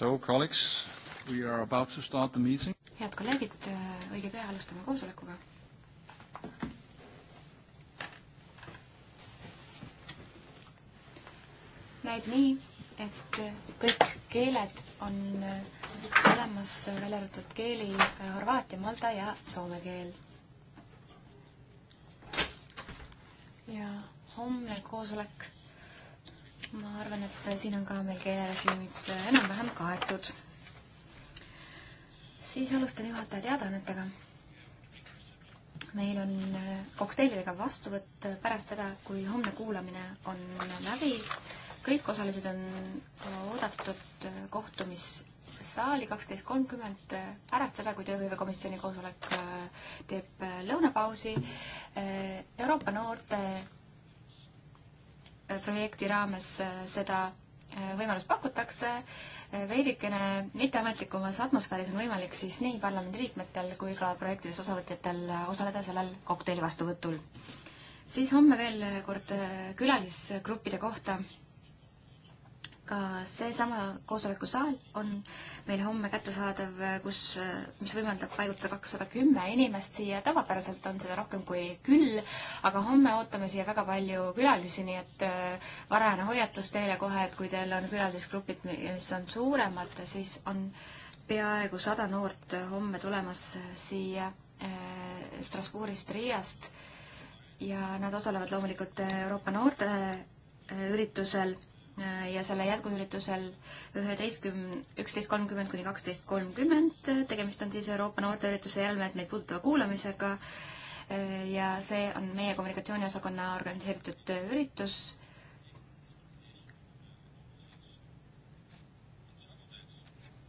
So, colleagues, we are about to start the meeting. head kolleegid, äh, õige pea alustame koosolekuga. näib nii, et äh, kõik keeled on äh, olemas, välja arvatud keeli horvaatia, malda ja soome keel. ja homne koosolek ma arvan, et siin on ka meil keelerežiimid enam-vähem kaetud. siis alustan juhataja teadaannetega meil on äh, kokteilidega vastuvõtt pärast seda, kui homne kuulamine on läbi. kõik osalised on oodatud kohtumissaali kaksteist kolmkümmend pärast seda, kui tööhõivekomisjoni koosolek äh, teeb äh, lõunapausi. Euroopa noorte projekti raames äh, seda äh, võimalust pakutakse. Äh, veidikene mitteametlikumas atmosfääris on võimalik siis nii parlamendiliikmetel kui ka projektides osavõtjatel osaleda sellel kokteili vastuvõtul. siis homme veel kord külalisgruppide kohta ka seesama koosolekusaal on meil homme kättesaadav, kus, mis võimaldab paigutada kakssada kümme inimest siia, tavapäraselt on seda rohkem kui küll, aga homme ootame siia väga palju külalisi, nii et äh, varajane hoiatus teile kohe, et kui teil on külalisgrupid, mis on suuremad, siis on peaaegu sada noort homme tulemas siia äh, Strasbourgist, Riiast ja nad osalevad loomulikult Euroopa noorte äh, üritusel Äh, ja selle jätkuüritusel üheteistkümne, üksteist kolmkümmend kuni kaksteist kolmkümmend. tegemist on siis Euroopa noorteürituse järelmeetmeid puudutava kuulamisega äh, ja see on meie kommunikatsiooniosakonna organiseeritud üritus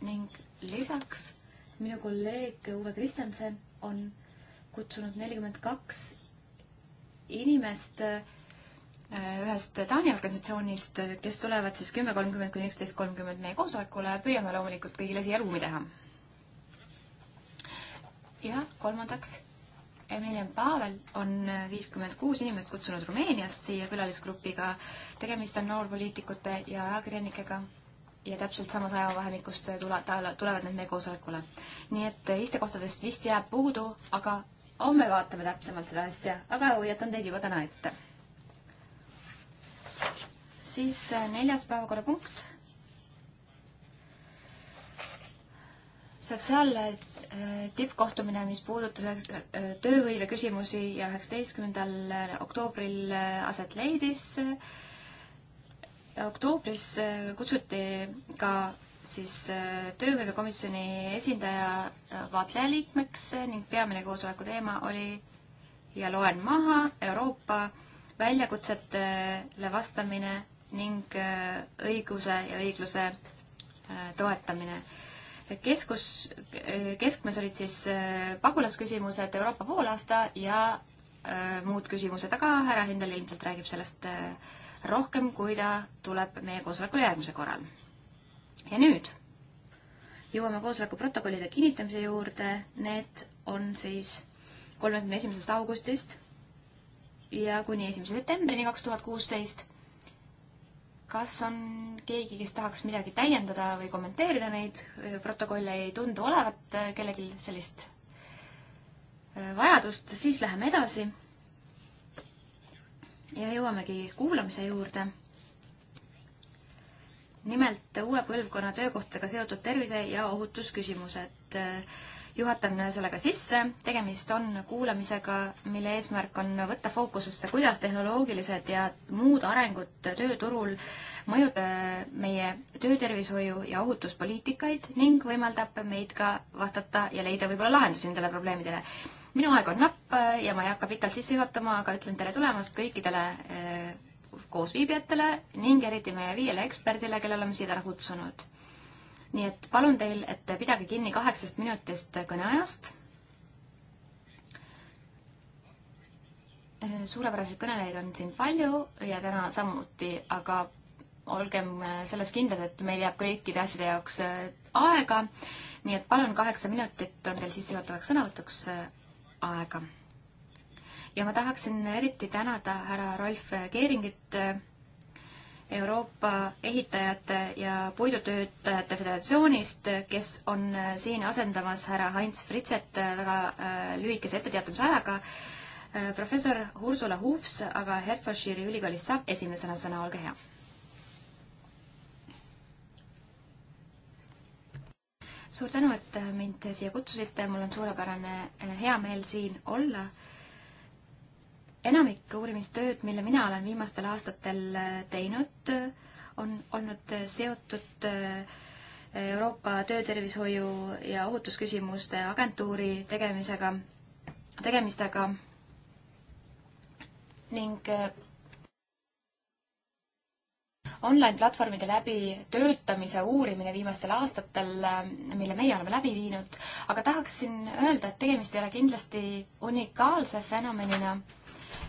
ning lisaks minu kolleeg Uwe Kristjansen on kutsunud nelikümmend kaks inimest ühest Taani organisatsioonist, kes tulevad siis kümme kolmkümmend kuni üksteist kolmkümmend meie koosolekule, püüame loomulikult kõigile siia ruumi teha. ja kolmandaks, Emilian Pavel on viiskümmend kuus inimest kutsunud Rumeeniast siia külalisgrupiga. tegemist on noorpoliitikute ja ajakirjanikega ja täpselt samas ajavahemikust tule-, tulevad need meie koosolekule. nii et istekohtadest vist jääb puudu, aga homme vaatame täpsemalt seda asja, aga hoiatan teid juba täna ette siis äh, neljas päevakorrapunkt. sotsiaalne äh, tippkohtumine, mis puudutas äh, tööhõive küsimusi ja üheksateistkümnendal oktoobril aset leidis. oktoobris kutsuti ka siis tööhõivekomisjoni esindaja vaatleja liikmeks ning peamine koosoleku teema oli ja loen maha Euroopa väljakutsetele vastamine ning äh, õiguse ja õigluse äh, toetamine. keskus, äh, keskmes olid siis pagulasküsimused Euroopa poolaasta ja muud küsimused, aga härra Hindel ilmselt räägib sellest rohkem, kui ta tuleb meie koosolekule järgmise korral. ja nüüd jõuame koosoleku protokollide kinnitamise juurde, need on siis kolmekümne esimesest augustist ja kuni esimese septembrini kaks tuhat kuusteist kas on keegi, kes tahaks midagi täiendada või kommenteerida neid äh, protokolle, ei tundu olevat äh, kellelgi sellist äh, vajadust, siis läheme edasi. ja jõuamegi kuulamise juurde. nimelt uue põlvkonna töökohtadega seotud tervise- ja ohutusküsimused juhatan sellega sisse. tegemist on kuulamisega, mille eesmärk on võtta fookusesse, kuidas tehnoloogilised ja muud arengud tööturul mõjutavad meie töötervishoiu ja ohutuspoliitikaid ning võimaldab meid ka vastata ja leida võib-olla lahendusi nendele probleemidele. minu aeg on napp ja ma ei hakka pikalt sisse juhatama, aga ütlen tere tulemast kõikidele eh, koosviibijatele ning eriti meie viiele eksperdile, kelle oleme siia täna kutsunud nii et palun teil, et pidage kinni kaheksast minutist kõneajast. Äh, suurepäraseid kõnelejaid on siin palju ja täna samuti, aga olgem äh, selles kindlad, et meil jääb kõikide asjade jaoks äh, aega. nii et palun, kaheksa minutit on teil sissejuhatavaks sõnavõtuks aega. ja ma tahaksin eriti tänada härra Rolf Keeringit Euroopa Ehitajate ja Puidutöötajate Föderatsioonist, kes on äh, siin asendamas härra Heinz Fritzet äh, väga äh, lühikese etteteatamise ajaga. professor Ursula Hufs aga Hertfordshire'i ülikoolist saab esimesena sõna, olge hea. suur tänu, et mind siia kutsusite, mul on suurepärane hea meel siin olla enamik uurimistööd, mille mina olen viimastel aastatel äh, teinud, äh, on olnud äh, seotud Euroopa Töötervishoiu ja Ohutusküsimuste Agentuuri tegemisega, tegemistega ning online-platvormide läbi töötamise uurimine viimastel aastatel, mille meie oleme läbi viinud, aga tahaksin öelda, et tegemist ei ole kindlasti unikaalse fenomenina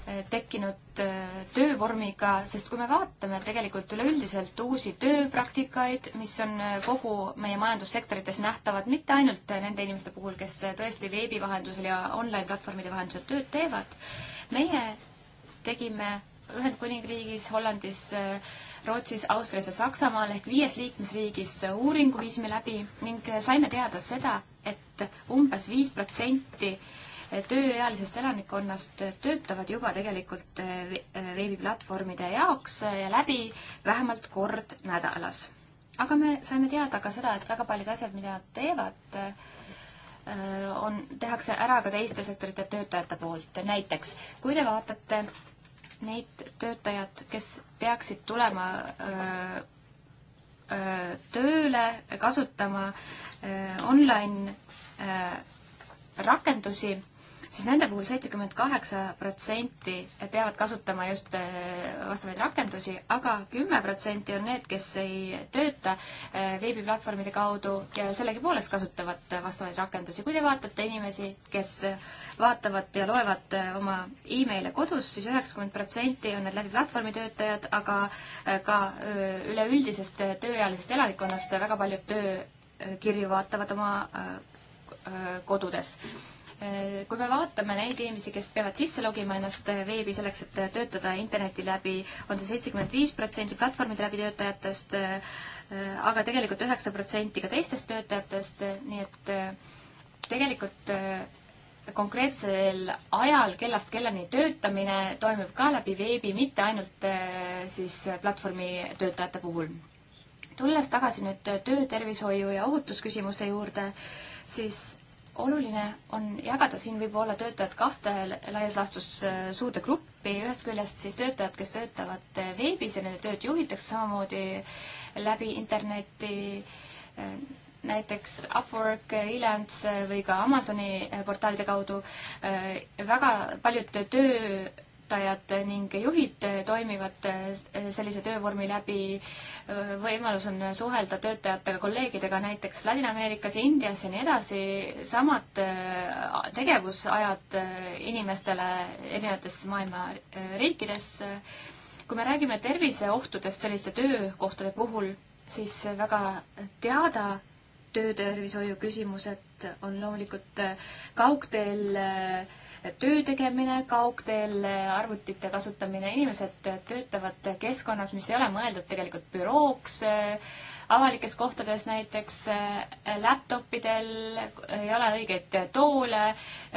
Äh, tekkinud äh, töövormiga, sest kui me vaatame tegelikult üleüldiselt uusi tööpraktikaid, mis on äh, kogu meie majandussektorites nähtavad, mitte ainult nende inimeste puhul, kes tõesti veebi vahendusel ja online platvormide vahendusel tööd teevad, meie tegime Ühendkuningriigis, Hollandis, Rootsis, Austrias ja Saksamaal ehk viies liikmesriigis uuringu viisime läbi ning saime teada seda, et umbes viis protsenti tööealisest elanikkonnast töötavad juba tegelikult eh, veebiplatvormide jaoks eh, ja läbi vähemalt kord nädalas. aga me saime teada ka seda, et väga paljud asjad, mida nad teevad, eh, on, tehakse ära ka teiste sektorite töötajate poolt. näiteks, kui te vaatate neid töötajad, kes peaksid tulema öö, öö, tööle, kasutama öö, online rakendusi, siis nende puhul seitsekümmend kaheksa protsenti peavad kasutama just eh, vastavaid rakendusi aga, aga kümme protsenti on need, kes ei tööta eh, veebiplatvormide kaudu ja sellegipoolest kasutavad eh, vastavaid rakendusi. kui te vaatate inimesi, kes vaatavad ja loevad oma email'e kodus siis, siis üheksakümmend protsenti on need läbi platvormi töötajad, aga ka üleüldisest tööealisest elanikkonnast väga paljud töö kirju vaatavad oma kodudes. Äh, kui me vaatame neid inimesi, kes peavad sisse logima ennast äh, veebi selleks, et äh, töötada interneti läbi, on see seitsekümmend viis protsenti platvormide läbi töötajatest, aga tegelikult üheksa protsenti ka teistest töötajatest, nii et tegelikult konkreetsel ajal kellast kellani töötamine toimub ka läbi veebi, mitte ainult siis platvormi töötajate puhul. tulles tagasi nüüd töötervishoiu ja ohutusküsimuste juurde, siis oluline on jagada siin võib-olla töötajad kahte laias laastus äh, suurde gruppi, ühest küljest siis töötajad, kes töötavad äh, veebis ja nende tööd juhitakse samamoodi läbi interneti, äh, näiteks Upwork, Elance või ka Amazoni portaalide kaudu. väga paljud töö töötajad ning juhid toimivad sellise töövormi läbi. võimalus on suhelda töötajatega, kolleegidega näiteks Ladina-Ameerikas, Indias ja nii edasi. samad äh, tegevusajad äh, inimestele erinevates maailma äh, riikides. kui me räägime terviseohtudest selliste töökohtade puhul, siis väga teada töötervishoiu küsimused on loomulikult kaugteel äh, töö tegemine, kaugteel arvutite kasutamine, inimesed töötavad keskkonnas, mis ei ole mõeldud tegelikult bürooks, avalikes kohtades näiteks laptopidel ei ole õigeid toole,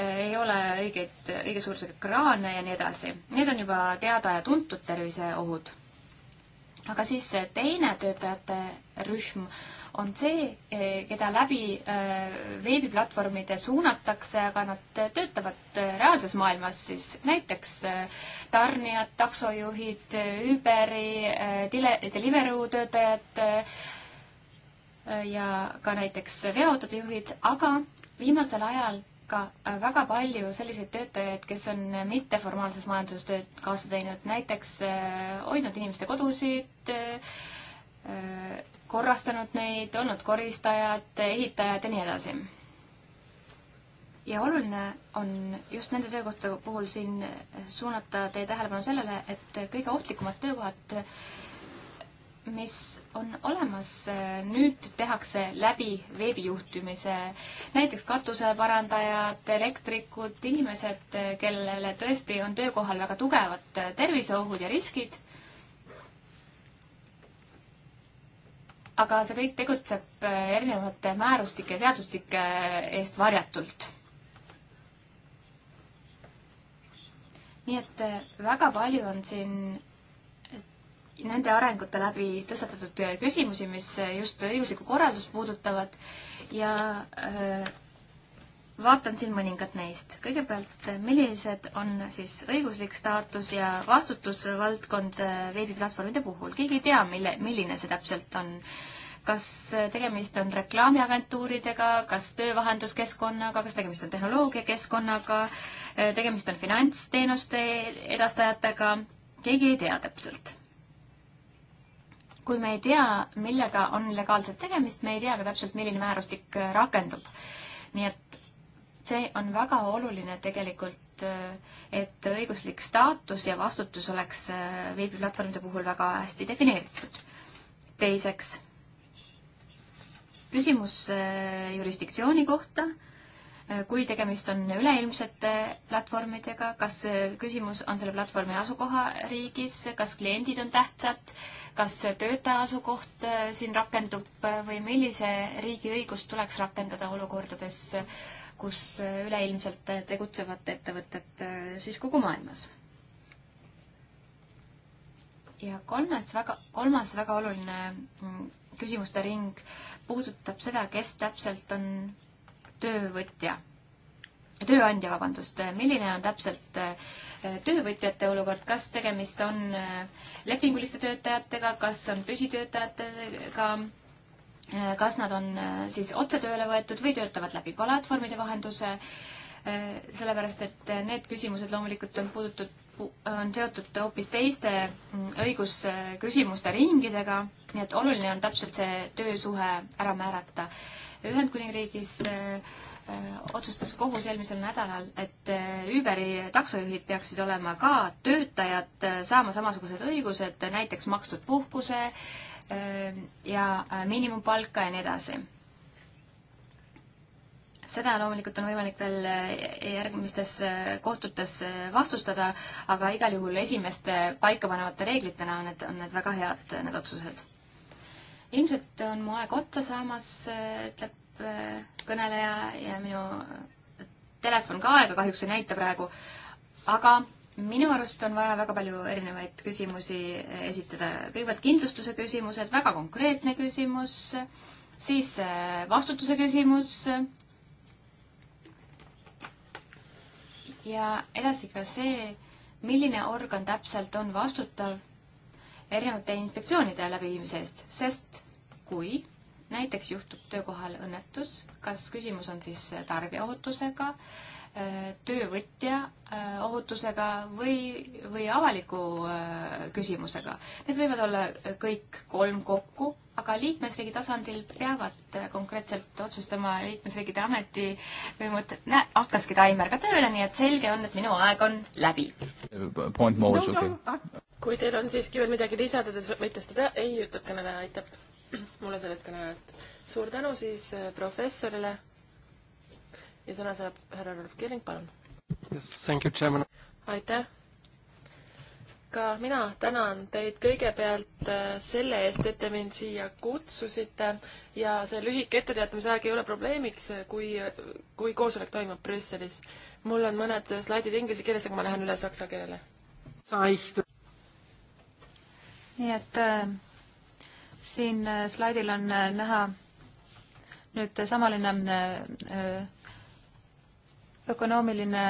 ei ole õigeid, õige suurusega kraane ja nii edasi. Need on juba teada ja tuntud terviseohud aga siis teine töötajate rühm on see, eh, keda läbi eh, veebiplatvormide suunatakse, aga nad töötavad eh, reaalses maailmas siis näiteks tarnijad, taksojuhid, Uberi, tele, Deliveroo töötajad ja ka näiteks veoautode juhid, aga viimasel ajal ka väga palju selliseid töötajaid, kes on mitteformaalses majanduses tööd kaasa teinud, näiteks hoidnud inimeste kodusid, korrastanud neid, olnud koristajad, ehitajad ja nii edasi. ja oluline on just nende töökohtade puhul siin suunata teie tähelepanu sellele, et kõige ohtlikumad töökohad, mis on olemas, nüüd tehakse läbi veebijuhtimise. näiteks katuseparandajad, elektrikud, inimesed, kellele tõesti on töökohal väga tugevad terviseohud ja riskid aga see kõik tegutseb äh, erinevate määrustike ja seadustike äh, eest varjatult. nii et äh, väga palju on siin nende arengute läbi tõstatatud küsimusi, mis just õiguslikku korraldust puudutavad ja äh, vaatan siin mõningat neist. kõigepealt, millised on siis õiguslik staatus ja vastutusvaldkond äh, veebiplatvormide puhul? keegi ei tea, mille, milline see täpselt on. kas äh, tegemist on reklaamiagentuuridega, kas töövahenduskeskkonnaga, kas tegemist on tehnoloogiakeskkonnaga, äh, tegemist on finantsteenuste edastajatega, keegi ei tea täpselt kui me ei tea, millega on legaalset tegemist, me ei tea ka täpselt, milline määrustik rakendub. nii et see on väga oluline tegelikult, eh, et õiguslik staatus ja vastutus oleks eh, veebiplatvormide puhul väga hästi defineeritud. teiseks, küsimus eh, jurisdiktsiooni kohta kui tegemist on üleilmsete platvormidega, kas küsimus on selle platvormi asukohariigis, kas kliendid on tähtsad, kas töötaja asukoht siin rakendub või millise riigi õigust tuleks rakendada olukordades, kus üleilmselt tegutsevad ettevõtted äh, siis kogu maailmas. ja kolmas väga, kolmas väga oluline mm, küsimuste ring puudutab seda, kes täpselt on töövõtja, tööandja, vabandust, milline on täpselt äh, töövõtjate olukord, kas tegemist on äh, lepinguliste töötajatega, kas on püsitöötajatega, Äh, kas nad on äh, siis otse tööle võetud või töötavad läbi platvormide vahenduse, äh, sellepärast et need küsimused loomulikult on puudutud, on seotud hoopis teiste mm, õigusküsimuste ringidega, nii et oluline on täpselt see töösuhe ära määrata. Ühendkuningriigis otsustas kohus eelmisel nädalal, et Uberi taksojuhid peaksid olema ka töötajad, saama samasugused õigused, näiteks makstud puhkuse äh,, ja äh, miinimumpalka ja nii edasi. seda loomulikult on võimalik veel äh, järgmistes äh, kohtutes vastustada, aga igal juhul esimeste paikapanevate reeglitena on need, on need väga head, need otsused. ilmselt on mu aeg otsa saamas, ütleb kõneleja ja minu telefon ka aega kahjuks ei näita praegu, aga minu arust on vaja väga palju erinevaid küsimusi esitada. kõigepealt kindlustuse küsimused, väga konkreetne küsimus, siis äh, vastutuse küsimus. ja edasi ka see, milline organ täpselt on vastutav erinevate inspektsioonide läbiviimise eest, sest kui näiteks juhtub töökohal õnnetus, kas küsimus on siis tarbija ohutusega äh, töövõtja äh, ohutusega või, või avaliku äh, küsimusega. Need võivad olla äh, kõik kolm kokku, aga liikmesriigi tasandil peavad konkreetselt otsustama liikmesriigide ametivõimud. näe, hakkaski taimer ka tööle, nii et selge on, et minu aeg on läbi. No, no. Ah. kui teil on siiski veel midagi lisada, te võite seda, ei, ütleb kõneleja, aitab mulle sellest kõnelejast. suur tänu siis professorile ja sõna saab härra Rolf Kirling, palun yes,. aitäh ka mina tänan teid kõigepealt äh, selle eest, et te mind siia kutsusite ja see lühike etteteatamise aeg ei ole probleemiks, äh, kui, kui koosolek toimub Brüsselis. mul on mõned slaidid inglise keeles, aga ma lähen üle saksa keelele. nii et äh, siin äh, slaidil on näha nüüd samaline äh, ökonoomiline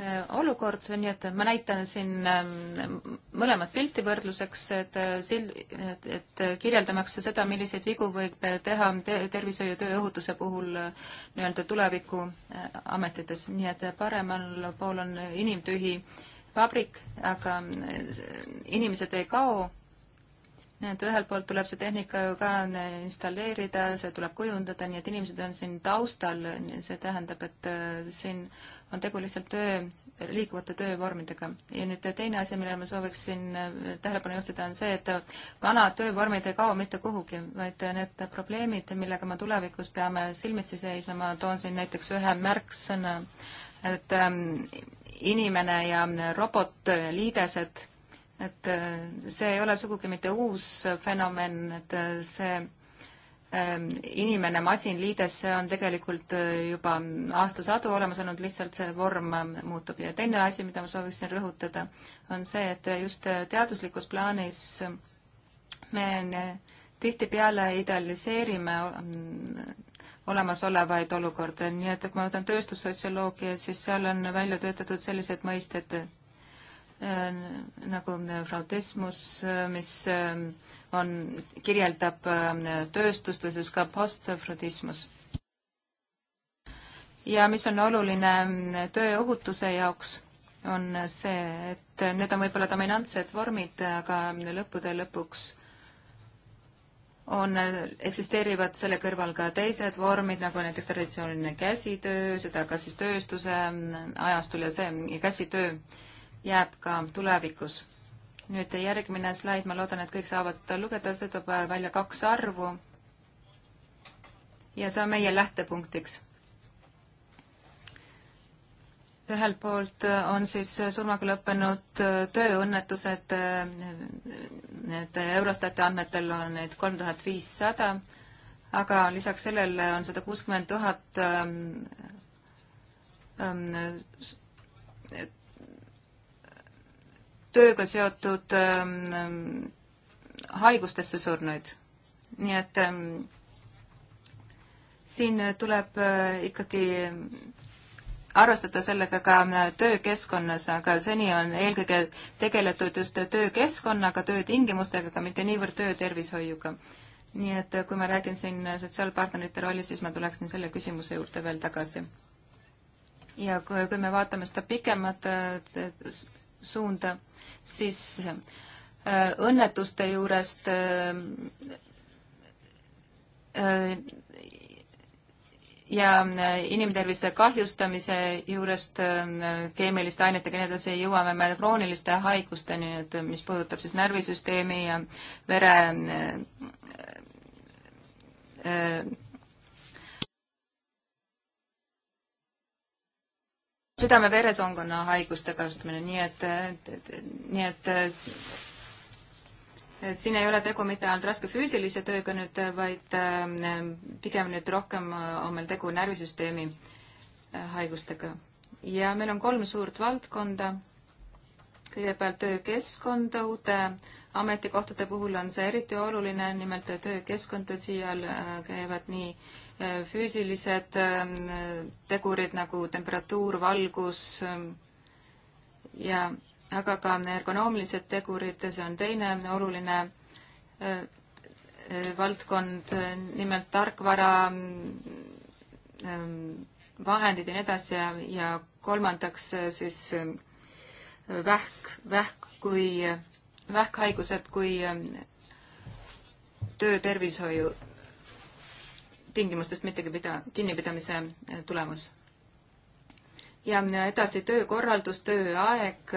äh, olukord, nii et ma näitan siin ähm, mõlemat pilti võrdluseks, et äh, sil-, et, et kirjeldamaks seda, milliseid vigu võib äh, teha te tervishoiu tööohutuse puhul nii-öelda tulevikuametites, nii et paremal pool on inimtühi vabrik, aga inimesed ei kao nii et ühelt poolt tuleb see tehnika ju ka installeerida, see tuleb kujundada, nii et inimesed on siin taustal, see tähendab, et äh, siin on tegu lihtsalt töö, liikuvate töövormidega. ja nüüd teine asi, millele ma sooviksin äh, tähelepanu juhtida, on see, et vanad töövormid ei kao mitte kuhugi, vaid need probleemid, millega me tulevikus peame silmitsi seisma, ma toon siin näiteks ühe märksõna, et ähm, inimene ja robot äh, liidesed et äh, see ei ole sugugi mitte uus fenomen, et äh, see ähm, inimene-masin liides, see on tegelikult äh, juba aastasadu olemas olnud, lihtsalt see vorm muutub ja teine asi, mida ma sooviksin rõhutada, on see, et just teaduslikus plaanis me tihtipeale idealiseerime mm, olemasolevaid olukordi, nii et kui ma võtan tööstussotsioloogia, siis seal on välja töötatud sellised mõisted, Äh, nagu äh, fraudismus, äh, mis on, kirjeldab tööstust ja siis ka postfraudismus. ja mis on oluline tööohutuse jaoks, on see, et need on võib-olla dominantsed vormid, aga lõppude lõpuks on, eksisteerivad selle kõrval ka teised vormid, nagu näiteks traditsiooniline käsitöö, seda kas siis tööstuse ajastul ja see ja käsitöö jääb ka tulevikus. nüüd järgmine slaid, ma loodan, et kõik saavad seda lugeda, see toob välja kaks arvu. ja see on meie lähtepunktiks. ühelt poolt on siis surmaga lõppenud tööõnnetused, need Eurostati andmetel on neid kolm tuhat viissada, aga lisaks sellele on sada kuuskümmend tuhat ähm, ähm, tööga seotud ähm, ähm, haigustesse surnuid. nii et ähm, siin tuleb äh, ikkagi arvestada sellega ka äh, töökeskkonnas, aga seni on eelkõige tegeletud just töökeskkonnaga, töötingimustega, aga mitte niivõrd töötervishoiuga. nii et äh, kui ma räägin siin sotsiaalpartnerite rolli, siis ma tuleksin selle küsimuse juurde veel tagasi. ja kui, kui me vaatame seda pikemat äh, suunda, siis äh, õnnetuste juurest äh, äh, ja inimtervise kahjustamise juurest keemiliste ainetega ja nii edasi jõuame me krooniliste haigusteni, et mis puudutab siis närvisüsteemi ja vere südame-veresoonkonna haiguste kasutamine, nii et, et, nii et, et siin ei ole tegu mitte ainult raske füüsilise tööga nüüd, vaid ehm, pigem nüüd rohkem äh, on meil tegu närvisüsteemi äh, haigustega. ja meil on kolm suurt valdkonda kõigepealt töökeskkonda uute ametikohtade puhul on see eriti oluline, nimelt töökeskkonda siia äh, käivad nii äh, füüsilised ähm, tegurid nagu temperatuur, valgus ähm, ja aga ka ergonoomilised tegurid, see on teine oluline äh, valdkond, nimelt tarkvara, ähm, vahendid ja nii edasi ja, ja kolmandaks siis vähk, vähk kui, vähkhaigused kui ähm, töötervishoiu tingimustest mitte pida-, kinnipidamise äh, tulemus. ja edasi töökorraldus, tööaeg,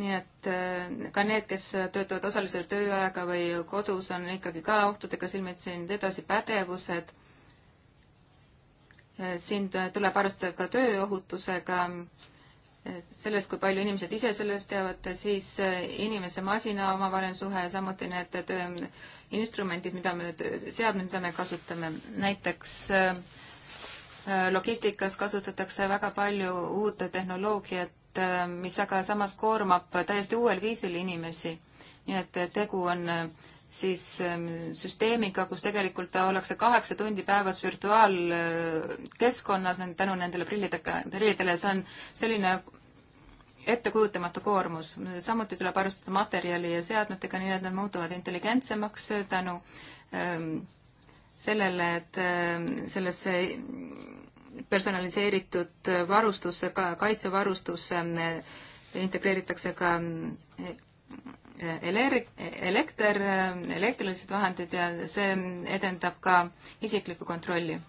nii et äh, ka need, kes töötavad osalise tööajaga või kodus, on ikkagi ka ohtudega silmitsi, nüüd edasi pädevused, äh, siin tuleb arvestada ka tööohutusega, sellest, kui palju inimesed ise sellest teavad, siis eh, inimese-masina omavaheline suhe, samuti need eh, tööinstrumendid, mida me, seadmed, mida me kasutame. näiteks eh, logistikas kasutatakse väga palju uut tehnoloogiat, mis aga samas koormab täiesti uuel viisil inimesi. nii et tegu on siis süsteemiga, kus tegelikult ollakse kaheksa tundi päevas virtuaalkeskkonnas tänu nendele prillidega, prillidele, see on selline ettekujutamatu koormus. samuti tuleb arvestada materjali ja seadmetega, nii et nad muutuvad intelligentsemaks tänu ähm, sellele, et ähm, sellesse personaliseeritud varustusse, ka kaitsevarustusse äh, integreeritakse ka äh, eler-, elekter, äh, elektrilised vahendid ja see edendab ka isiklikku kontrolli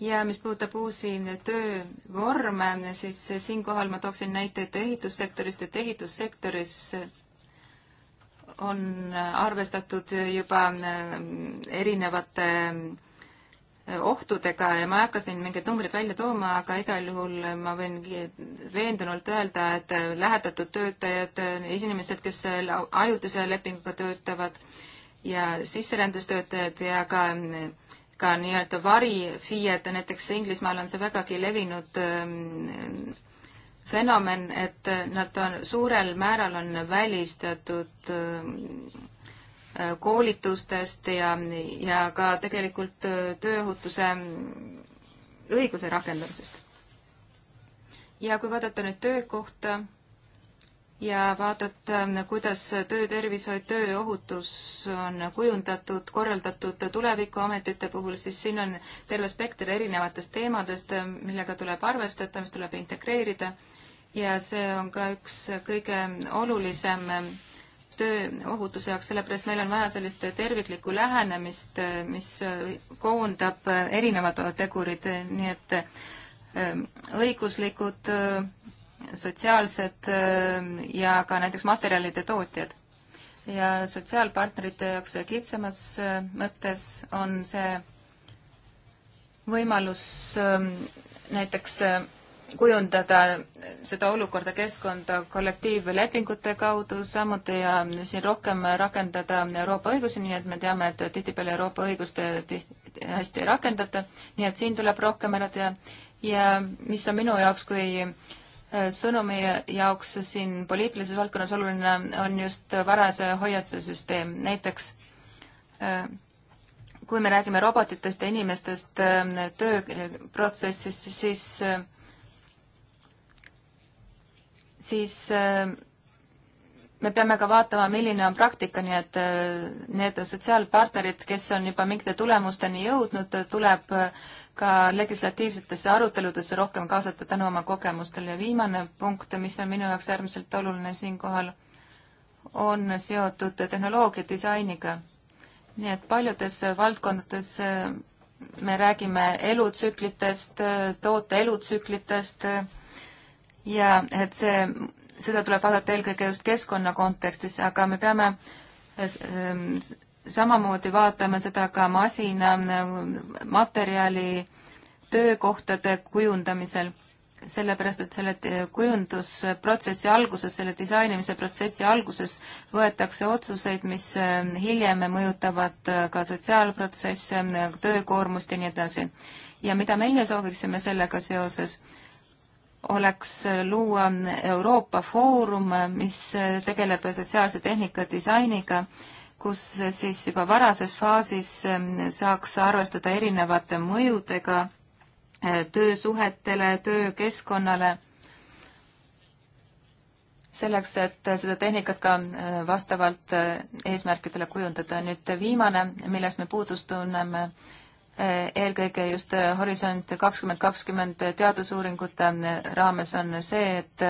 ja mis puudutab uusi töövorme, siis siinkohal ma tooksin näiteid ehitussektorist, et ehitussektoris on arvestatud juba äh, erinevate äh, ohtudega ja ma ei hakka siin mingeid numbreid välja tooma, aga igal juhul ma võin veendunult öelda, et äh, lähetatud töötajad, inimesed, kes ajutise lepinguga töötavad ja sisserändustöötajad ja ka ka nii-öelda varifiied, näiteks Inglismaal on see vägagi levinud ähm, fenomen, et nad on suurel määral on välistatud ähm, koolitustest ja, ja ka tegelikult äh, tööohutuse ähm, õiguse rakendamisest. ja kui vaadata nüüd töökohta, ja vaadata, kuidas töötervishoid, tööohutus on kujundatud, korraldatud tulevikuametite puhul, siis siin on terve spekter erinevatest teemadest, millega tuleb arvestada, mis tuleb integreerida ja see on ka üks kõige olulisem tööohutuse jaoks, sellepärast meil on vaja sellist terviklikku lähenemist, mis koondab erinevad tegurid, nii et ähm, õiguslikud sotsiaalsed ähm, ja ka näiteks materjalide tootjad. ja sotsiaalpartnerite jaoks kitsamas äh, mõttes on see võimalus ähm, näiteks äh, kujundada seda olukorda keskkonda kollektiivlepingute kaudu samuti ja ähm, siin rohkem rakendada Euroopa õigusi, nii et me teame, et tihtipeale Euroopa õigust äh, hästi ei rakendata, nii et siin tuleb rohkem ära teha ja mis on minu jaoks kui Äh, sõnumi jaoks siin poliitilises valdkonnas oluline on just varase hoiatuse süsteem. näiteks äh, kui me räägime robotitest ja inimestest äh, tööprotsessis, siis, siis me peame ka vaatama, milline on praktika, nii et need sotsiaalpartnerid, kes on juba mingite tulemusteni jõudnud, tuleb äh, ka legislatiivsetesse aruteludesse rohkem kaasata tänu oma kogemustele ja viimane punkt, mis on minu jaoks äärmiselt oluline siinkohal, on seotud tehnoloogia disainiga. nii et paljudes valdkondades eh, me räägime elutsüklitest, toote elutsüklitest ja et see, seda tuleb vaadata eelkõige just keskkonna kontekstis, aga me peame eh, samamoodi vaatame seda ka masina, materjali, töökohtade kujundamisel, sellepärast et selle kujundusprotsessi alguses, selle disainimise protsessi alguses võetakse otsuseid, mis äh, hiljem mõjutavad äh, ka sotsiaalprotsesse, äh, töökoormust ja nii edasi. ja mida meie sooviksime sellega seoses, oleks luua Euroopa Foorum, mis tegeleb sotsiaalse tehnika disainiga kus siis juba varases faasis ähm, saaks arvestada erinevate mõjudega äh, töösuhetele, töökeskkonnale, selleks, et seda tehnikat ka äh, vastavalt äh, eesmärkidele kujundada. nüüd viimane, millest me puudust tunneme, eelkõige just Horisont kakskümmend kakskümmend teadusuuringute raames on see, et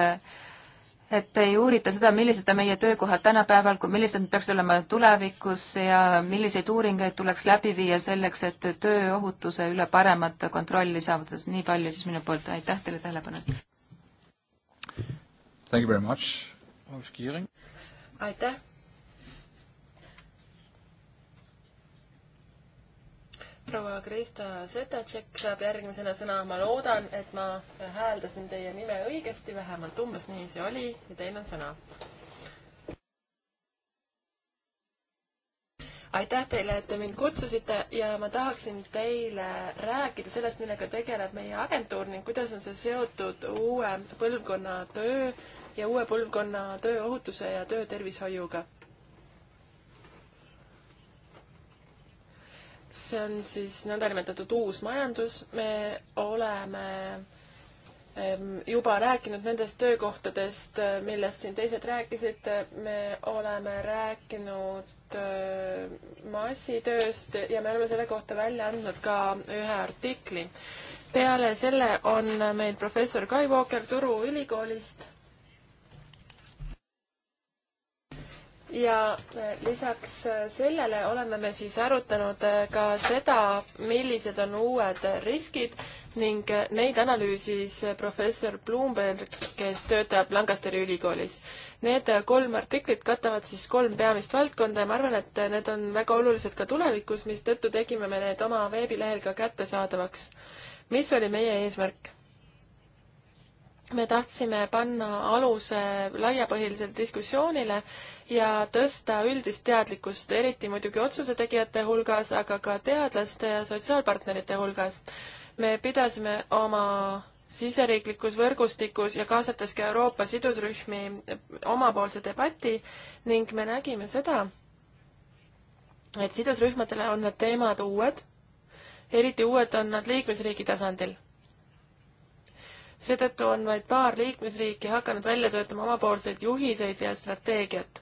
et ei uurita seda, millised on meie töökohad tänapäeval, kui millised peaksid olema tulevikus ja milliseid uuringuid tuleks läbi viia selleks, et tööohutuse üle paremat kontrolli saavutada. nii palju siis minu poolt, aitäh teile tähelepanu eest! aitäh! proua Krista Setacek saab järgmisena sõna. ma loodan, et ma hääldasin teie nime õigesti, vähemalt umbes nii see oli ja teil on sõna. aitäh teile, et te mind kutsusite ja ma tahaksin teile rääkida sellest, millega tegeleb meie agentuur ning kuidas on see seotud uue põlvkonna töö ja uue põlvkonna tööohutuse ja töötervishoiuga see on siis nõndanimetatud uus majandus, me oleme juba rääkinud nendest töökohtadest, millest siin teised rääkisid, me oleme rääkinud massitööst ja me oleme selle kohta välja andnud ka ühe artikli. peale selle on meil professor Kai Vooker Turu ülikoolist ja e, lisaks e, sellele oleme me siis arutanud e, ka seda, millised on uued riskid ning neid analüüsis professor Bloomberg, kes töötab Lancasteri ülikoolis. Need kolm artiklit katavad siis kolm peamist valdkonda ja ma arvan, et need on väga olulised ka tulevikus, mistõttu tegime me need oma veebilehel ka kättesaadavaks. mis oli meie eesmärk? me tahtsime panna aluse laiapõhjalisele diskussioonile ja tõsta üldist teadlikkust, eriti muidugi otsuse tegijate hulgas, aga ka teadlaste ja sotsiaalpartnerite hulgas. me pidasime oma siseriiklikus võrgustikus ja kaasates ka Euroopa sidusrühmi omapoolse debati ning me nägime seda, et sidusrühmadele on need teemad uued, eriti uued on nad liikmesriigi tasandil seetõttu on vaid paar liikmesriiki hakanud välja töötama omapoolseid juhiseid ja strateegiat.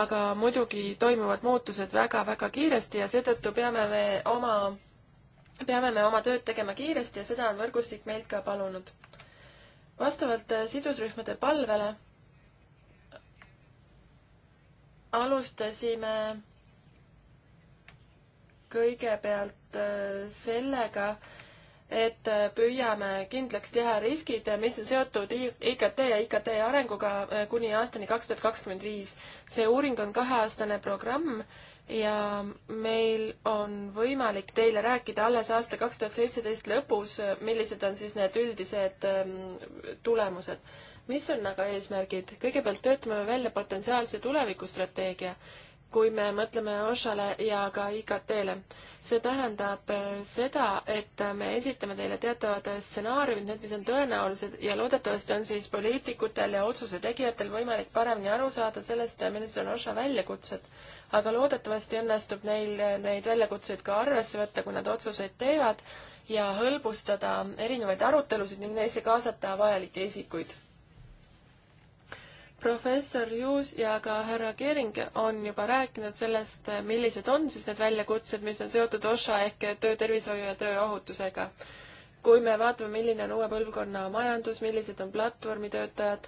aga muidugi toimuvad muutused väga-väga kiiresti ja seetõttu peame me oma, peame me oma tööd tegema kiiresti ja seda on võrgustik meilt ka palunud. vastavalt sidusrühmade palvele alustasime kõigepealt sellega, et äh, püüame kindlaks teha riskid, äh, mis on seotud IKT ja IKT arenguga äh, kuni aastani kaks tuhat kakskümmend viis. see uuring on kaheaastane programm ja meil on võimalik teile rääkida alles aasta kaks tuhat seitseteist lõpus, millised on siis need üldised ähm, tulemused. mis on aga eesmärgid? kõigepealt töötame välja potentsiaalse tulevikustrateegia kui me mõtleme Oshale ja ka IKT-le. see tähendab äh, seda, et me esitame teile teatavad stsenaariumid, need, mis on tõenäolised ja loodetavasti on siis poliitikutel ja otsuse tegijatel võimalik paremini aru saada sellest, millised on Osha väljakutsed. aga loodetavasti õnnestub neil neid väljakutseid ka arvesse võtta, kui nad otsuseid teevad ja hõlbustada erinevaid arutelusid ning neisse kaasata vajalikke isikuid professor Hughes ja ka härra Gering on juba rääkinud sellest, millised on siis need väljakutsed, mis on seotud OSHA ehk töötervishoiu ja tööohutusega. kui me vaatame, milline on uue põlvkonna majandus, millised on platvormitöötajad,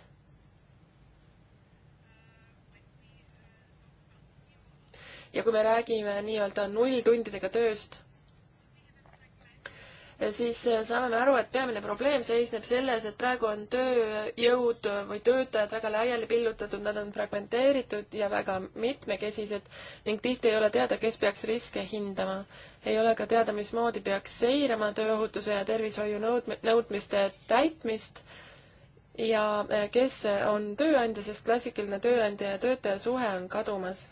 ja kui me räägime nii-öelda nulltundidega tööst siis äh, saame me aru, et peamine probleem seisneb selles, et praegu on tööjõud või töötajad väga laiali pillutatud, nad on fragmenteeritud ja väga mitmekesised ning tihti ei ole teada, kes peaks riske hindama. ei ole ka teada, mismoodi peaks seirama tööohutuse ja tervishoiu nõudme-, nõudmiste täitmist ja äh, kes on tööandja, sest klassikaline tööandja ja töötaja suhe on kadumas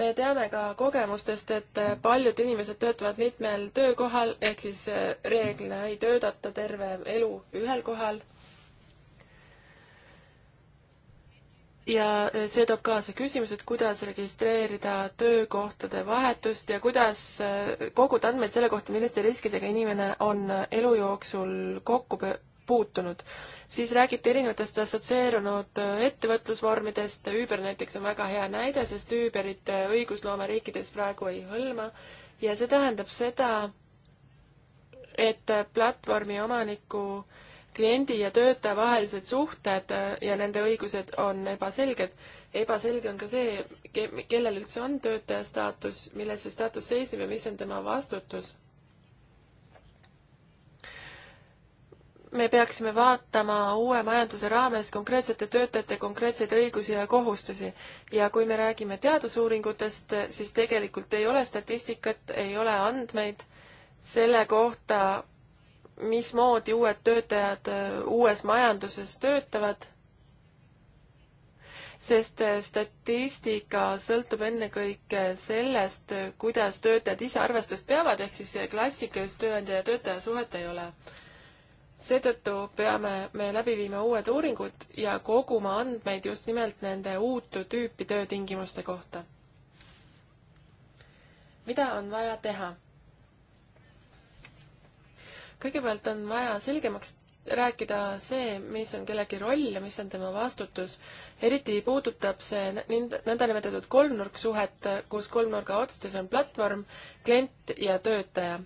me teame ka kogemustest, et paljud inimesed töötavad mitmel töökohal, ehk siis eh, reeglina ei töötata terve elu ühel kohal. ja eh, see toob kaasa küsimuse, et kuidas registreerida töökohtade vahetust ja kuidas eh, koguda andmeid selle kohta, milliste riskidega inimene on elu jooksul kokku puutunud. siis räägiti erinevatest assotsieerunud äh, ettevõtlusvormidest, Uber näiteks on väga hea näide, sest Uberit äh, õigusloome riikides praegu ei hõlma ja see tähendab seda, et äh, platvormi omaniku kliendi ja töötaja vahelised suhted ja nende õigused on ebaselged. ebaselge on ka see, kellel üldse on töötaja staatus, milles see staatus seisneb ja mis on tema vastutus me peaksime vaatama uue majanduse raames konkreetsete töötajate konkreetseid õigusi ja kohustusi. ja kui me räägime teadusuuringutest, siis tegelikult ei ole statistikat, ei ole andmeid selle kohta, mismoodi uued töötajad äh, uues majanduses töötavad, sest äh, statistika sõltub ennekõike sellest, kuidas töötajad ise arvestust peavad, ehk siis äh, klassikalist tööandja ja töötaja suhet ei ole seetõttu peame me läbi viima uued uuringud ja koguma andmeid just nimelt nende uutu tüüpi töötingimuste kohta. mida on vaja teha? kõigepealt on vaja selgemaks rääkida see, mis on kellegi roll ja mis on tema vastutus. eriti puudutab see nõndanimetatud kolmnurksuhet, kus kolmnurga otstes on platvorm, klient ja töötaja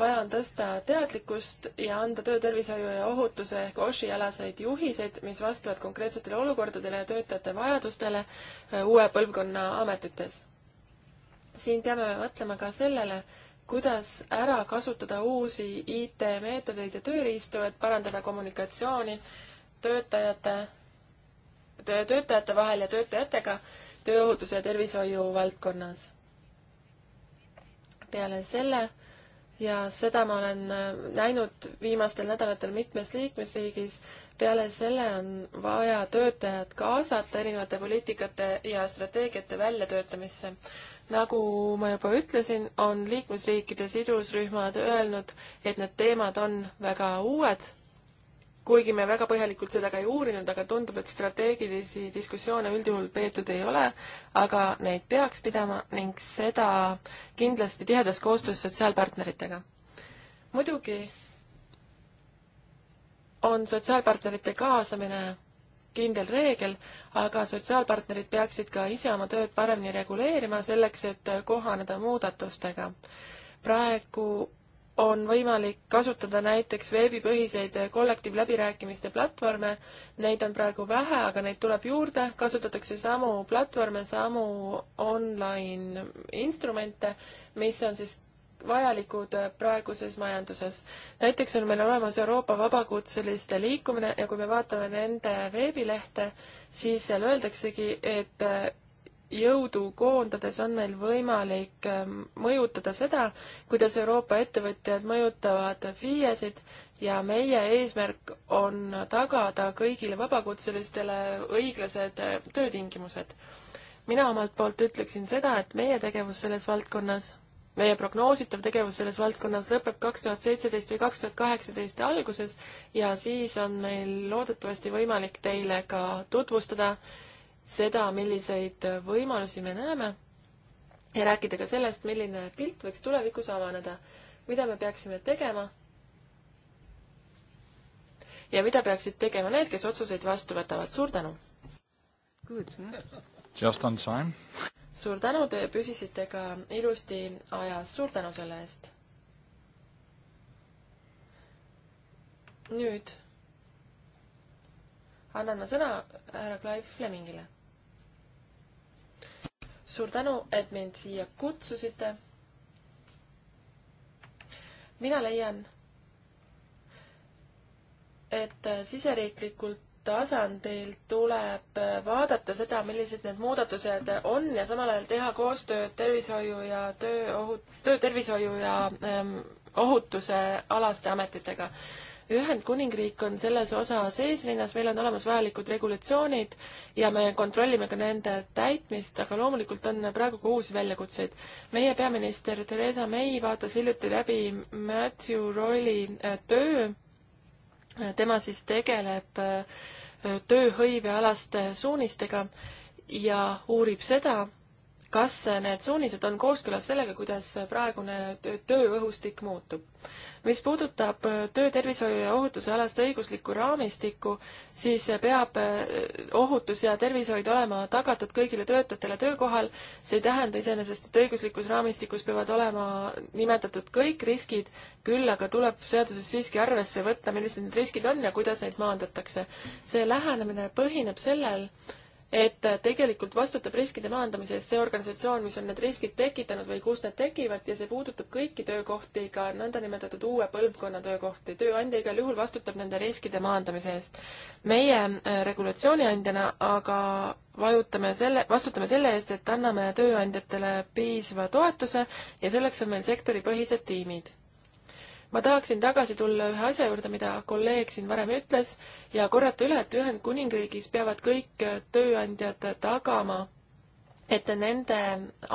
vaja on tõsta teadlikkust ja anda töötervishoiu ja ohutuse ehk OSHI alaseid juhiseid, mis vastavad konkreetsetele olukordadele ja töötajate vajadustele äh, uue põlvkonna ametites. siin peame mõtlema ka sellele, kuidas ära kasutada uusi IT-meetodeid ja tööriistu, et parandada kommunikatsiooni töötajate, töötajate vahel ja töötajatega tööohutuse ja tervishoiu valdkonnas. peale selle ja seda ma olen äh, näinud viimastel nädalatel mitmes liikmesriigis. peale selle on vaja töötajad kaasata erinevate poliitikate ja strateegiate väljatöötamisse. nagu ma juba ütlesin, on liikmesriikide sidusrühmad öelnud, et need teemad on väga uued kuigi me väga põhjalikult seda ka ei uurinud, aga tundub, et strateegilisi diskussioone üldjuhul peetud ei ole, aga neid peaks pidama ning seda kindlasti tihedas koostöös sotsiaalpartneritega. muidugi on sotsiaalpartnerite kaasamine kindel reegel, aga sotsiaalpartnerid peaksid ka ise oma tööd paremini reguleerima selleks, et kohaneda muudatustega. praegu on võimalik kasutada näiteks veebipõhiseid kollektiivläbirääkimiste platvorme, neid on praegu vähe, aga neid tuleb juurde, kasutatakse samu platvorme, samu online instrumente, mis on siis vajalikud praeguses majanduses. näiteks on meil olemas Euroopa vabakutseliste liikumine ja kui me vaatame nende veebilehte, siis seal öeldaksegi, et jõudu koondades on meil võimalik äh, mõjutada seda, kuidas Euroopa ettevõtjad mõjutavad FIE-sid ja meie eesmärk on tagada kõigile vabakutselistele õiglased äh, töötingimused. mina omalt poolt ütleksin seda, et meie tegevus selles valdkonnas, meie prognoositav tegevus selles valdkonnas lõpeb kaks tuhat seitseteist või kaks tuhat kaheksateist alguses ja siis on meil loodetavasti võimalik teile ka tutvustada äh, seda, milliseid võimalusi me näeme ja rääkida ka sellest, milline pilt võiks tulevikus avaneda, mida me peaksime tegema ja mida peaksid tegema need, kes otsuseid vastu võtavad. suur tänu! Just on time. suur tänu, te püsisite ka ilusti ajas, suur tänu selle eest! nüüd annan ma sõna härra Clive Flemingile suur tänu, et mind siia kutsusite. mina leian, et siseriiklikult tasandil tuleb vaadata seda, millised need muudatused on ja samal ajal teha koostööd tervishoiu ja tööohut-, töötervishoiu ja ähm, ohutuse alaste ametitega. Ühendkuningriik on selles osas eesrinnas, meil on olemas vajalikud regulatsioonid ja me kontrollime ka nende täitmist, aga loomulikult on praegu ka uusi väljakutseid. meie peaminister Theresa May vaatas hiljuti läbi Matthew Royli äh, töö, tema siis tegeleb äh, tööhõivealaste suunistega ja uurib seda, kas need suunised on kooskõlas sellega, kuidas praegune tööõhustik muutub mis puudutab äh, töötervishoiu ja ohutuse alast õiguslikku raamistikku, siis peab äh, ohutus ja tervishoid olema tagatud kõigile töötajatele töökohal. see ei tähenda iseenesest, et õiguslikus raamistikus peavad olema nimetatud kõik riskid, küll aga tuleb seaduses siiski arvesse võtta, millised need riskid on ja kuidas neid maandatakse. see lähenemine põhineb sellel, et tegelikult vastutab riskide maandamise eest see organisatsioon, mis on need riskid tekitanud või kus need tekivad ja see puudutab kõiki töökohti, ka nõndanimetatud uue põlvkonna töökohti. tööandja igal juhul vastutab nende riskide maandamise eest. meie äh, regulatsiooniandjana aga vajutame selle, vastutame selle eest, et anname tööandjatele piisava toetuse ja selleks on meil sektoripõhised tiimid ma tahaksin tagasi tulla ühe asja juurde, mida kolleeg siin varem ütles ja korrata üle, et Ühendkuningriigis peavad kõik tööandjad tagama, et nende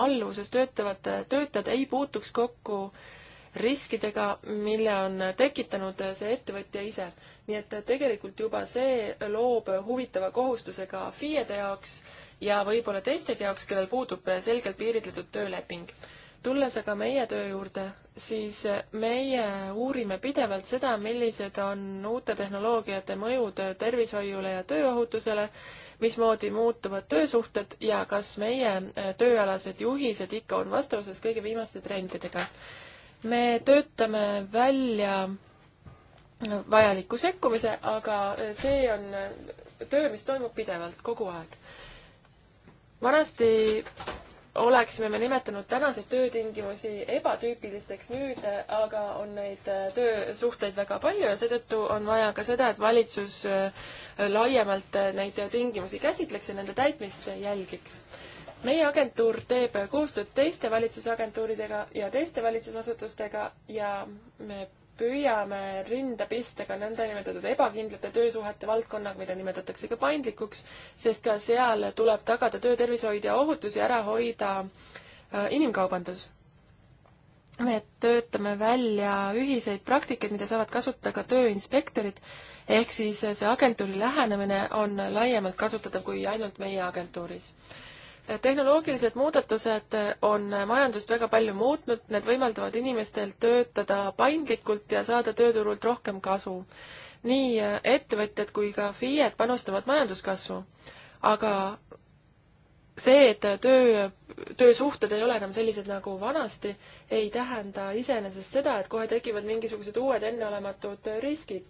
alluvuses töötavad töötajad ei puutuks kokku riskidega, mille on tekitanud see ettevõtja ise. nii et tegelikult juba see loob huvitava kohustusega FIE-de jaoks ja võib-olla teistegi jaoks, kellel puudub selgelt piiritletud tööleping tulles aga meie töö juurde, siis meie uurime pidevalt seda, millised on uute tehnoloogiate mõjud tervishoiule ja tööohutusele, mismoodi muutuvad töösuhted ja kas meie tööalased juhised ikka on vastavuses kõige viimaste trendidega. me töötame välja vajaliku sekkumise, aga see on töö, mis toimub pidevalt, kogu aeg. vanasti oleksime me nimetanud tänaseid töötingimusi ebatüüpilisteks nüüd, aga on neid äh, töösuhteid väga palju ja seetõttu on vaja ka seda, et valitsus äh, laiemalt äh, neid tingimusi käsitleks ja nende täitmist jälgiks. meie agentuur teeb koostööd teiste valitsusagentuuridega ja teiste valitsusasutustega ja me püüame rinda pista ka nõndanimetatud ebakindlate töösuhete valdkonnaga, mida nimetatakse ka paindlikuks, sest ka seal tuleb tagada töötervishoid ja ohutus ja ära hoida äh, inimkaubandus. me töötame välja ühiseid praktikaid, mida saavad kasutada ka tööinspektorid, ehk siis see agentuuri lähenemine on laiemalt kasutatav kui ainult meie agentuuris tehnoloogilised muudatused on majandust väga palju muutnud, need võimaldavad inimestel töötada paindlikult ja saada tööturult rohkem kasu. nii ettevõtjad kui ka FIE-d panustavad majanduskasvu, aga see, et töö, töösuhted ei ole enam sellised nagu vanasti, ei tähenda iseenesest seda, et kohe tekivad mingisugused uued enneolematud riskid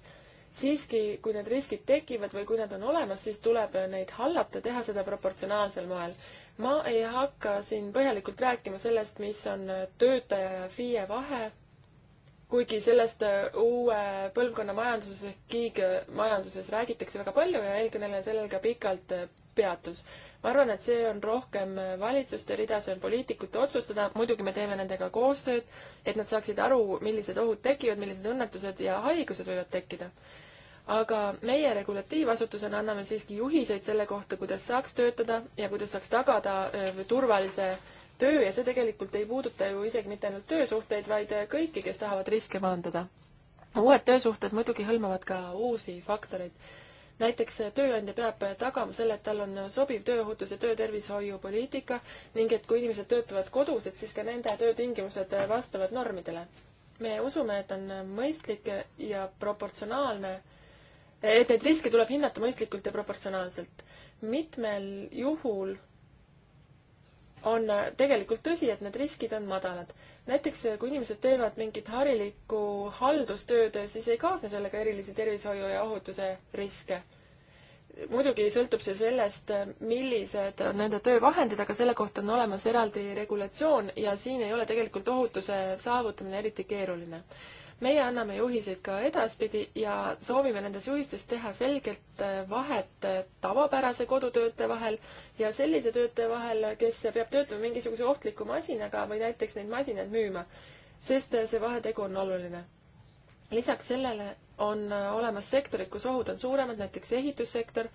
siiski, kui need riskid tekivad või kui nad on olemas, siis tuleb neid hallata, teha seda proportsionaalsel moel. ma ei hakka siin põhjalikult rääkima sellest, mis on töötaja ja FIE vahe, kuigi sellest uue põlvkonna majanduses ehk giigmajanduses räägitakse väga palju ja eelkõneleja sellel ka pikalt peatus ma arvan, et see on rohkem valitsuste rida, see on poliitikute otsustada, muidugi me teeme nendega koostööd, et nad saaksid aru, millised ohud tekivad, millised õnnetused ja haigused võivad tekkida aga meie regulatiivasutusena anname siiski juhiseid selle kohta, kuidas saaks töötada ja kuidas saaks tagada äh, turvalise töö ja see tegelikult ei puuduta ju isegi mitte ainult töösuhteid, vaid äh, kõiki, kes tahavad riske maandada. uued töösuhted muidugi hõlmavad ka uusi faktoreid näiteks tööandja peab tagama selle, et tal on sobiv tööohutus ja töötervishoiupoliitika ning et kui inimesed töötavad kodus, et siis ka nende töötingimused vastavad normidele. me usume, et on mõistlik ja proportsionaalne, et neid riske tuleb hinnata mõistlikult ja proportsionaalselt. mitmel juhul on äh, tegelikult tõsi, et need riskid on madalad. näiteks äh, kui inimesed teevad mingit harilikku haldustööd, äh, siis ei kaasne sellega erilisi tervishoiu ja ohutuse riske. muidugi sõltub see sellest, millised on nende töövahendid, aga selle kohta on olemas eraldi regulatsioon ja siin ei ole tegelikult ohutuse saavutamine eriti keeruline meie anname juhiseid ka edaspidi ja soovime nendes juhistes teha selgelt äh, vahet äh, tavapärase kodutöötaja vahel ja sellise töötaja vahel, kes peab töötama mingisuguse ohtliku masinaga või näiteks neid masinaid müüma, sest äh, see vahetegu on oluline. lisaks sellele on olemas sektorid, kus ohud on suuremad, näiteks ehitussektor,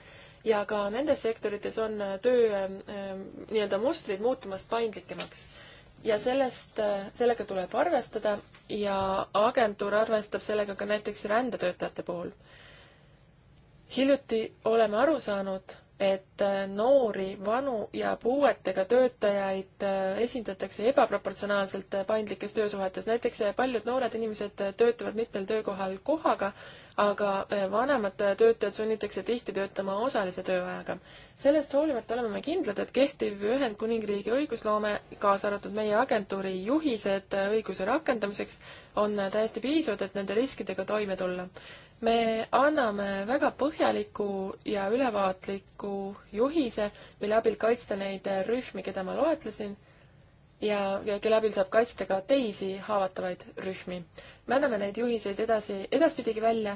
ja ka nendes sektorites on töö nii-öelda mustrid muutumas paindlikemaks ja sellest, äh, sellega tuleb arvestada ja agentuur arvestab sellega ka näiteks rändetöötajate puhul. hiljuti oleme aru saanud, et äh, noori, vanu ja puuetega töötajaid äh, esindatakse ebaproportsionaalselt paindlikes töösuhetes. näiteks paljud noored inimesed töötavad mitmel töökohal kohaga aga eh, vanemad eh, töötajad sunnitakse tihti töötama osalise tööajaga. sellest hoolimata oleme me kindlad, et kehtiv Ühendkuningriigi õigusloome, kaasa arvatud meie agentuuri juhised eh, õiguse rakendamiseks, on täiesti piisavad, et nende riskidega toime tulla. me anname väga põhjaliku ja ülevaatliku juhise, mille abil kaitsta neid rühmi, keda ma loetlesin ja kelle abil saab kaitsta ka teisi haavatavaid rühmi. me anname neid juhiseid edasi, edaspidigi välja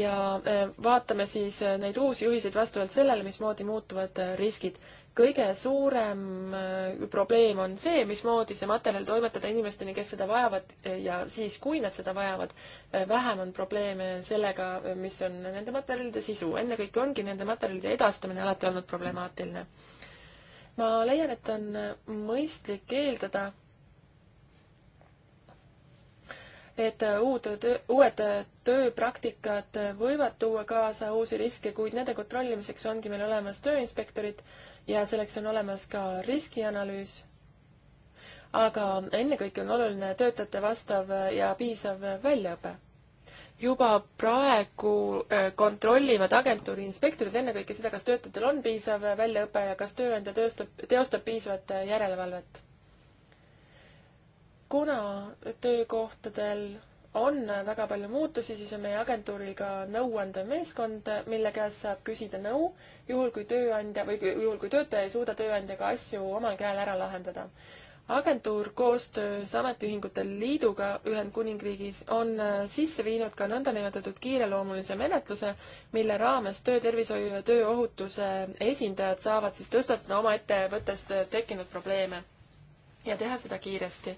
ja e, vaatame siis e, neid uusi juhiseid vastavalt sellele, mismoodi muutuvad e, riskid. kõige suurem probleem on see, mismoodi see materjal toimetada inimesteni, kes seda vajavad ja siis, kui nad seda vajavad. vähem on probleeme sellega, mis on nende materjalide sisu, ennekõike ongi nende materjalide edastamine alati olnud problemaatiline ma leian, et on mõistlik eeldada, et uud, uued tööpraktikad võivad tuua kaasa uusi riske, kuid nende kontrollimiseks ongi meil olemas tööinspektorid ja selleks on olemas ka riskianalüüs. aga ennekõike on oluline töötajate vastav ja piisav väljaõpe juba praegu äh, kontrollivad agentuuri inspektorid ennekõike seda, kas töötajatel on piisav väljaõpe ja kas tööandja tööstab, teostab piisavat äh, järelevalvet. kuna töökohtadel on väga palju muutusi, siis on meie agentuuril ka nõuandev meeskond, mille käest saab küsida nõu, juhul kui tööandja või juhul, kui töötaja ei suuda tööandjaga asju omal käel ära lahendada agentuur koostöös Ametiühingute Liiduga Ühendkuningriigis on äh, sisse viinud ka nõndanimetatud kiireloomulise menetluse, mille raames töötervishoiu ja tööohutuse esindajad saavad siis tõstatada oma ettevõttest äh, tekkinud probleeme ja teha seda kiiresti.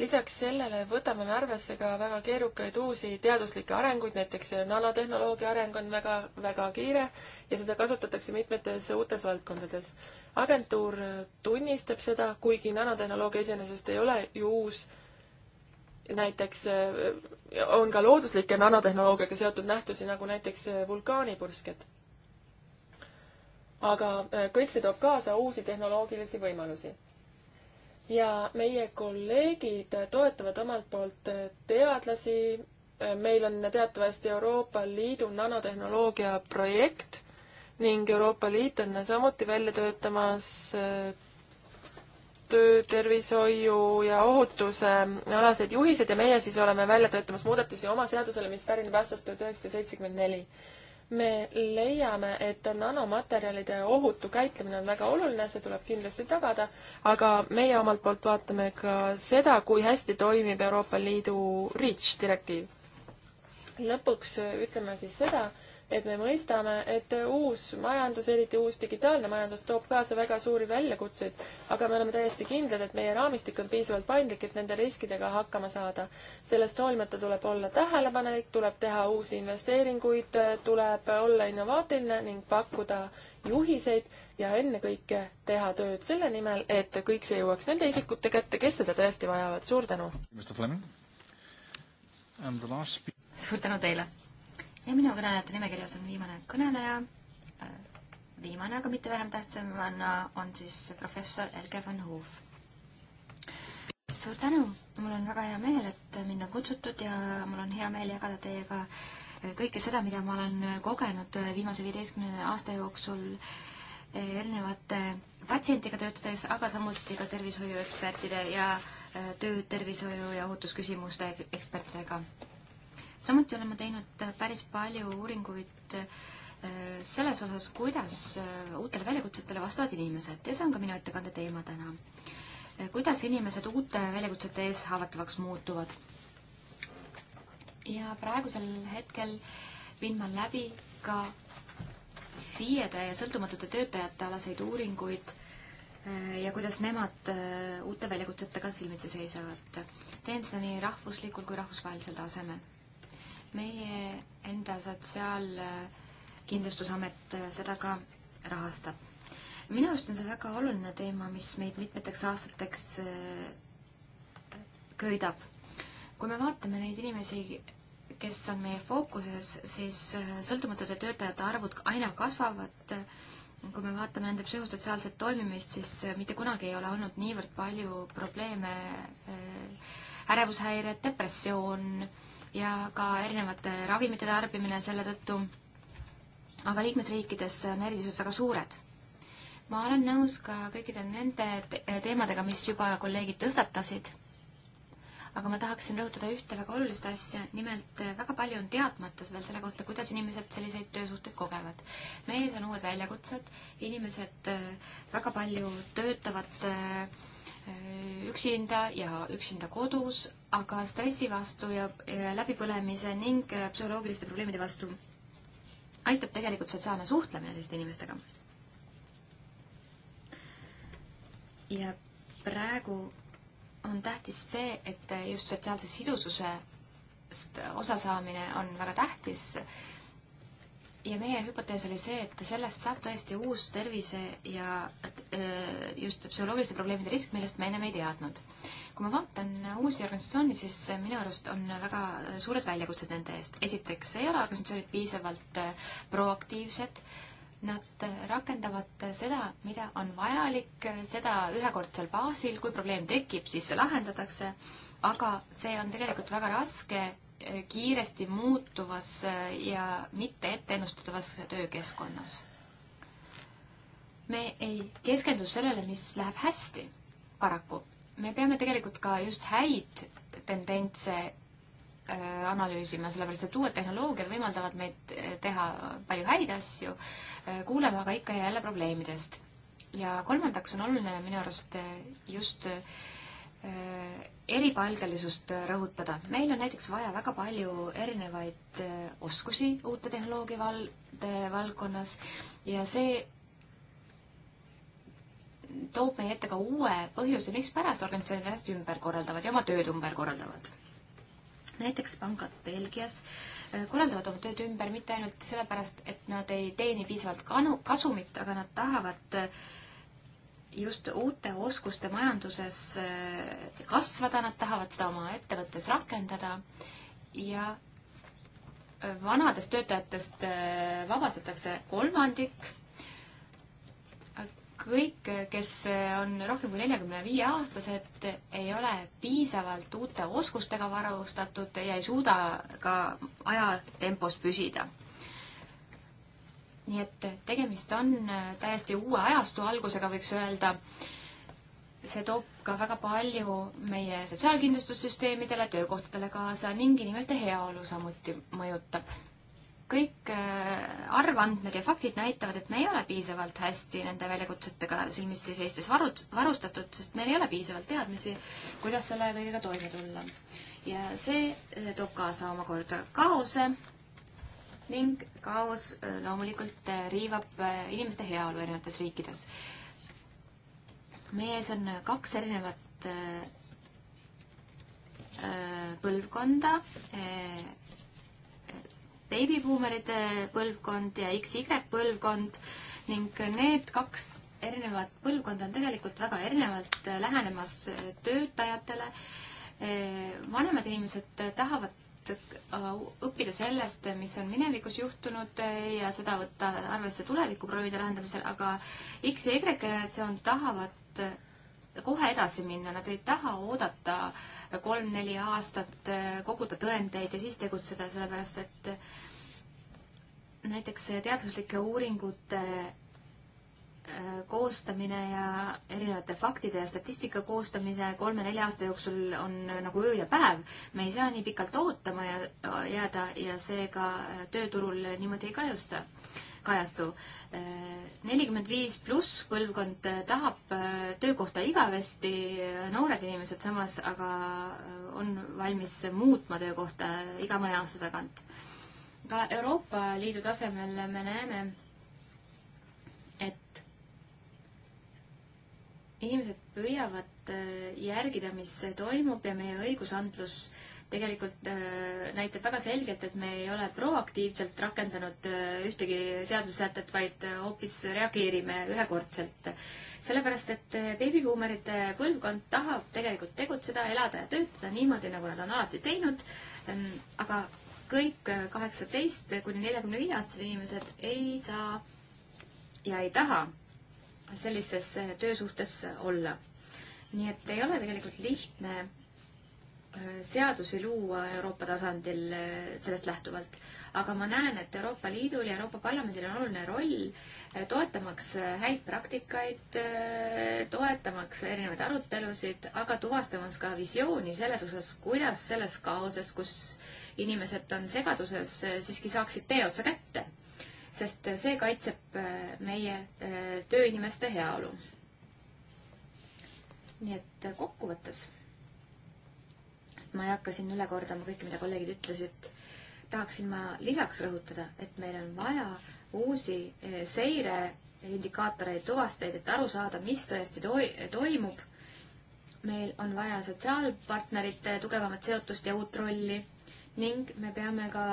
lisaks sellele võtame me arvesse ka väga keerukaid uusi teaduslikke arenguid, näiteks äh, nanotehnoloogia areng on väga, väga kiire ja seda kasutatakse mitmetes uutes valdkondades agentuur tunnistab seda, kuigi nanotehnoloogia iseenesest ei ole ju uus, näiteks eh, on ka looduslikke nanotehnoloogiaga seotud nähtusi, nagu näiteks eh, vulkaanipursked. aga eh, kõik see toob kaasa uusi tehnoloogilisi võimalusi ja meie kolleegid toetavad omalt poolt teadlasi. meil on teatavasti Euroopa Liidu nanotehnoloogia projekt, ning Euroopa Liit on samuti välja töötamas äh, töötervishoiu ja ohutuse alased juhised ja meie siis oleme välja töötamas muudatusi oma seadusele, mis pärineb aastast tuhat üheksasada seitsekümmend neli. me leiame, et nanomaterjalide ohutu käitlemine on väga oluline, see tuleb kindlasti tagada, aga meie omalt poolt vaatame ka seda, kui hästi toimib Euroopa Liidu REACH direktiiv. lõpuks äh, ütleme siis seda, et me mõistame, et uus majandus, eriti uus digitaalne majandus, toob kaasa väga suuri väljakutseid, aga me oleme täiesti kindlad, et meie raamistik on piisavalt paindlik, et nende riskidega hakkama saada. sellest hoolimata tuleb olla tähelepanelik, tuleb teha uusi investeeringuid, tuleb olla innovaatiline ning pakkuda juhiseid ja ennekõike teha tööd selle nimel, et kõik see jõuaks nende isikute kätte, kes seda tõesti vajavad. suur tänu! suur tänu teile! ja minu kõnelejate nimekirjas on viimane kõneleja, äh, viimane, aga mitte vähem tähtsam on, äh, on siis professor Elke von Hoof. suur tänu, mul on väga hea meel, et mind on kutsutud ja mul on hea meel jagada teiega äh, kõike seda, mida ma olen kogenud viimase viieteistkümne aasta jooksul erinevate patsientidega töötades, aga samuti ka tervishoiuekspertide ja töötervishoiu ja ohutusküsimuste ekspertidega samuti oleme teinud äh, päris palju uuringuid äh, selles osas, kuidas äh, uutele väljakutsetele vastavad inimesed ja see on ka minu ettekande teema täna. kuidas inimesed uute väljakutsete ees haavatavaks muutuvad? ja praegusel hetkel viin ma läbi ka FIE-de ja sõltumatute töötajate alaseid uuringuid ja kuidas nemad uute väljakutsetega silmitsi seisavad. teen seda nii rahvuslikul kui rahvusvahelisel tasemel meie enda Sotsiaalkindlustusamet äh, seda ka rahastab. minu arust on see väga oluline teema, mis meid mitmeteks aastateks äh, köidab. kui me vaatame neid inimesi, kes on meie fookuses, siis äh, sõltumatute töötajate arvud aina kasvavad. kui me vaatame nende psühhosotsiaalset toimimist, siis mitte kunagi ei ole olnud niivõrd palju probleeme, ärevushäired, depressioon ja ka erinevate ravimite tarbimine selle tõttu. aga liikmesriikides on erisused väga suured. ma olen nõus ka kõikide nende teemadega, mis juba kolleegid tõstatasid. aga ma tahaksin rõhutada ühte väga olulist asja, nimelt väga palju on teadmatas veel selle kohta, kuidas inimesed selliseid töösuhteid kogevad. meil on uued väljakutsed, inimesed äh, väga palju töötavad äh, Äh, üksinda ja üksinda kodus, aga stressi vastu ja läbipõlemise ning äh, psühholoogiliste probleemide vastu aitab tegelikult sotsiaalne suhtlemine teiste inimestega. ja praegu on tähtis see, et just sotsiaalse sidususest osasaamine on väga tähtis ja meie hüpotees oli see, et sellest saab tõesti uus tervise ja äh, just psühholoogiliste probleemide risk, millest me ennem ei teadnud. kui ma vaatan uusi organisatsioone, siis minu arust on väga suured väljakutsed nende eest. esiteks ei ole organisatsioonid piisavalt äh, proaktiivsed, nad rakendavad seda, mida on vajalik, seda ühekordsel baasil, kui probleem tekib, siis see lahendatakse, aga see on tegelikult väga raske kiiresti muutuvas äh, ja mitte etteennustatavas töökeskkonnas. me ei keskendu sellele, mis läheb hästi, paraku. me peame tegelikult ka just häid tendentse äh, analüüsima, sellepärast et uued tehnoloogiad võimaldavad meid äh, teha palju häid asju, kuuleme aga ikka ja jälle probleemidest. ja kolmandaks on oluline minu arust just äh, Äh, eripalgelisust äh, rõhutada. meil on näiteks vaja väga palju erinevaid äh, oskusi uute tehnoloogia val-, valdkonnas ja see toob meie ette ka uue põhjuse, mikspärast organisatsioonid ennast ümber korraldavad ja oma tööd ümber korraldavad. näiteks pangad Belgias korraldavad oma tööd ümber mitte ainult sellepärast, et nad ei teeni piisavalt kanu, kasumit, aga nad tahavad äh, just uute oskuste majanduses äh, kasvada, nad tahavad seda oma ettevõttes rakendada ja äh, vanadest töötajatest äh, vabastatakse kolmandik. kõik, kes on rohkem kui neljakümne viie aastased, ei ole piisavalt uute oskustega varustatud ja ei suuda ka ajatempos püsida nii et tegemist on äh, täiesti uue ajastu algusega, võiks öelda. see toob ka väga palju meie sotsiaalkindlustussüsteemidele, töökohtadele kaasa ning inimeste heaolu samuti mõjutab. kõik äh, arvandmed ja faktid näitavad, et me ei ole piisavalt hästi nende väljakutsetega silmitsi seistes varut-, varustatud, sest meil ei ole piisavalt teadmisi, kuidas selle kõigega toime tulla. ja see äh, toob kaasa omakorda kaose ning kaos äh, loomulikult äh, riivab äh, inimeste heaolu erinevates riikides. meie ees on kaks erinevat põlvkonda beebibuumerite põlvkond ja XY põlvkond ning need kaks erinevat põlvkonda on tegelikult väga erinevalt lähenemas töötajatele. vanemad inimesed tahavad Äh, õppida sellest, mis on minevikus juhtunud äh, ja seda võtta arvesse tulevikuprobleemide lahendamisel, aga X ja Y generatsioon tahavad äh, kohe edasi minna, nad ei taha oodata kolm-neli aastat, koguda tõendeid ja siis tegutseda, sellepärast et näiteks teaduslike uuringute Äh, koostamine ja erinevate faktide ja statistika koostamise kolme-nelja aasta jooksul on äh, nagu öö ja päev. me ei saa nii pikalt ootama ja äh, jääda ja seega tööturul niimoodi ei kajusta, kajastu. nelikümmend viis pluss põlvkond tahab töökohta igavesti, noored inimesed samas aga on valmis muutma töökohta iga mõne aasta tagant. ka Euroopa Liidu tasemel me näeme, inimesed püüavad äh, järgida, mis toimub ja meie õigusandlus tegelikult äh, näitab väga selgelt, et me ei ole proaktiivselt rakendanud äh, ühtegi seadusesätet, vaid hoopis reageerime ühekordselt. sellepärast, et beebibuumerite põlvkond tahab tegelikult tegutseda, elada ja töötada niimoodi, nagu nad on alati teinud, ehm, aga kõik kaheksateist kuni neljakümne viie aastased inimesed ei saa ja ei taha sellises äh, töösuhtes äh, olla. nii et ei ole tegelikult lihtne äh, seadusi luua Euroopa tasandil sellest lähtuvalt. aga ma näen, et Euroopa Liidul ja Euroopa Parlamendil on oluline roll toetamaks häid praktikaid, toetamaks erinevaid arutelusid, aga tuvastamas ka visiooni selles osas, kuidas selles kaoses, kus inimesed on segaduses, siiski saaksid tee otsa kätte sest see kaitseb äh, meie äh, tööinimeste heaolu. nii et äh, kokkuvõttes, sest ma ei hakka siin üle kordama kõike, mida kolleegid ütlesid, tahaksin ma lisaks rõhutada, et meil on vaja uusi seireindikaatoreid, tuvastajaid, et aru saada, mis tõesti toi-, toimub. meil on vaja sotsiaalpartnerite tugevamat seotust ja uut rolli ning me peame ka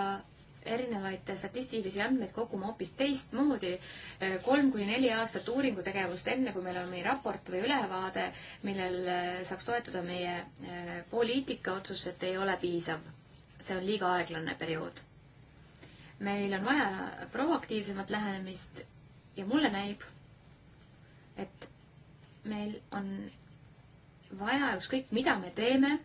erinevaid statistilisi andmeid koguma hoopis teistmoodi, eh, kolm kuni neli aastat uuringutegevust, enne kui meil on meie raport või ülevaade, millel eh, saaks toetuda meie eh, poliitikaotsused, ei ole piisav. see on liiga aeglane periood. meil on vaja proaktiivsemat lähenemist ja mulle näib, et meil on vaja, ükskõik mida me teeme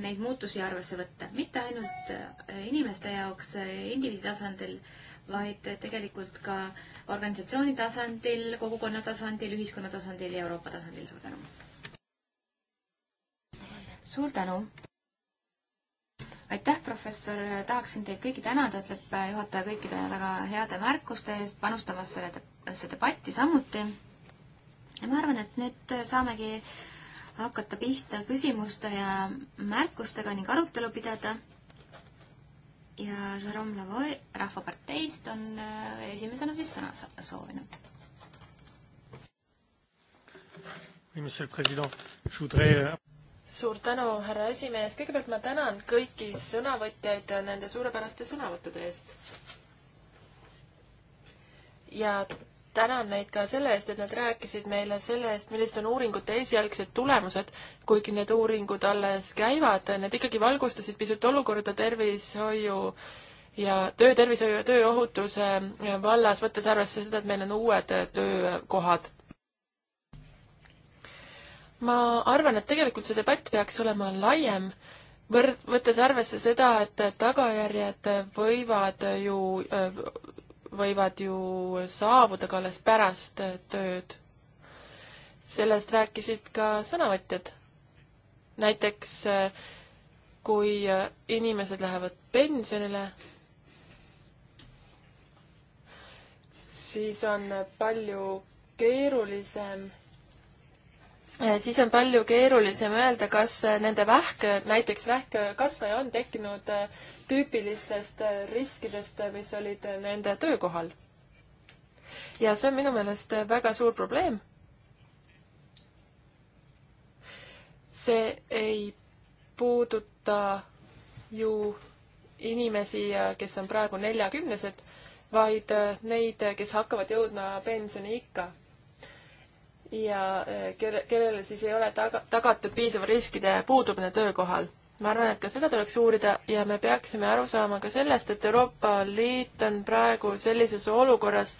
neid muutusi arvesse võtta, mitte ainult äh, inimeste jaoks äh, indiviidi tasandil, vaid tegelikult ka organisatsiooni tasandil, kogukonna tasandil, ühiskonna tasandil ja Euroopa tasandil. suur tänu! suur tänu! aitäh, professor, tahaksin teid kõiki tänada, ütleb juhataja kõikide väga heade märkuste eest, panustamas sellesse debatti samuti. ja ma arvan, et nüüd saamegi hakata pihta küsimuste ja märkustega ning arutelu pidada. ja Jerome Lavoy Rahvaparteist on äh, esimesena siis sõna soovinud. Euh, suur tänu, härra esimees, kõigepealt ma tänan kõiki sõnavõtjaid nende suurepäraste sõnavõttude eest. ja tänan neid ka selle eest, et nad rääkisid meile selle eest, millised on uuringute esialgsed tulemused, kuigi need uuringud alles käivad, need ikkagi valgustasid pisut olukorda tervishoiu ja töötervishoiu ja tööohutuse vallas, võttes arvesse seda, et meil on uued töökohad. ma arvan, et tegelikult see debatt peaks olema laiem võr-, võttes arvesse seda, et tagajärjed võivad ju võivad ju saabuda ka alles pärast tööd. sellest rääkisid ka sõnavõtjad. näiteks kui inimesed lähevad pensionile, siis on palju keerulisem Äh, siis on palju keerulisem öelda, kas äh, nende vähk, näiteks vähkkasvaja on tekkinud äh, tüüpilistest riskidest, mis olid nende töökohal. ja see on minu meelest väga suur probleem. see ei puuduta ju inimesi, kes on praegu neljakümnesed, vaid neid, kes hakkavad jõudma pensioniikka ja eh, kelle, kellele siis ei ole taga, tagatud piisav riskide puudumine töökohal. ma arvan, et ka seda tuleks uurida ja me peaksime aru saama ka sellest, et Euroopa Liit on praegu sellises olukorras,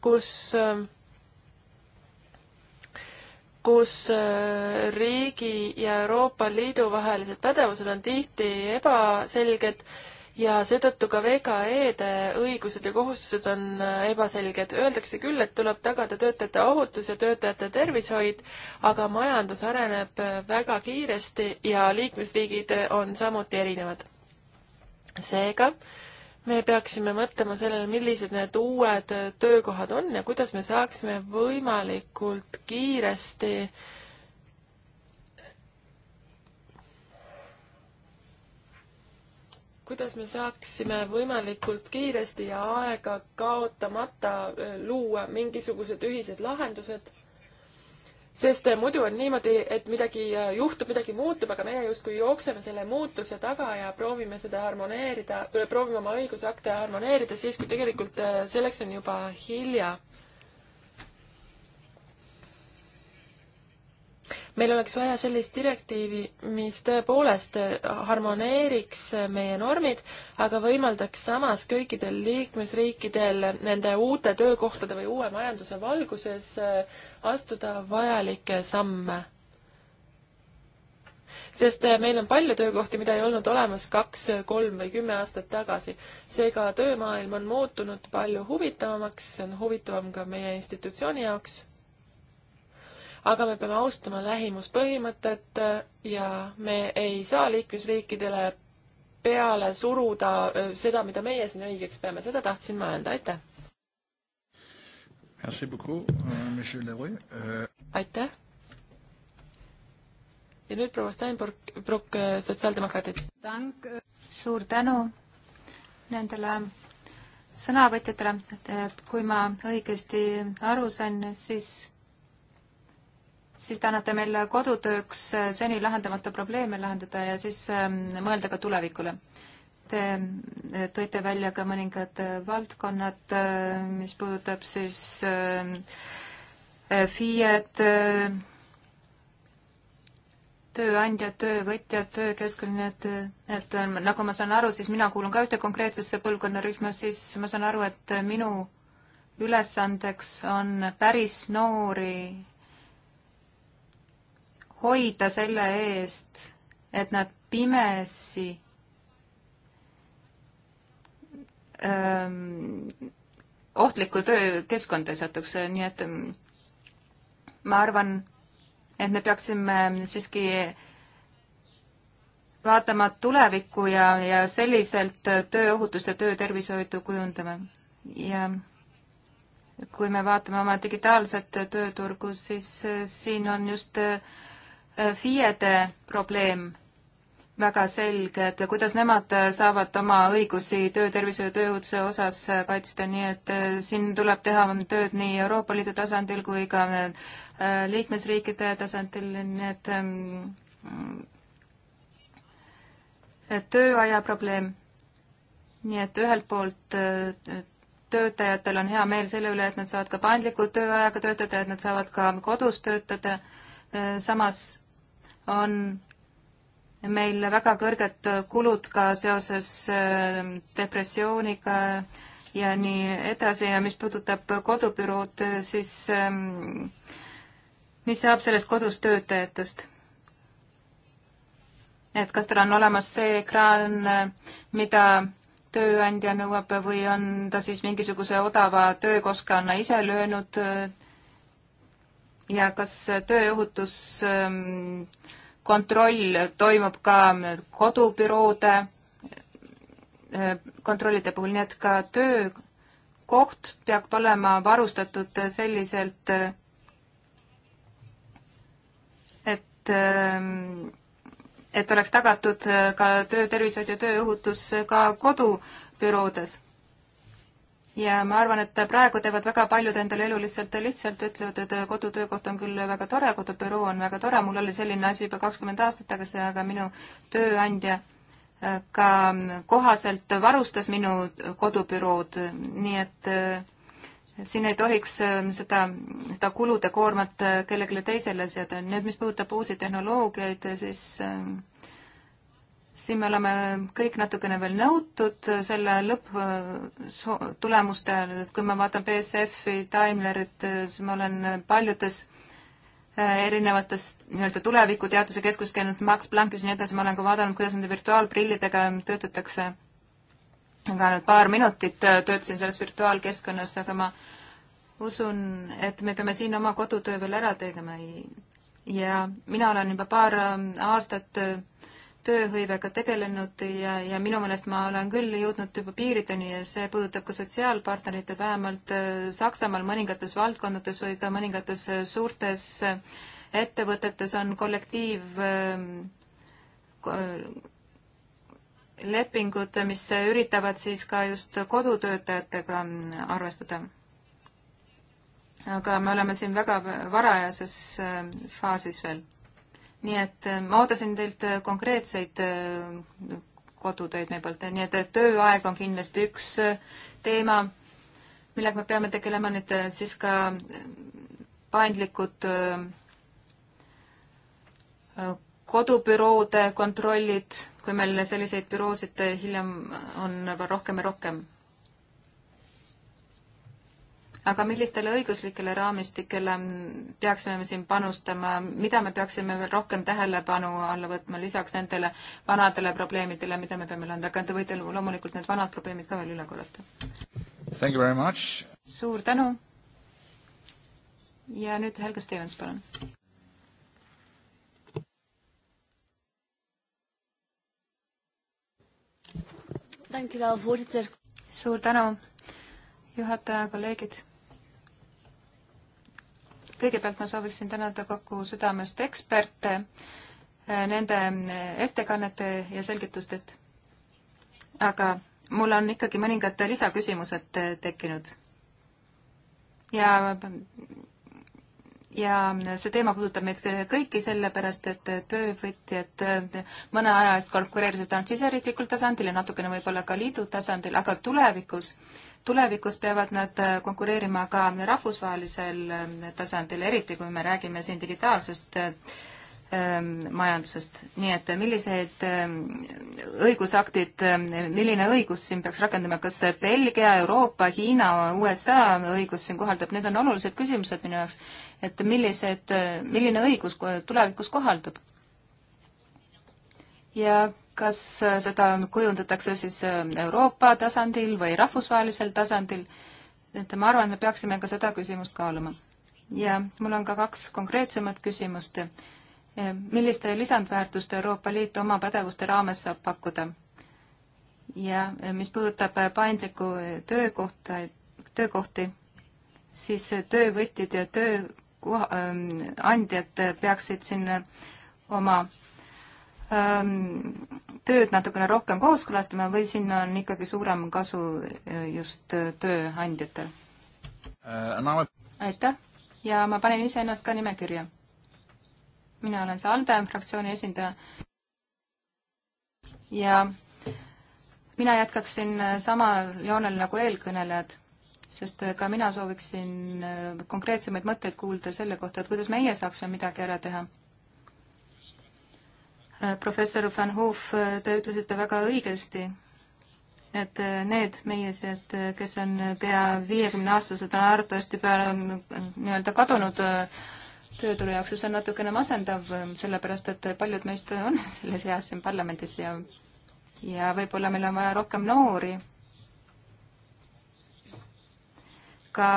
kus eh, kus eh, riigi ja Euroopa Liidu vahelised pädevused on tihti ebaselged ja seetõttu ka VKE-de õigused ja kohustused on äh, ebaselged. Öeldakse küll, et tuleb tagada töötajate ohutus ja töötajate tervishoid, aga majandus areneb äh, väga kiiresti ja liikmesriigid äh, on samuti erinevad. seega me peaksime mõtlema sellele, millised need uued töökohad on ja kuidas me saaksime võimalikult kiiresti äh, kuidas me saaksime võimalikult kiiresti ja aega kaotamata äh, luua mingisugused ühised lahendused sest äh, muidu on niimoodi, et midagi äh, juhtub, midagi muutub, aga meie justkui jookseme selle muutuse taga ja proovime seda harmoneerida, proovime oma õigusakte harmoneerida siis, kui tegelikult selleks on juba hilja. meil oleks vaja sellist direktiivi, mis tõepoolest harmoneeriks meie normid, aga võimaldaks samas kõikidel liikmesriikidel nende uute töökohtade või uue majanduse valguses astuda vajalikke samme. sest meil on palju töökohti, mida ei olnud olemas kaks, kolm või kümme aastat tagasi. seega töömaailm on muutunud palju huvitavamaks, see on huvitavam ka meie institutsiooni jaoks aga me peame austama lähimuspõhimõtet äh, ja me ei saa liikmesriikidele peale suruda äh, seda, mida meie siin õigeks peame, seda tahtsin ma öelda, aitäh. Euh, euh, aitäh. ja nüüd proua Steinbrück, Bruck, äh, sotsiaaldemokraadid. suur tänu nendele sõnavõtjatele, et kui ma õigesti aru sain, siis siis te annate meil kodutööks seni lahendamata probleeme lahendada ja siis ähm, mõelda ka tulevikule. Te äh, tõite välja ka mõningad äh, valdkonnad, äh, mis puudutab siis ähm, FIE-d, tööandjad, töövõtjad, töökeskkond, et, et nagu ma saan aru, siis mina kuulun ka ühte konkreetsesse põlvkonnarühma, siis ma saan aru, et minu ülesandeks on päris noori hoida selle eest, et nad pimesi öö, ähm, ohtlikku töökeskkonda ei satuks, nii et ähm, ma arvan, et me peaksime siiski vaatama tulevikku ja, ja selliselt tööohutust ja töötervishoidu kujundama. ja kui me vaatame oma digitaalset tööturgu, siis äh, siin on just äh, Äh, FIE-de probleem väga selge, et kuidas nemad äh, saavad oma õigusi töötervishoiu, tööohutuse osas äh, kaitsta, nii et siin tuleb teha tööd nii Euroopa Liidu tasandil kui ka liikmesriikide tasandil, nii et ähm, et tööaja probleem, nii et ühelt poolt töötajatel on hea meel selle üle, et nad saavad ka paindlikult tööajaga töötada, et nad saavad ka kodus töötada, samas on meil väga kõrged kulud ka seoses äh, depressiooniga ja nii edasi ja mis puudutab kodubürood, siis ähm, mis saab sellest kodus töötajatest? et kas tal on olemas see ekraan, mida tööandja nõuab või on ta siis mingisuguse odava töökoskkonna ise löönud, äh, ja kas tööohutuskontroll ähm, toimub ka ähm, kodubüroode äh, kontrollide puhul, nii et ka töökoht peab olema varustatud selliselt, äh, et, ähm, et oleks tagatud äh, ka töötervishoid ja tööohutus ka kodubüroodes ja ma arvan, et praegu teevad väga paljud endale elu lihtsalt, lihtsalt ütlevad, et äh, kodutöökoht on küll väga tore, kodubüroo on väga tore, mul oli selline asi juba kakskümmend aastat tagasi, aga minu tööandja äh, ka mm, kohaselt varustas minu kodubürood, nii et äh, siin ei tohiks seda, seda kulude koormat kellelegi teisele seada. nüüd, mis puudutab uusi tehnoloogiaid, siis siin me oleme kõik natukene veel nõutud selle lõpptulemuste äh, ajal, et kui ma vaatan BSF-i, Daimlerit, äh, siis ma olen paljudes äh, erinevates nii-öelda tulevikuteaduse keskuses käinud, Max Planckis ja nii edasi, ma olen ka vaadanud, kuidas nende virtuaalprillidega töötatakse. ka nüüd paar minutit töötasin selles virtuaalkeskkonnas, aga ma usun, et me peame siin oma kodutöö veel ära tegema ja mina olen juba paar aastat äh, tööhõivega tegelenud ja, ja minu meelest ma olen küll jõudnud juba piirideni ja see puudutab ka sotsiaalpartnerit, et vähemalt äh, Saksamaal mõningates valdkondades või ka mõningates äh, suurtes äh, ettevõtetes on kollektiiv ähm, lepingud, mis üritavad siis ka just kodutöötajatega ähm, arvestada. aga me oleme siin väga varajases faasis veel nii et äh, ma ootasin teilt äh, konkreetseid äh, kodutöid meie poolt, nii et tööaeg on kindlasti üks teema, millega me peame tegelema nüüd siis ka paindlikud kodubüroode kontrollid, kui meil selliseid büroosid hiljem on rohkem ja rohkem aga millistele õiguslikele raamistikele peaksime me siin panustama, mida me peaksime veel rohkem tähelepanu alla võtma lisaks nendele vanadele probleemidele, mida me peame lahendama, aga te võite loomulikult need vanad probleemid ka veel üle korrata. suur tänu. ja nüüd Helga Stevens, palun. suur tänu juhataja, kolleegid kõigepealt ma sooviksin tänada kokku südamest eksperte eh, nende eh, ettekannete ja selgitustest. aga mul on ikkagi mõningad lisaküsimused eh, tekkinud. ja, ja see teema puudutab meid kõiki, sellepärast et töövõtjad mõne aja eest konkureerisid ainult siseriiklikul tasandil ja natukene võib-olla ka liidu tasandil, aga tulevikus äh, tulevikus peavad nad äh, konkureerima ka rahvusvahelisel äh, tasandil, eriti kui me räägime siin digitaalsest äh, ähm, majandusest, nii et millised ähm, õigusaktid, milline õigus siin peaks rakendama, kas Belgia, Euroopa, Hiina, USA õigus siin kohaldab, need on olulised küsimused minu jaoks, et millised, milline õigus tulevikus kohaldub? ja kas äh, seda kujundatakse siis äh, Euroopa tasandil või rahvusvahelisel tasandil, et ma arvan, me peaksime ka seda küsimust kaaluma. ja mul on ka kaks konkreetsemat küsimust. Äh, milliste lisandväärtuste Euroopa Liit oma pädevuste raames saab pakkuda? ja mis puudutab paindlikku töökohta, töökohti, siis töövõtjad ja tööandjad ähm, peaksid siin oma Ähm, tööd natukene rohkem kooskõlastama või sinna on ikkagi suurem kasu äh, just äh, tööandjatel? Äh, aitäh ja ma panin iseennast ka nimekirja. mina olen see ALDE fraktsiooni esindaja. ja mina jätkaksin samal joonel nagu eelkõnelejad, sest ka mina sooviksin konkreetsemaid mõtteid kuulda selle kohta, et kuidas meie saaksime midagi ära teha Äh, professor Van Hoof, äh, te ütlesite väga õigesti, et äh, need meie seast, kes on pea viiekümne aastased, on arvatavasti peale nii-öelda kadunud tööturu jaoks ja see on natukene masendav, sellepärast et paljud meist on selles eas siin parlamendis ja ja võib-olla meil on vaja rohkem noori ka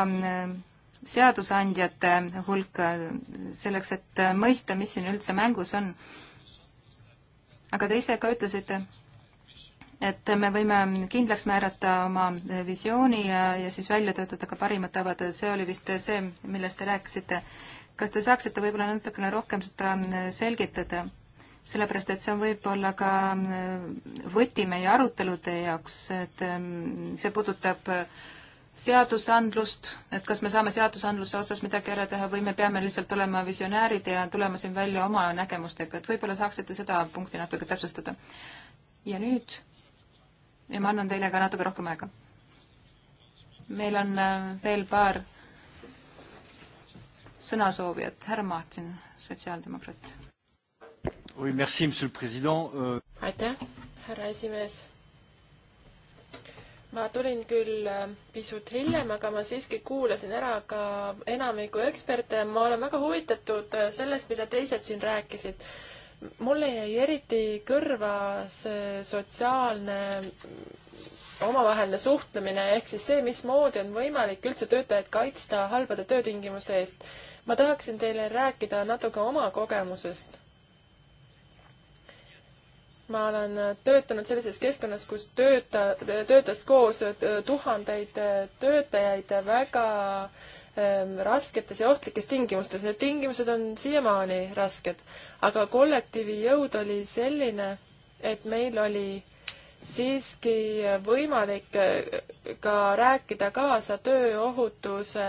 seadusandjate hulka selleks, et mõista, mis siin üldse mängus on aga te ise ka ütlesite, et me võime kindlaks määrata oma visiooni ja, ja siis välja töötada ka parimad tavad, et see oli vist see, millest te rääkisite. kas te saaksite võib-olla natukene rohkem seda selgitada? sellepärast, et see on võib-olla ka võti meie arutelude jaoks, et mm, see puudutab äh, seadusandlust, et kas me saame seadusandluse osas midagi ära teha või me peame lihtsalt olema visionäärid ja tulema siin välja oma nägemustega, et võib-olla saaksite seda punkti natuke täpsustada. ja nüüd, ja ma annan teile ka natuke rohkem aega. meil on äh, veel paar sõnasoovijat, härra Martin, sotsiaaldemokraat. Euh, aitäh, härra esimees ma tulin küll äh, pisut hiljem, aga ma siiski kuulasin ära ka enamiku eksperte. ma olen väga huvitatud äh, sellest, mida teised siin rääkisid. mulle jäi eriti kõrva see sotsiaalne mm, omavaheline suhtlemine ehk siis see, mismoodi on võimalik üldse töötajaid kaitsta halbade töötingimuste eest. ma tahaksin teile rääkida natuke oma kogemusest ma olen töötanud sellises keskkonnas, kus tööta, töötas koos äh, tuhandeid äh, töötajaid väga ähm, rasketes ja ohtlikes tingimustes. Need tingimused on siiamaani rasked, aga kollektiivi jõud oli selline, et meil oli siiski võimalik äh, ka rääkida kaasa tööohutuse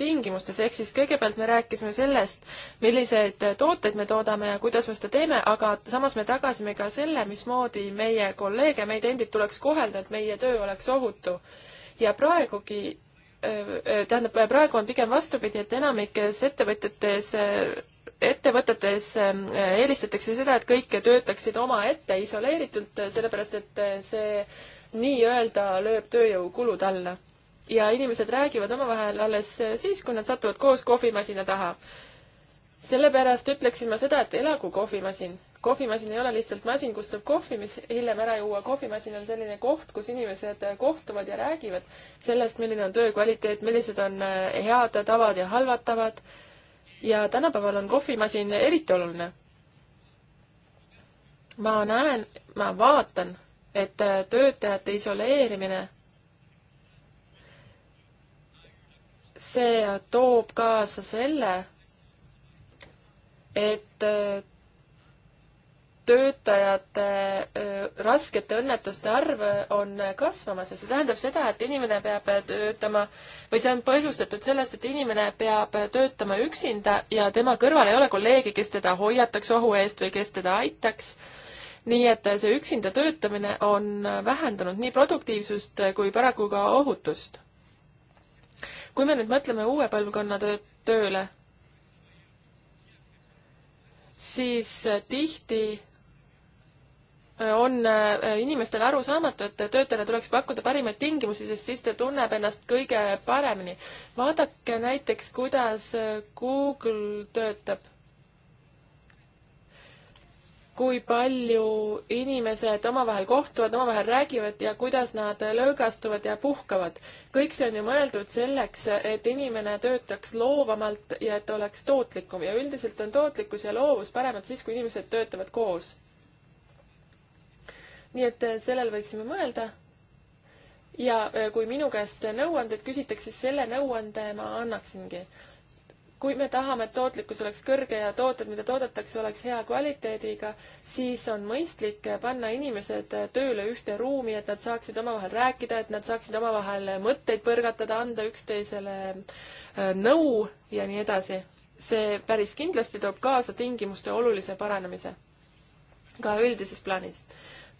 tingimustes, ehk siis kõigepealt me rääkisime sellest, milliseid tooteid me toodame ja kuidas me seda teeme, aga samas me tagasime ka selle, mismoodi meie kolleege, meid endid tuleks kohelda, et meie töö oleks ohutu. ja praegugi äh, äh, tähendab, praegu on pigem vastupidi, et enamikes ettevõtetes ettevõtetes ähm, eelistatakse seda, et kõik töötaksid omaette isoleeritult, äh, sellepärast et äh, see nii-öelda lööb tööjõukulud alla. ja inimesed räägivad omavahel alles äh, siis, kui nad satuvad koos kohvimasina taha. sellepärast ütleksin ma seda, et elagu kohvimasin. kohvimasin ei ole lihtsalt masin, kust saab kohvi, mis hiljem ära juua. kohvimasin on selline koht, kus inimesed kohtuvad ja räägivad sellest, milline on töö kvaliteet, millised on head tavad ja halvad tavad ja tänapäeval on kohvimasin eriti oluline. ma näen, ma vaatan, et töötajate isoleerimine, see toob kaasa selle, et töötajate raskete õnnetuste arv on kasvamas ja see tähendab seda, et inimene peab töötama või see on põhjustatud sellest, et inimene peab töötama üksinda ja tema kõrval ei ole kolleegi, kes teda hoiataks ohu eest või kes teda aitaks. nii et see üksinda töötamine on vähendanud nii produktiivsust kui paraku ka ohutust. kui me nüüd mõtleme uue põlvkonna tööle, siis tihti on äh, inimestele arusaamatu, et töötajale tuleks pakkuda parimaid tingimusi, sest siis ta tunneb ennast kõige paremini. vaadake näiteks, kuidas äh, Google töötab. kui palju inimesed omavahel kohtuvad, omavahel räägivad ja kuidas nad lõõgastuvad ja puhkavad. kõik see on ju mõeldud selleks, et inimene töötaks loovamalt ja et oleks tootlikum ja üldiselt on tootlikkus ja loovus paremad siis, kui inimesed töötavad koos nii et äh, sellele võiksime mõelda. ja äh, kui minu käest nõuandeid küsitakse, siis selle nõuande ma annaksingi. kui me tahame, et tootlikkus oleks kõrge ja tooted, mida toodetakse, oleks hea kvaliteediga, siis on mõistlik panna inimesed äh, tööle ühte ruumi, et nad saaksid omavahel rääkida, et nad saaksid omavahel mõtteid põrgatada, anda üksteisele nõu ja nii edasi see päris kindlasti toob kaasa tingimuste olulise paranemise ka üldises plaanis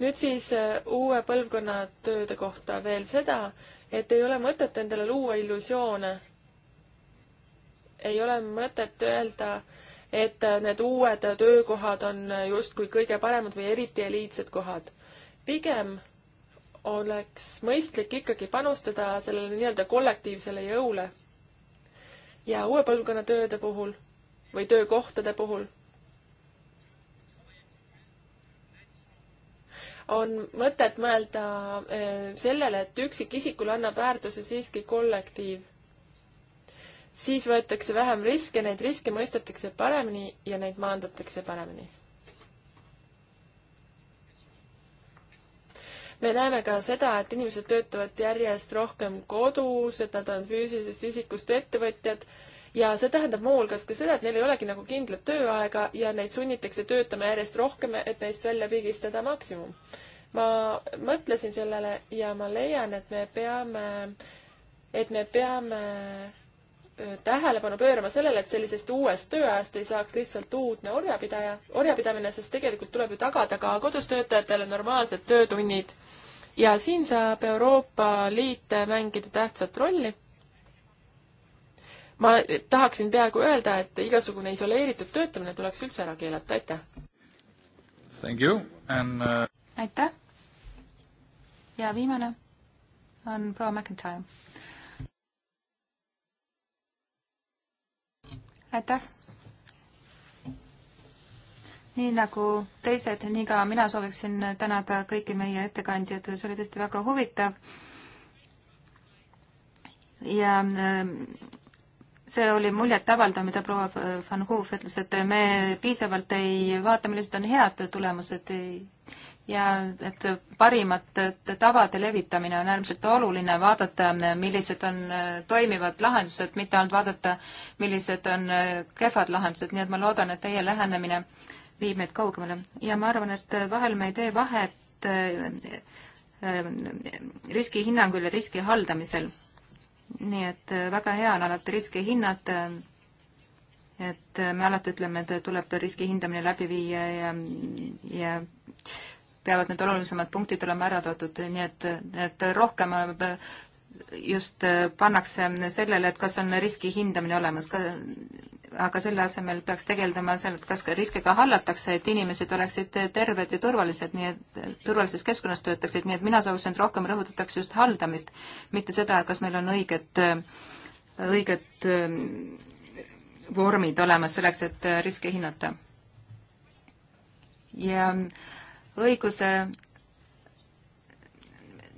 nüüd siis äh, uue põlvkonna tööde kohta veel seda, et ei ole mõtet endale luua illusioone. ei ole mõtet öelda, et äh, need uued töökohad on justkui kõige paremad või eriti eliitsed kohad. pigem oleks mõistlik ikkagi panustada sellele nii-öelda kollektiivsele jõule. ja uue põlvkonna tööde puhul või töökohtade puhul on mõtet mõelda eh, sellele, et üksikisikule annab väärtuse siiski kollektiiv. siis võetakse vähem riske, neid riske mõistetakse paremini ja neid maandatakse paremini me näeme ka seda, et inimesed töötavad järjest rohkem kodus, et nad on füüsilisest isikust ettevõtjad ja see tähendab muuhulgas ka seda, et neil ei olegi nagu kindlat tööaega ja neid sunnitakse töötama järjest rohkem, et neist välja pigistada maksimum. ma mõtlesin sellele ja ma leian, et me peame, et me peame äh, tähelepanu pöörama sellele, et sellisest uuest tööajast ei saaks lihtsalt uudne orjapidaja, orjapidamine, sest tegelikult tuleb ju tagada ka kodus töötajatele normaalsed töötunnid. ja siin saab Euroopa Liit mängida tähtsat rolli ma tahaksin peaaegu öelda, et igasugune isoleeritud töötamine tuleks üldse ära keelata, aitäh! Thank you and uh... aitäh! ja viimane on proua McIntyre. aitäh! nii nagu teised, nii ka mina sooviksin tänada kõiki meie ettekandjaid, see oli tõesti väga huvitav. ja ähm, see oli muljetavaldav, mida proua Van Hoof ütles, et me piisavalt ei vaata, millised on head tulemused ja et parimate tavade levitamine on äärmiselt oluline, vaadata, millised on toimivad lahendused, mitte ainult vaadata, millised on kehvad lahendused, nii et ma loodan, et teie lähenemine viib meid kaugemale. ja ma arvan, et vahel me ei tee vahet äh, äh, riskihinnangul ja riski haldamisel nii et äh, väga hea on alati riske hinnata, et äh, me alati ütleme, et tuleb riski hindamine läbi viia ja, ja peavad need olulisemad punktid olema ära toodud, nii et, et rohkem äh, just äh, pannakse sellele, et kas on riski hindamine olemas, aga selle asemel peaks tegeldama seal, et kas ka riske ka hallatakse, et inimesed oleksid terved ja turvalised, nii et turvalises keskkonnas töötaksid, nii et mina soovisin, et rohkem rõhutatakse just haldamist, mitte seda, kas meil on õiged, õiged äh, vormid olemas selleks, et äh, riske hinnata. ja õiguse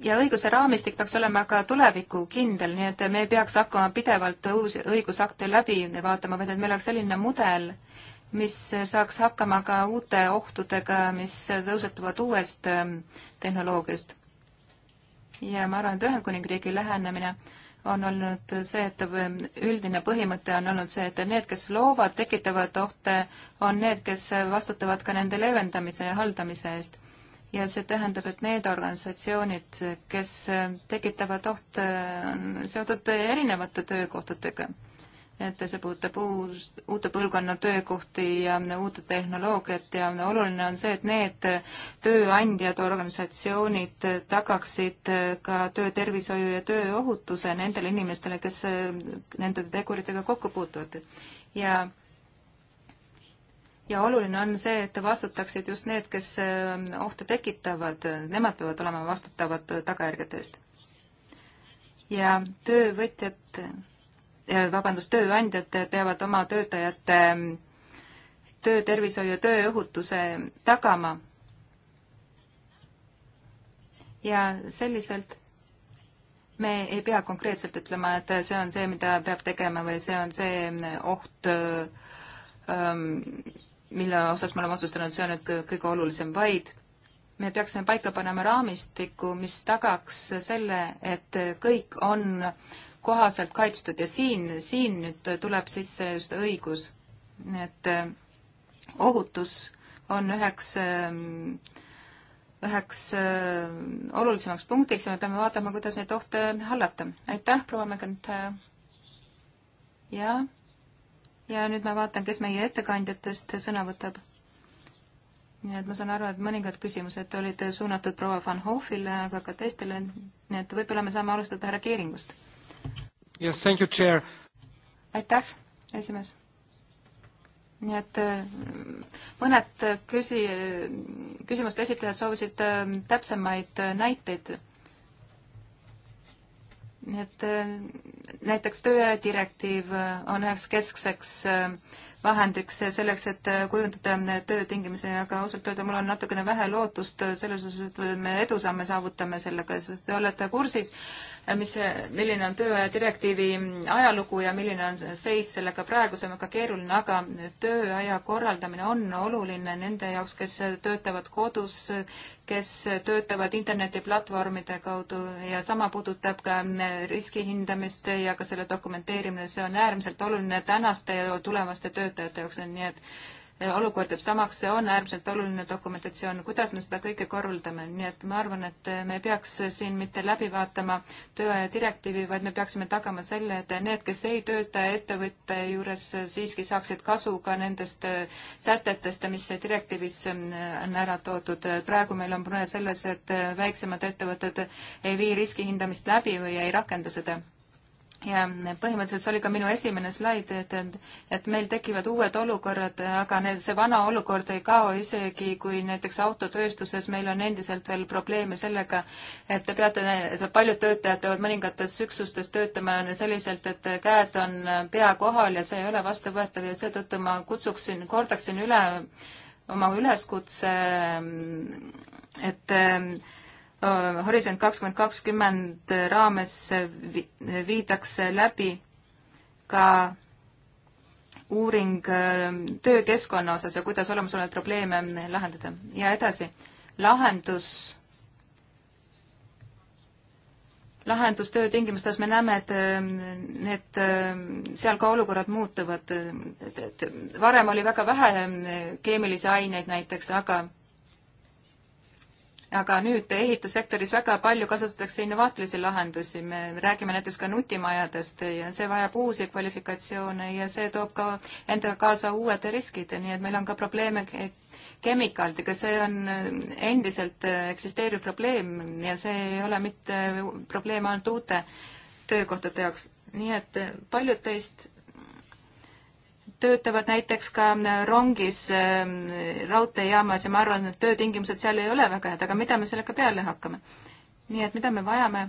ja õiguse raamistik peaks olema ka tulevikukindel, nii et me ei peaks hakkama pidevalt uusi õigusakte läbi vaatama, vaid et meil oleks selline mudel, mis saaks hakkama ka uute ohtudega, mis tõusetuvad uuest ähm, tehnoloogiast. ja ma arvan, et Ühendkuningriigi lähenemine on olnud see, et üldine põhimõte on olnud see, et need, kes loovad, tekitavad ohte, on need, kes vastutavad ka nende leevendamise ja haldamise eest ja see tähendab, et need organisatsioonid, kes tekitavad ohte, on seotud erinevate töökohtadega. et see puudutab uus, uute põlvkonna töökohti ja uute tehnoloogiat ja oluline on see, et need tööandjad, organisatsioonid tagaksid ka töötervishoiu ja tööohutuse nendele inimestele, kes nende teguritega kokku puutuvad. ja ja oluline on see, et vastutaksid just need, kes äh, ohte tekitavad, nemad peavad olema vastutavad tagajärgede eest. ja töövõtjad, äh, vabandust, tööandjad peavad oma töötajate mm, töötervishoiu ja tööohutuse tagama. ja selliselt me ei pea konkreetselt ütlema, et see on see, mida peab tegema või see on see mm, oht öö, äh, ähm, mille osas me oleme otsustanud, see on nüüd kõige olulisem, vaid me peaksime paika panema raamistiku, mis tagaks selle, et kõik on kohaselt kaitstud ja siin, siin nüüd tuleb sisse just õigus. nii et äh, ohutus on üheks, ähm, üheks äh, olulisemaks punktiks ja me peame vaatama, kuidas neid ohte hallata. aitäh, proua McIntyre. Äh, jaa ja nüüd ma vaatan, kes meie ettekandjatest sõna võtab. nii et ma saan aru, et mõningad küsimused olid suunatud proua Van Hofile, aga ka teistele, nii et võib-olla me saame alustada härra Keeringust. Yes, thank you, chair. aitäh, esimees. nii et äh, mõned küsi-, küsimuste esitajad soovisid äh, täpsemaid näiteid nii et äh, näiteks tööajadirektiiv äh, on üheks keskseks äh, vahendiks selleks, et kujundada töötingimusi, aga ausalt öelda mul on natukene vähe lootust selles osas, et me edusamme saavutame sellega, sest te olete kursis, mis, milline on tööaja direktiivi ajalugu ja milline on seis sellega praegu, see on väga keeruline, aga tööaja korraldamine on oluline nende jaoks, kes töötavad kodus, kes töötavad internetiplatvormide kaudu ja sama puudutab ka riski hindamist ja ka selle dokumenteerimine, see on äärmiselt oluline tänaste ja tulevaste töötajate töötajate jaoks on, nii et eh, olukord jääb samaks, see on äärmiselt oluline dokumentatsioon, kuidas me seda kõike korraldame, nii et ma arvan, et eh, me ei peaks siin mitte läbi vaatama tööaja direktiivi, vaid me peaksime tagama selle, et need, kes ei tööta ettevõtte juures, siiski saaksid kasu ka nendest eh, sätetest, mis direktiivis on ära toodud. praegu meil on mure selles, et väiksemad ettevõtted ei vii riskihindamist läbi või ei rakenda seda ja põhimõtteliselt see oli ka minu esimene slaid, et, et, et meil tekivad uued olukorrad, aga need, see vana olukord ei kao, isegi kui näiteks autotööstuses meil on endiselt veel probleeme sellega, et te peate, paljud töötajad peavad mõningates üksustes töötama selliselt, et käed on pea kohal ja see ei ole vastuvõetav ja seetõttu ma kutsuksin, kordaksin üle oma üleskutse, et Äh, Horisont kakskümmend kakskümmend raames viidakse läbi ka uuring äh, töökeskkonna osas ja kuidas olemasolevaid probleeme lahendada. ja edasi, lahendus, lahendus töötingimustes, me näeme, et äh, need, seal ka olukorrad muutuvad, et varem oli väga vähe keemilisi aineid näiteks, aga aga nüüd ehitussektoris väga palju kasutatakse innovaatilisi lahendusi, me räägime näiteks ka nutimajadest ja see vajab uusi kvalifikatsioone ja see toob ka endaga kaasa uued riskid, nii et meil on ka probleeme kemikaalidega, see on äh, endiselt äh, eksisteeriv probleem ja see ei ole mitte probleem ainult uute töökohtade jaoks. nii et äh, paljud teist töötavad näiteks ka äh, rongis ähm, raudteejaamas ja ma arvan, et töötingimused seal ei ole väga head, aga mida me sellega peale hakkame? nii et mida me vajame,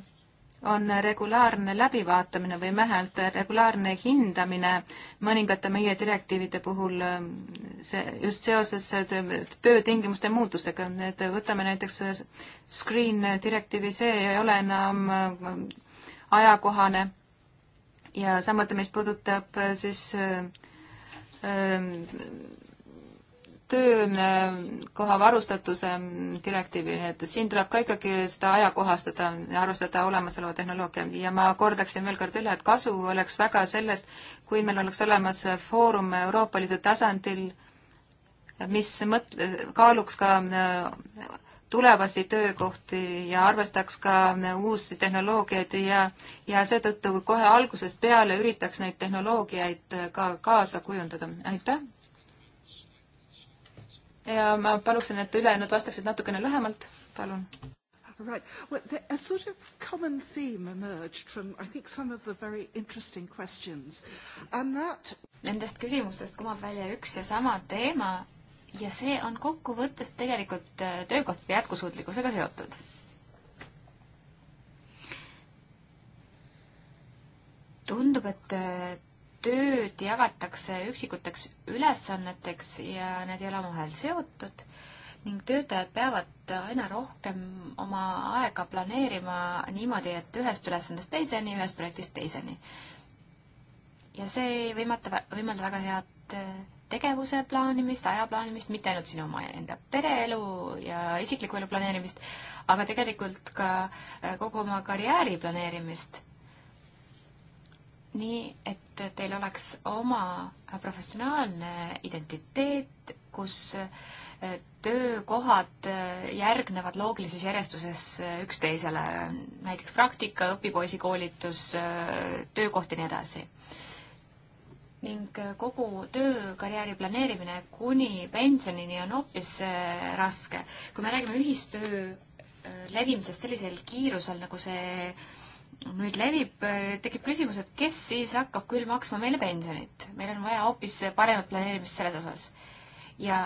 on regulaarne läbivaatamine või vähemalt regulaarne hindamine mõningate meie direktiivide puhul ähm, see just seoses töötingimuste muutusega, et võtame näiteks äh, screen direktiivi, see ei ole enam äh, ajakohane ja samuti, mis puudutab siis äh, töökoha varustatuse direktiivi, nii et siin tuleb ka ikkagi seda ajakohastada ja arvestada olemasoleva tehnoloogia ja ma kordaksin veel kord üle, et kasu oleks väga sellest, kui meil oleks olemas foorum Euroopa Liidu tasandil, mis mõt-, kaaluks ka tulevasi töökohti ja arvestaks ka uusi tehnoloogiaid ja, ja seetõttu kohe algusest peale üritaks neid tehnoloogiaid ka kaasa kujundada. aitäh! ja ma paluksin, et ülejäänud vastaksid natukene lühemalt, palun. Right. Well, a sort of common theme emerged from, I think, some of the very interesting questions. And that... Nendest küsimustest kumab välja üks ja sama teema ja see on kokkuvõttes tegelikult äh, töökohtade jätkusuutlikkusega seotud. tundub, et äh, tööd jagatakse üksikuteks ülesanneteks ja need ei ole omavahel seotud ning töötajad peavad aina rohkem oma aega planeerima niimoodi, et ühest ülesandest teiseni, ühest projektist teiseni. ja see ei võimata, võimalda väga head äh, tegevuse plaanimist, aja plaanimist, mitte ainult sinu omaenda pereelu ja isikliku elu planeerimist, aga tegelikult ka äh, kogu oma karjääri planeerimist. nii, et teil oleks oma professionaalne identiteet, kus äh, töökohad äh, järgnevad loogilises järjestuses üksteisele, näiteks praktika, õpipoisikoolitus, töökoht ja nii edasi ning kogu töö karjääri planeerimine kuni pensionini on hoopis äh, raske. kui me räägime ühistöö äh, levimisest sellisel kiirusel, nagu see nüüd levib, äh, tekib küsimus, et kes siis hakkab küll maksma meile pensionit. meil on vaja hoopis paremat planeerimist selles osas. ja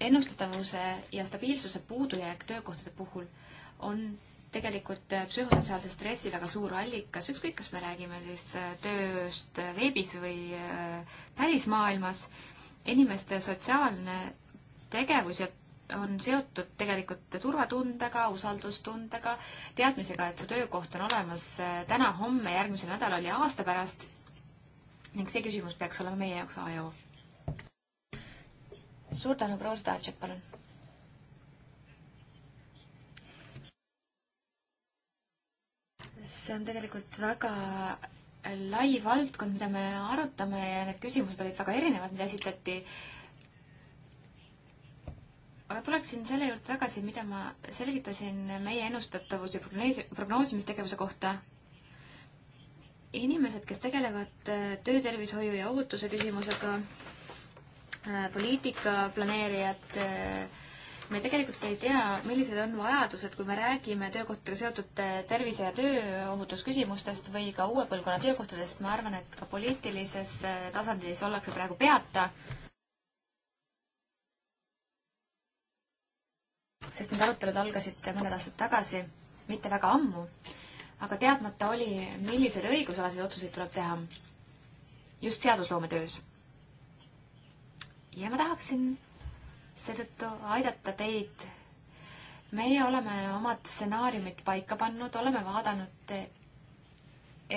ennustatavuse ja stabiilsuse puudujääk töökohtade puhul on tegelikult psühhosotsiaalse stressi väga suur allikas, ükskõik, kas me räägime siis äh, tööst äh, veebis või äh, pärismaailmas, inimeste sotsiaalne tegevus ja on seotud tegelikult turvatundega, usaldustundega, teadmisega, et su töökoht on olemas täna, homme, järgmisel nädalal ja aasta pärast. ning see küsimus peaks olema meie jaoks A ja O. suur tänu, proua Stadžek, palun see on tegelikult väga lai valdkond, mida me arutame ja need küsimused olid väga erinevad, mida esitati. aga tuleksin selle juurde tagasi, mida ma selgitasin meie ennustatavuse prognoos-, prognoosimistegevuse kohta. inimesed, kes tegelevad äh, töötervishoiu ja ohutuse küsimusega, poliitika planeerijad äh,, me tegelikult ei tea, millised on vajadused, kui me räägime töökohtadega seotud eh, tervise- ja tööohutusküsimustest või ka uue põlvkonna töökohtadest, ma arvan, et ka poliitilises eh, tasandis ollakse praegu peata. sest need arutelud algasid mõned aastad tagasi, mitte väga ammu, aga teadmata oli, milliseid õigusalaseid otsuseid tuleb teha just seadusloometöös. ja ma tahaksin seetõttu aidata teid. meie oleme omad stsenaariumid paika pannud, oleme vaadanud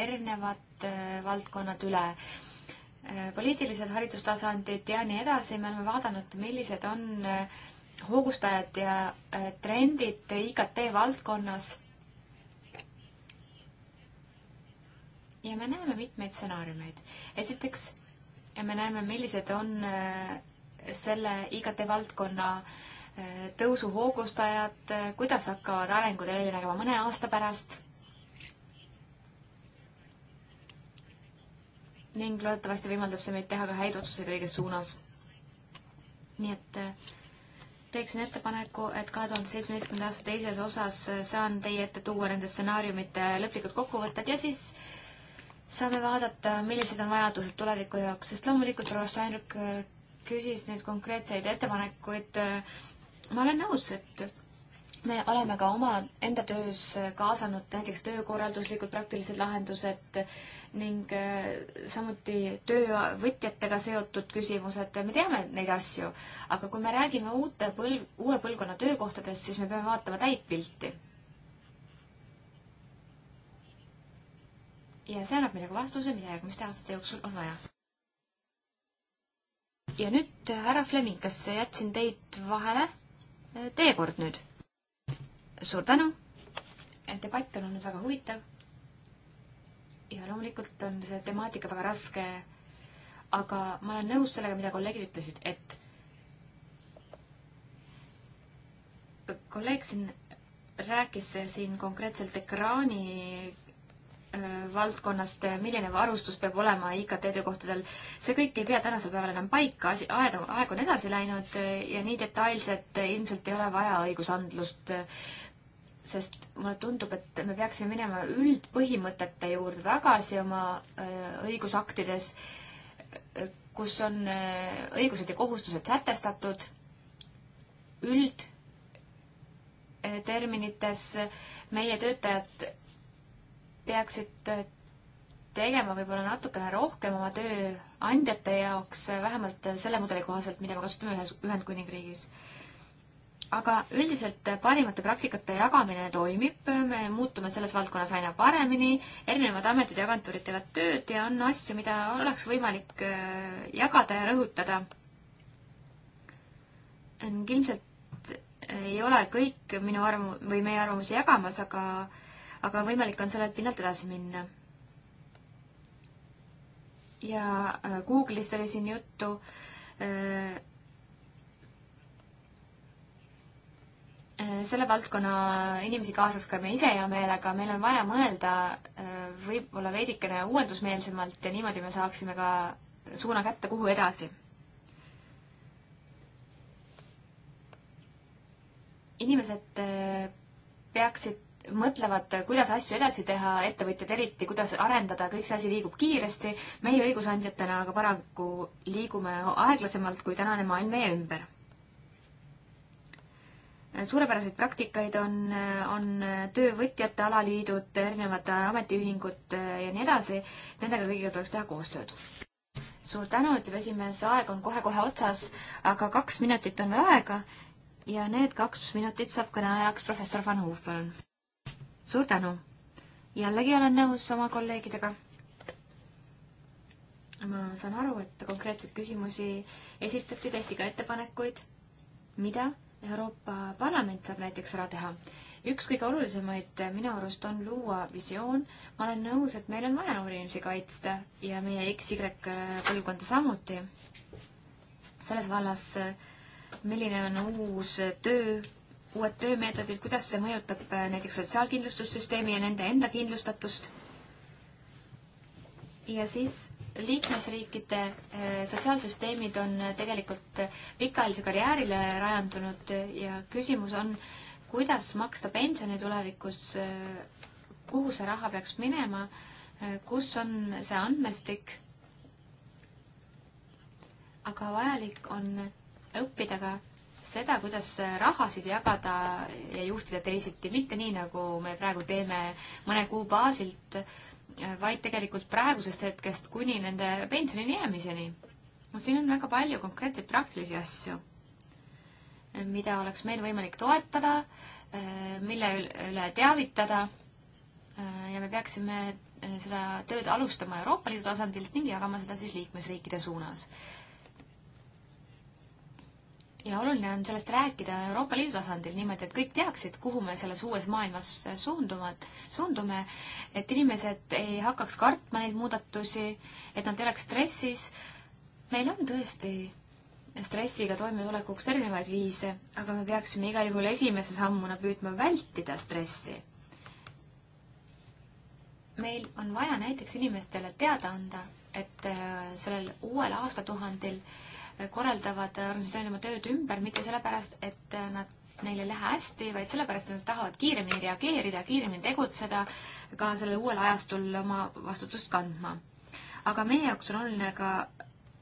erinevad äh, valdkonnad üle, äh, poliitilised haridustasandid ja nii edasi, me oleme vaadanud, millised on äh, hoogustajad ja trendid IKT valdkonnas ja me näeme mitmeid stsenaariumeid. esiteks me näeme, millised on selle IKT valdkonna äh, tõusu hoogustajad, äh, kuidas hakkavad arengud välja nägema mõne aasta pärast? ning loodetavasti võimaldab see meid teha ka häid otsuseid õiges suunas. nii et äh, teeksin ettepaneku, et kahe tuhande seitsmeteistkümnenda aasta teises osas saan teie ette tuua nende stsenaariumite lõplikud kokkuvõtted ja siis saame vaadata, millised on vajadused tuleviku jaoks, sest loomulikult proua Steinrück küsis nüüd konkreetseid ettepanekuid. ma olen nõus, et me oleme ka oma enda töös kaasanud näiteks töökorralduslikud praktilised lahendused ning äh, samuti töövõtjatega seotud küsimused, me teame neid asju, aga kui me räägime uute põlv, uue põlvkonna töökohtadest, siis me peame vaatama täit pilti ja see annab meile ka vastuse, mida järgmiste aastate jooksul on vaja ja nüüd äh, härra Fleming, kas jätsin teid vahele? Äh, teie kord nüüd. suur tänu. debatt on olnud väga huvitav. ja loomulikult on see temaatika väga raske. aga ma olen nõus sellega, mida kolleegid ütlesid, et kolleeg siin rääkis siin konkreetselt ekraani Äh, valdkonnast, äh, milline varustus peab olema IKT töökohtadel, see kõik ei pea tänasel päeval enam paika, asi, aed, aeg on edasi läinud äh, ja nii detailselt ilmselt ei ole vaja õigusandlust, sest mulle tundub, et me peaksime minema üldpõhimõtete juurde tagasi oma õigusaktides, kus on õigused ja kohustused sätestatud üldterminites, meie töötajad peaksid äh, tegema võib-olla natukene rohkem oma tööandjate jaoks, äh, vähemalt äh, selle mudeli kohaselt, mida me kasutame ühes, Ühendkuningriigis. aga üldiselt parimate praktikate jagamine toimib, me muutume selles valdkonnas aina paremini, erinevad ametid ja agentuurid teevad tööd ja on asju, mida oleks võimalik jagada ja rõhutada. ilmselt ei ole kõik minu arvamu- või meie arvamusi jagamas, aga äh, aga võimalik on sellelt pinnalt edasi minna. ja äh, Google'ist oli siin juttu äh, äh, selle valdkonna inimesi kaasas ka me ise hea meelega, meil on vaja mõelda võib-olla veidikene uuendusmeelsemalt ja niimoodi me saaksime ka suuna kätte, kuhu edasi. inimesed peaksid mõtlevad, kuidas asju edasi teha, ettevõtjad eriti, kuidas arendada, kõik see asi liigub kiiresti. meie õigusandjatena aga paraku liigume aeglasemalt, kui tänane maailm meie ümber. suurepäraseid praktikaid on, on töövõtjate alaliidud, erinevad ametiühingud ja nii edasi. Nendega kõigiga tuleks teha koostööd suur tänu, ütleb esimees, aeg on kohe-kohe otsas, aga kaks minutit on veel aega ja need kaks minutit saab kõneajaks professor Van Hoof, palun suur tänu! jällegi olen nõus oma kolleegidega. ma saan aru, et konkreetseid küsimusi esitati, tehti ka ettepanekuid, mida Euroopa Parlament saab näiteks ära teha. üks kõige olulisemaid minu arust on luua visioon. ma olen nõus, et meil on vaja noori inimesi kaitsta ja meie XY põlvkonda samuti. selles vallas milline on uus töö uued töömeetodid, kuidas see mõjutab äh, näiteks sotsiaalkindlustussüsteemi ja nende enda kindlustatust. ja siis liikmesriikide äh, sotsiaalsüsteemid on äh, tegelikult pikaajalise karjäärile rajandunud ja küsimus on, kuidas maksta pensioni tulevikus, kuhu see raha peaks minema, kus on see andmestik. aga vajalik on õppida ka seda, kuidas rahasid jagada ja juhtida teisiti, mitte nii, nagu me praegu teeme mõne kuu baasilt, vaid tegelikult praegusest hetkest kuni nende pensionini jäämiseni. siin on väga palju konkreetseid praktilisi asju, mida oleks meil võimalik toetada, mille üle teavitada ja me peaksime seda tööd alustama Euroopa Liidu tasandilt ning jagama seda siis liikmesriikide suunas ja oluline on sellest rääkida Euroopa Liidu tasandil niimoodi, et kõik teaksid, kuhu me selles uues maailmas suunduvad, suundume, et inimesed ei hakkaks kartma neid muudatusi, et nad ei oleks stressis. meil on tõesti stressiga toimetulekuks erinevaid viise, aga me peaksime igal juhul esimese sammuna püüdma vältida stressi. meil on vaja näiteks inimestele teada anda, et äh, sellel uuel aastatuhandel äh, korraldavad organisatsiooni oma tööd ümber, mitte sellepärast, et nad neil ei lähe hästi, vaid sellepärast, et nad tahavad kiiremini reageerida, kiiremini tegutseda, ka sellel uuel ajastul oma vastutust kandma. aga meie jaoks on oluline ka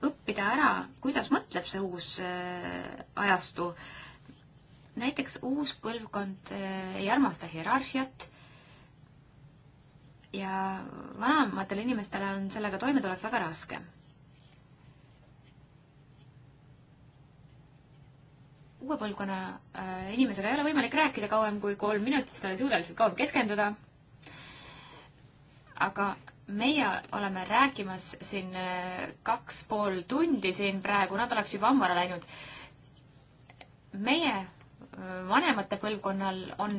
õppida ära, kuidas mõtleb see uus äh, ajastu. näiteks uus põlvkond äh, ei armasta hierarhiat ja vanematel inimestel on sellega toimetulek väga raske uue põlvkonna äh, inimesega ei ole võimalik rääkida kauem kui kolm minutit, sest nad ei suuda lihtsalt kauem keskenduda. aga meie oleme rääkimas siin äh, kaks pool tundi siin praegu, nad oleks juba ammu ära läinud. meie äh, vanemate põlvkonnal on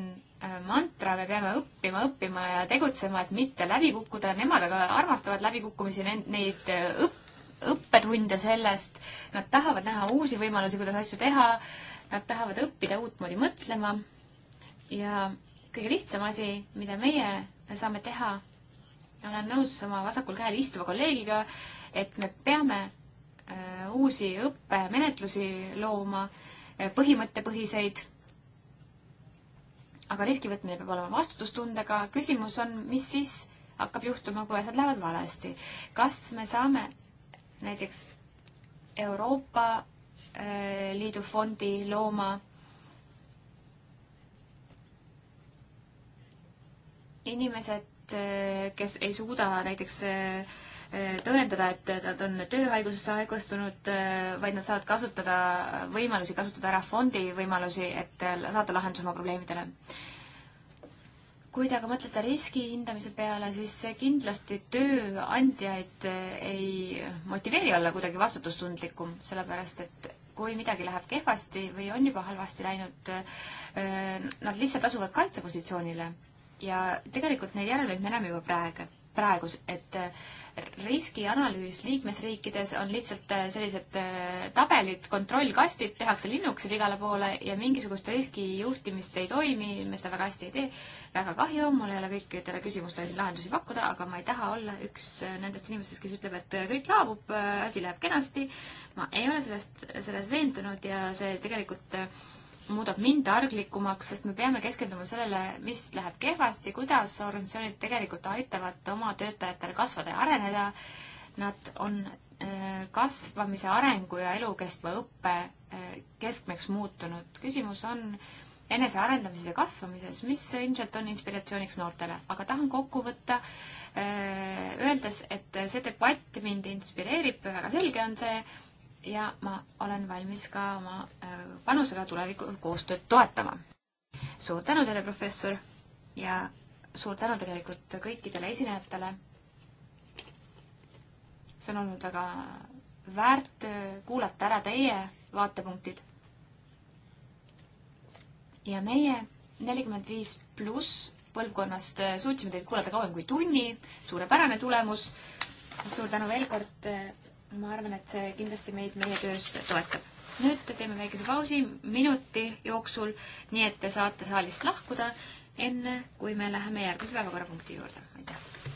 mantra, me peame õppima, õppima ja tegutsema, et mitte läbi kukkuda, nemad aga armastavad läbikukkumisi, neid õpp-, õppetunde sellest, nad tahavad näha uusi võimalusi, kuidas asju teha Nad tahavad õppida uutmoodi mõtlema ja kõige lihtsam asi, mida meie saame teha, olen nõus oma vasakul käel istuva kolleegiga, et me peame äh, uusi õppemenetlusi looma, äh, põhimõttepõhiseid. aga riskivõtmine peab olema vastutustundega. küsimus on, mis siis hakkab juhtuma, kui asjad lähevad valesti. kas me saame näiteks Euroopa Liidu fondi looma. inimesed, kes ei suuda näiteks eh, tõendada, et nad on tööhaigusesse haigestunud, eh, vaid nad saavad kasutada võimalusi, kasutada ära fondi võimalusi, et eh, saada lahendus oma probleemidele kui te aga mõtlete riski hindamise peale, siis kindlasti tööandjaid ei motiveeri olla kuidagi vastutustundlikum, sellepärast et kui midagi läheb kehvasti või on juba halvasti läinud, äh, nad lihtsalt asuvad kaitsepositsioonile ja tegelikult neid järelmeid me näeme juba praegu praegu, et äh, riskianalüüs liikmesriikides on lihtsalt äh, sellised äh, tabelid, kontrollkastid, tehakse linnukesed igale poole ja mingisugust riskijuhtimist ei toimi, me seda väga hästi ei tee. väga kahju, mul ei ole kõikidele küsimustele siin lahendusi pakkuda, aga ma ei taha olla üks nendest inimestest, kes ütleb, et kõik laabub, asi läheb kenasti. ma ei ole sellest, selles veendunud ja see tegelikult äh, muudab mind arglikumaks, sest me peame keskenduma sellele, mis läheb kehvasti, kuidas organisatsioonid tegelikult aitavad oma töötajatel kasvada ja areneda. Nad on äh, kasvamise, arengu ja elukestva õppe äh, keskmeks muutunud. küsimus on enesearendamises ja kasvamises, mis ilmselt on inspiratsiooniks noortele, aga tahan kokku võtta äh, öeldes, et see debatt mind inspireerib, väga selge on see ja ma olen valmis ka oma äh, panusega tuleviku koostööd toetama. suur tänu teile, professor, ja suur tänu tegelikult kõikidele esinejatele. see on olnud väga väärt äh, kuulata ära teie vaatepunktid. ja meie nelikümmend viis pluss põlvkonnast äh, suutsime teid kuulata kauem kui tunni, suurepärane tulemus. suur tänu veel kord ma arvan, et see kindlasti meid meie töös toetab. nüüd teeme väikese pausi minuti jooksul, nii et te saate saalist lahkuda, enne kui me läheme järgmise päevakorrapunkti juurde. aitäh!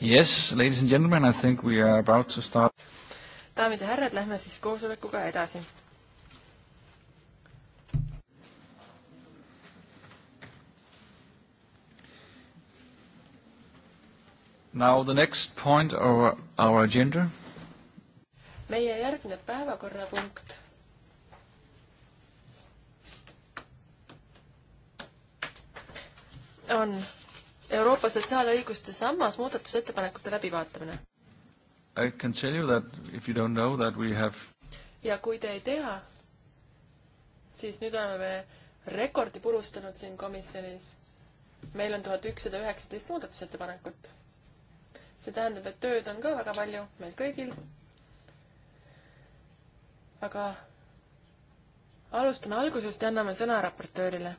Yes, ladies and gentlemen, I think we are about to start. daamid ja härrad, lähme siis koosolekuga edasi. Now the next point of our, our agenda. meie järgneb päevakorrapunkt. on Euroopa sotsiaalõiguste sammas muudatusettepanekute läbivaatamine? I can tell you that if you don't know that we have ja kui te ei tea, siis nüüd oleme me rekordi purustanud siin komisjonis. meil on tuhat ükssada üheksateist muudatusettepanekut. see tähendab, et tööd on ka väga palju meil kõigil. aga alustame algusest ja anname sõna raportöörile.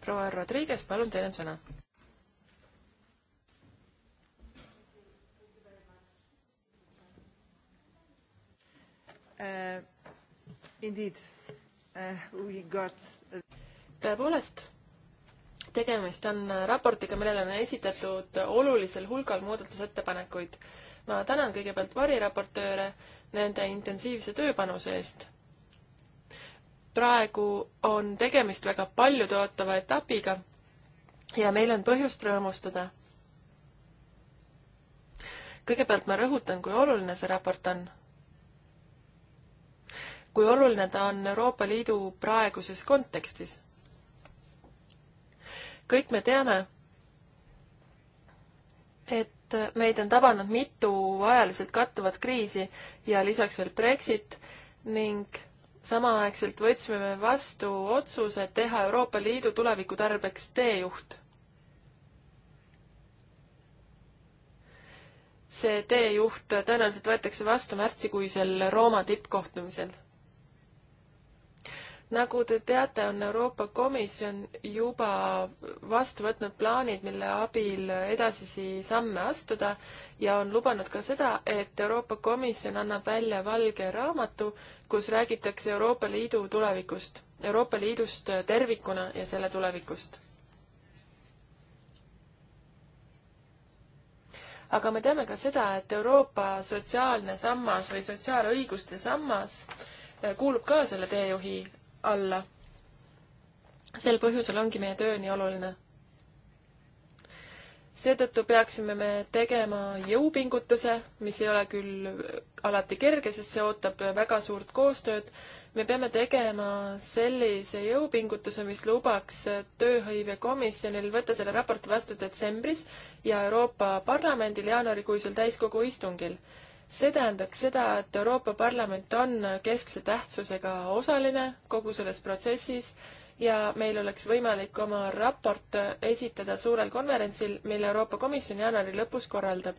proua Rodriguez, palun, teil on sõna. Uh, indeed uh,, we got. tõepoolest, tegemist on raportiga, millele on esitatud olulisel hulgal muudatusettepanekuid. ma tänan kõigepealt variraportööre nende intensiivse tööpanuse eest. praegu on tegemist väga paljudootava etapiga ja meil on põhjust rõõmustada. kõigepealt ma rõhutan, kui oluline see raport on kui oluline ta on Euroopa Liidu praeguses kontekstis. kõik me teame, et meid on tabanud mitu ajaliselt kattuvat kriisi ja lisaks veel Brexit ning samaaegselt võtsime me vastu otsuse teha Euroopa Liidu tuleviku tarbeks teejuht. see teejuht tõenäoliselt võetakse vastu märtsikuisel Rooma tippkohtumisel nagu te teate, on Euroopa Komisjon juba vastu võtnud plaanid, mille abil edasisi samme astuda ja on lubanud ka seda, et Euroopa Komisjon annab välja valge raamatu, kus räägitakse Euroopa Liidu tulevikust, Euroopa Liidust tervikuna ja selle tulevikust. aga me teame ka seda, et Euroopa sotsiaalne sammas või sotsiaalõiguste sammas kuulub ka selle teejuhi alla. sel põhjusel ongi meie töö nii oluline. seetõttu peaksime me tegema jõupingutuse, mis ei ole küll alati kerge, sest see ootab väga suurt koostööd. me peame tegema sellise jõupingutuse, mis lubaks tööhõivekomisjonil võtta selle raporti vastu detsembris ja Euroopa Parlamendil jaanuarikuisel täiskogu istungil see tähendaks seda, et Euroopa Parlament on keskse tähtsusega osaline kogu selles protsessis ja meil oleks võimalik oma raport esitada suurel konverentsil, mille Euroopa Komisjon jaanuari lõpus korraldab.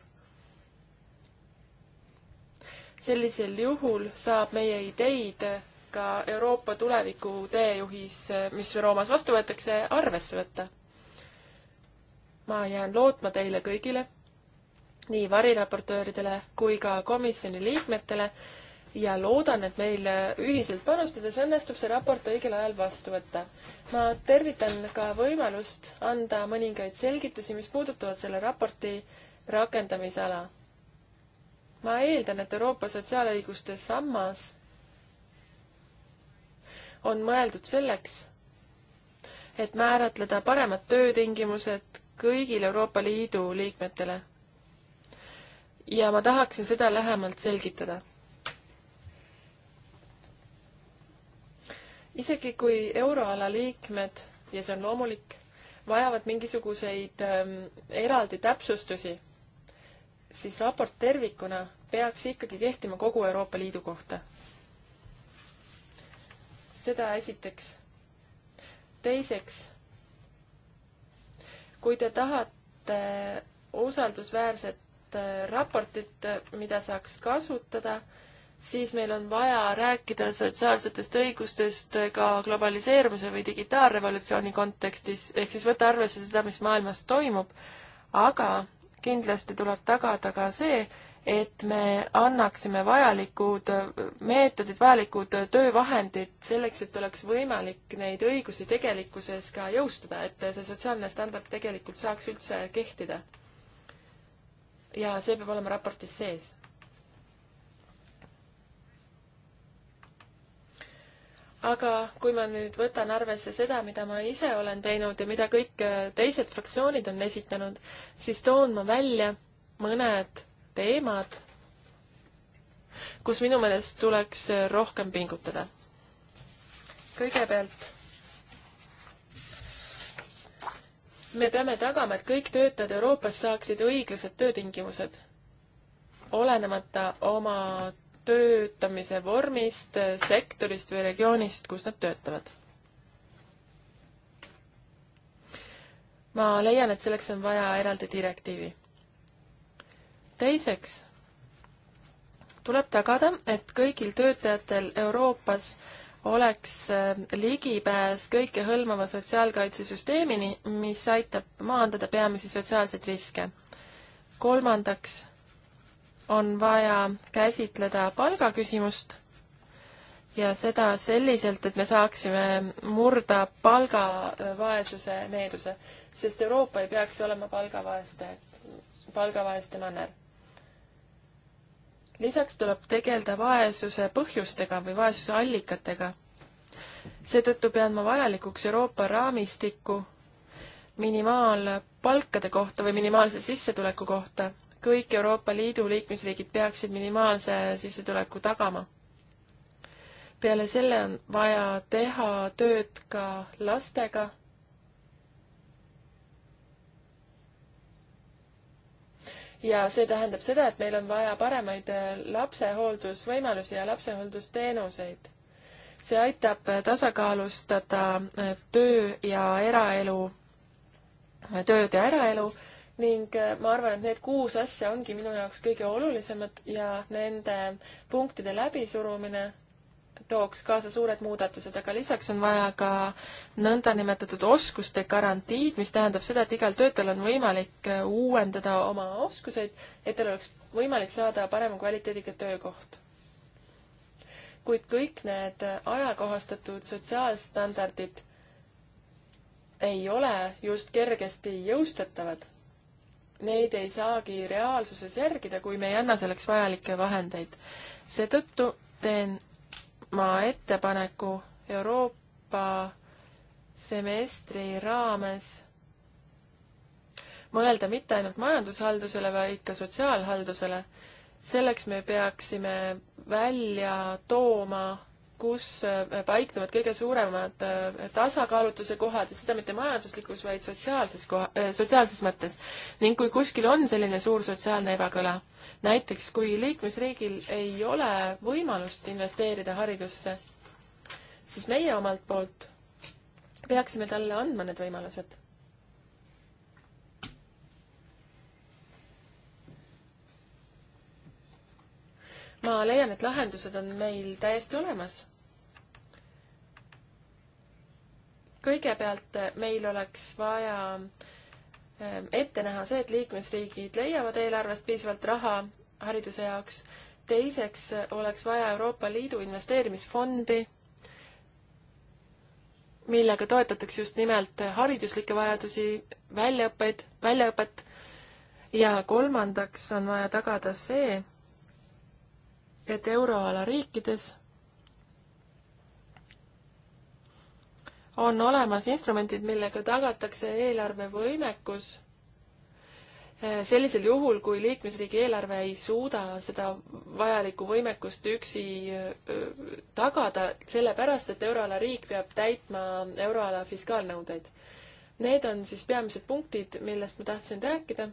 sellisel juhul saab meie ideid ka Euroopa tuleviku teejuhis, mis Roomas vastu võetakse, arvesse võtta. ma jään lootma teile kõigile nii variraportööridele kui ka komisjoni liikmetele ja loodan, et meil ühiselt panustades õnnestub see raport õigel ajal vastu võtta. ma tervitan ka võimalust anda mõningaid selgitusi, mis puudutavad selle raporti rakendamisala. ma eeldan, et Euroopa sotsiaalõiguste sammas on mõeldud selleks, et määratleda paremad töötingimused kõigile Euroopa Liidu liikmetele ja ma tahaksin seda lähemalt selgitada. isegi kui euroala liikmed, ja see on loomulik, vajavad mingisuguseid ähm, eraldi täpsustusi, siis raport tervikuna peaks ikkagi kehtima kogu Euroopa Liidu kohta. seda esiteks. teiseks, kui te tahate usaldusväärset head äh, raportit, mida saaks kasutada, siis meil on vaja rääkida sotsiaalsetest õigustest ka globaliseerumise või digitaalrevolutsiooni kontekstis, ehk siis võtta arvesse seda, mis maailmas toimub, aga kindlasti tuleb tagada ka see, et me annaksime vajalikud meetodid, vajalikud töövahendid selleks, et oleks võimalik neid õigusi tegelikkuses ka jõustada, et see sotsiaalne standard tegelikult saaks üldse kehtida ja see peab olema raportis sees. aga kui ma nüüd võtan arvesse seda, mida ma ise olen teinud ja mida kõik äh, teised fraktsioonid on esitanud, siis toon ma välja mõned teemad, kus minu meelest tuleks äh, rohkem pingutada. kõigepealt me peame tagama, et kõik töötajad Euroopas saaksid õiglased töötingimused, olenemata oma töötamise vormist, sektorist või regioonist, kus nad töötavad. ma leian, et selleks on vaja eraldi direktiivi. teiseks tuleb tagada, et kõigil töötajatel Euroopas äh, oleks äh, ligipääs kõikehõlmava sotsiaalkaitsesüsteemini, mis aitab maandada peamisi sotsiaalseid riske. kolmandaks on vaja käsitleda palgaküsimust ja seda selliselt, et me saaksime murda palgavaesuse needuse, sest Euroopa ei peaks olema palgavaeste, palgavaeste manner lisaks tuleb tegeleda vaesuse põhjustega või vaesuse allikatega. seetõttu pean ma vajalikuks Euroopa raamistikku minimaalpalkade kohta või minimaalse sissetuleku kohta. kõik Euroopa Liidu liikmesriigid peaksid minimaalse sissetuleku tagama. peale selle on vaja teha tööd ka lastega ja see tähendab seda, et meil on vaja paremaid äh, lapsehooldusvõimalusi ja lapsehooldusteenuseid. see aitab äh, tasakaalustada äh, töö ja eraelu, tööd ja eraelu ning ma arvan, et need kuus asja ongi minu jaoks kõige olulisemad ja nende punktide läbisurumine tooks kaasa suured muudatused, aga lisaks on vaja ka nõndanimetatud oskuste garantiid, mis tähendab seda, et igal töötajal on võimalik äh, uuendada oma oskuseid, et tal oleks võimalik saada parema kvaliteediga töökoht. kuid kõik need ajakohastatud sotsiaalstandardid ei ole just kergesti jõustatavad. Neid ei saagi reaalsuses järgida, kui me ei anna selleks vajalikke vahendeid. seetõttu teen ma ettepaneku Euroopa semestri raames mõelda mitte ainult majandushaldusele, vaid ka sotsiaalhaldusele. selleks me peaksime välja tooma, kus paiknevad kõige suuremad eh, tasakaalutuse kohad ja seda mitte majanduslikus, vaid sotsiaalses koha, eh, sotsiaalses mõttes. ning kui kuskil on selline suur sotsiaalne ebakõla, näiteks kui liikmesriigil ei ole võimalust investeerida haridusse, siis meie omalt poolt peaksime talle andma need võimalused. ma leian, et lahendused on meil täiesti olemas. kõigepealt meil oleks vaja äh, Ähm, ette näha see, et liikmesriigid leiavad eelarvest piisavalt raha hariduse jaoks. teiseks oleks vaja Euroopa Liidu investeerimisfondi, millega toetatakse just nimelt hariduslikke vajadusi, väljaõppeid, väljaõpet ja kolmandaks on vaja tagada see, et euroala riikides on olemas instrumendid, millega tagatakse eelarvevõimekus eh, sellisel juhul, kui liikmesriigi eelarve ei suuda seda vajalikku võimekust üksi eh, tagada, sellepärast et euroala riik peab täitma euroala fiskaalnõudeid. Need on siis peamised punktid, millest ma tahtsin rääkida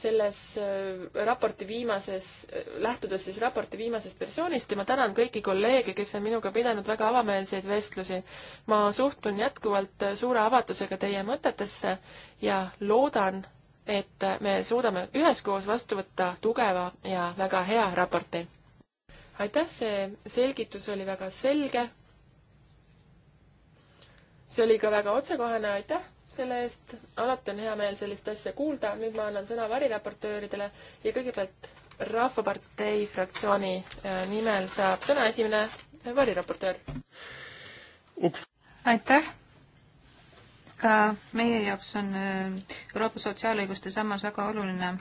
selles äh, raporti viimases, äh, lähtudes siis raporti viimasest versioonist ja ma tänan kõiki kolleege, kes on minuga pidanud väga avameelseid vestlusi. ma suhtun jätkuvalt äh, suure avatusega teie mõtetesse ja loodan, et me suudame üheskoos vastu võtta tugeva ja väga hea raporti. aitäh, see selgitus oli väga selge. see oli ka väga otsekohene, aitäh selle eest, alati on hea meel sellist asja kuulda, nüüd ma annan sõna variraportööridele ja kõigepealt Rahvapartei fraktsiooni äh, nimel saab sõna esimene variraportöör. aitäh! ka meie jaoks on äh, Euroopa sotsiaalõiguste sammas väga oluline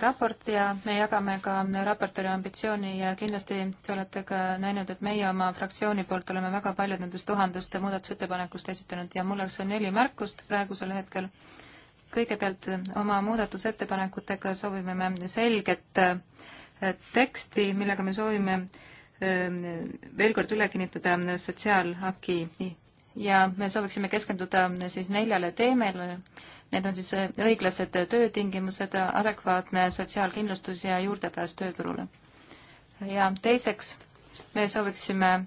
raport ja me jagame ka raportööri ambitsiooni ja kindlasti te olete ka näinud, et meie oma fraktsiooni poolt oleme väga paljud nendest tuhandest muudatusettepanekust esitanud ja mul oleks neli märkust praegusel hetkel. kõigepealt oma muudatusettepanekutega soovime me selget äh, teksti, millega me soovime äh, veel kord üle kinnitada sotsiaalhaki ja me sooviksime keskenduda siis neljale teemale. Need on siis äh, õiglased äh, töötingimused, äh, adekvaatne sotsiaalkindlustus ja juurdepääs tööturule. ja teiseks, me sooviksime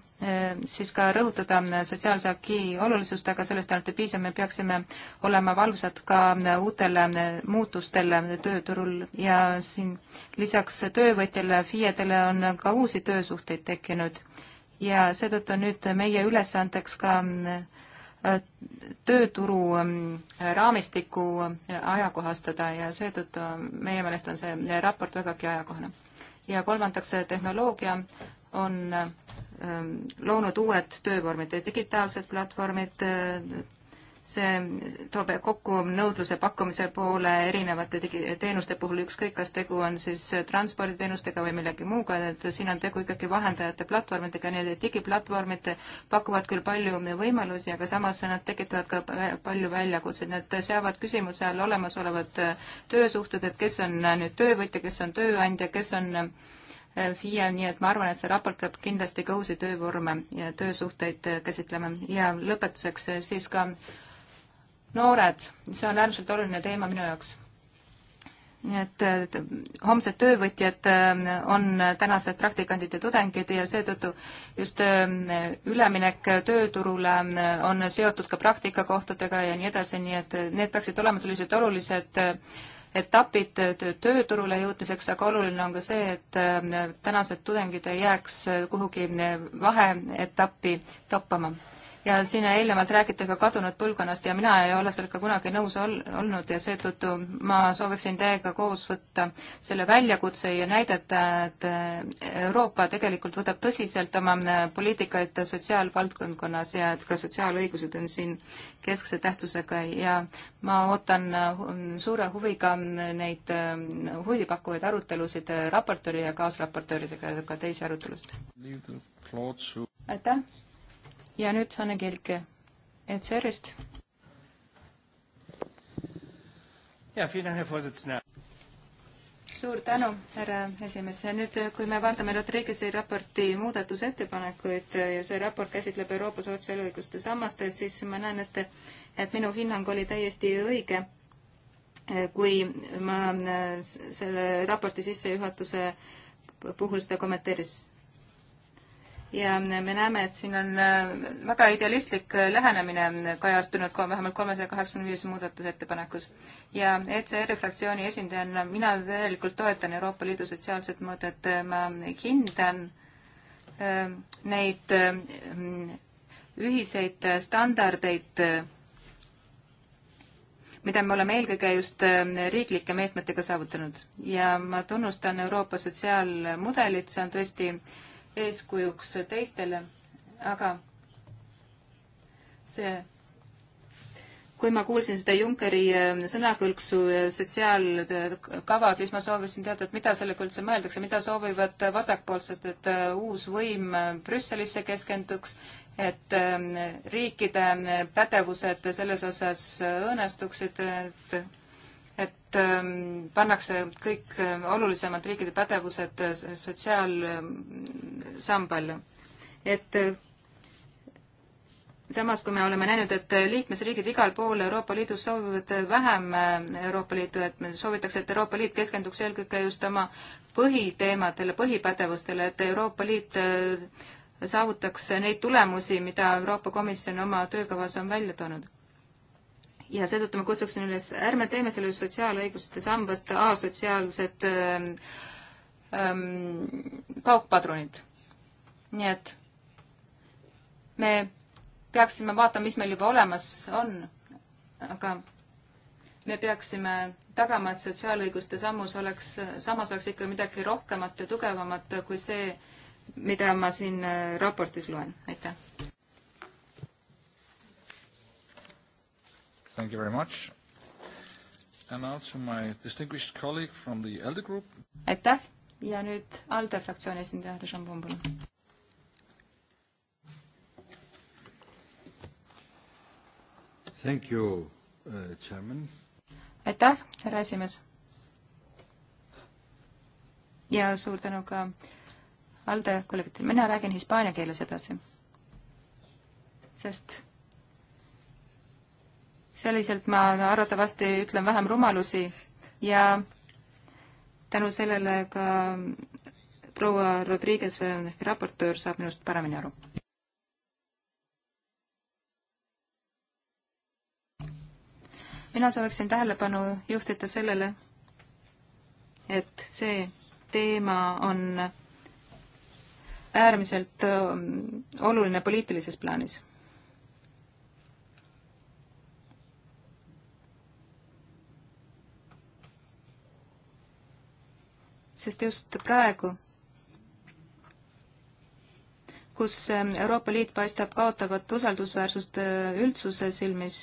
siis ka rõhutada sotsiaalse aki olulisust, aga sellest ainult ei piisa, me peaksime olema valvsad ka uutele muutustele tööturul ja siin lisaks töövõtjale, FIE-dele on ka uusi töösuhteid tekkinud ja seetõttu on nüüd meie ülesandeks ka äh, tööturu ähm, raamistiku äh, ajakohastada ja seetõttu meie meelest on see äh, raport vägagi ajakohane. ja kolmandaks, tehnoloogia on ähm, loonud uued töövormid, digitaalsed platvormid, see toob kokku nõudluse pakkumise poole erinevate digi-, teenuste puhul, ükskõik kas tegu on siis transporditeenustega või millegi muuga, et siin on tegu ikkagi vahendajate platvormidega, nii et digiplatvormid pakuvad küll palju võimalusi, aga samas nad tekitavad ka palju väljakutseid, need seavad küsimuse all olemasolevad töösuhted, et kes on nüüd töövõtja, kes on tööandja, kes on äh, FIE, nii et ma arvan, et see raport peab kindlasti ka uusi töövorme ja töösuhteid äh, käsitlema ja lõpetuseks äh, siis ka noored, see on äärmiselt oluline teema minu jaoks. nii et, et homsed töövõtjad äh, on tänased praktikandid ja tudengid ja seetõttu just äh, üleminek tööturule äh, on seotud ka praktikakohtadega ja nii edasi, nii et need peaksid olema sellised olulised etapid tööturule jõudmiseks, aga oluline on ka see, et tänased tudengid ei jääks kuhugi vaheetappi toppama ja siin eelnevalt räägiti ka kadunud põlvkonnast ja mina ei ole sellega kunagi nõus ol olnud ja seetõttu ma sooviksin teiega koos võtta selle väljakutse ja näidata, et äh, Euroopa tegelikult võtab tõsiselt oma äh, poliitikaid sotsiaalvaldkonnas ja et ka sotsiaalõigused on siin keskse tähtsusega ja ma ootan äh, suure huviga neid huvipakkuvaid arutelusid raportööri ja kaasraportööridega ja ka teisi arutelusid. aitäh! ja nüüd Hanne Kelke ECR-ist. suur tänu, härra esimees. nüüd, kui me vaatame Rodriguez'i raporti muudatusettepanekuid ja see raport käsitleb Euroopa sotsiaalõiguste sammast, siis ma näen, et, et minu hinnang oli täiesti õige kui ma selle raporti sissejuhatuse puhul seda kommenteeris, ja me näeme, et siin on äh, väga idealistlik äh, lähenemine äh, kajastunud vähemalt kolmesaja kaheksakümne viies muudatusettepanekus. ja ECR-i fraktsiooni esindajana mina täielikult toetan Euroopa Liidu sotsiaalset mõõdet, ma hindan neid ühiseid standardeid, mida me oleme eelkõige just riiklike meetmetega saavutanud ja ma tunnustan Euroopa sotsiaalmudelit, see on tõesti äh, eeskujuks teistele, aga see, kui ma kuulsin seda Junckeri äh, sõnakõlksu äh, sotsiaalkava, siis ma soovisin teada, et mida sellega üldse mõeldakse, mida soovivad vasakpoolsed, et äh, uus võim Brüsselisse keskenduks, et riikide pädevused selles osas õõnestuksid, et et ähm, pannakse kõik ähm, olulisemad riikide pädevused äh, sotsiaalsambal. Ähm, et äh, samas, kui me oleme näinud, et äh, liikmesriigid igal pool Euroopa Liidus soovivad vähem Euroopa Liitu, et soovitakse, et Euroopa Liit keskenduks eelkõige just oma põhiteemadele, põhipädevustele, et Euroopa Liit saavutaks neid tulemusi, mida Euroopa Komisjon oma töökavas on välja toonud ja seetõttu ma kutsuksin üles, ärme teeme sellest sotsiaalõiguste sambast asotsiaalsed ähm, ähm, paukpadrunid. nii et me peaksime vaatama, mis meil juba olemas on, aga me peaksime tagama, et sotsiaalõiguste sammus oleks, sammas oleks ikka midagi rohkemat ja tugevamat kui see, mida ma siin äh, raportis loen. aitäh! Thank you very much. And now to my distinguished colleague from the ALDE group. aitäh ja nüüd ALDE fraktsiooni esindaja härra Šambon, palun. Thank you uh,, chairman. aitäh, härra esimees. ja suur tänu ka ALDE kolleegidele, mina räägin hispaania keeles edasi, sest selliselt ma arvatavasti ütlen vähem rumalusi ja tänu sellele ka proua Rodriguez ehk raportöör saab minust paremini aru. mina sooviksin tähelepanu juhtida sellele, et see teema on äärmiselt ähm, oluline poliitilises plaanis sest just praegu, kus ähm, Euroopa Liit paistab kaotavat usaldusväärsust äh, üldsuse silmis,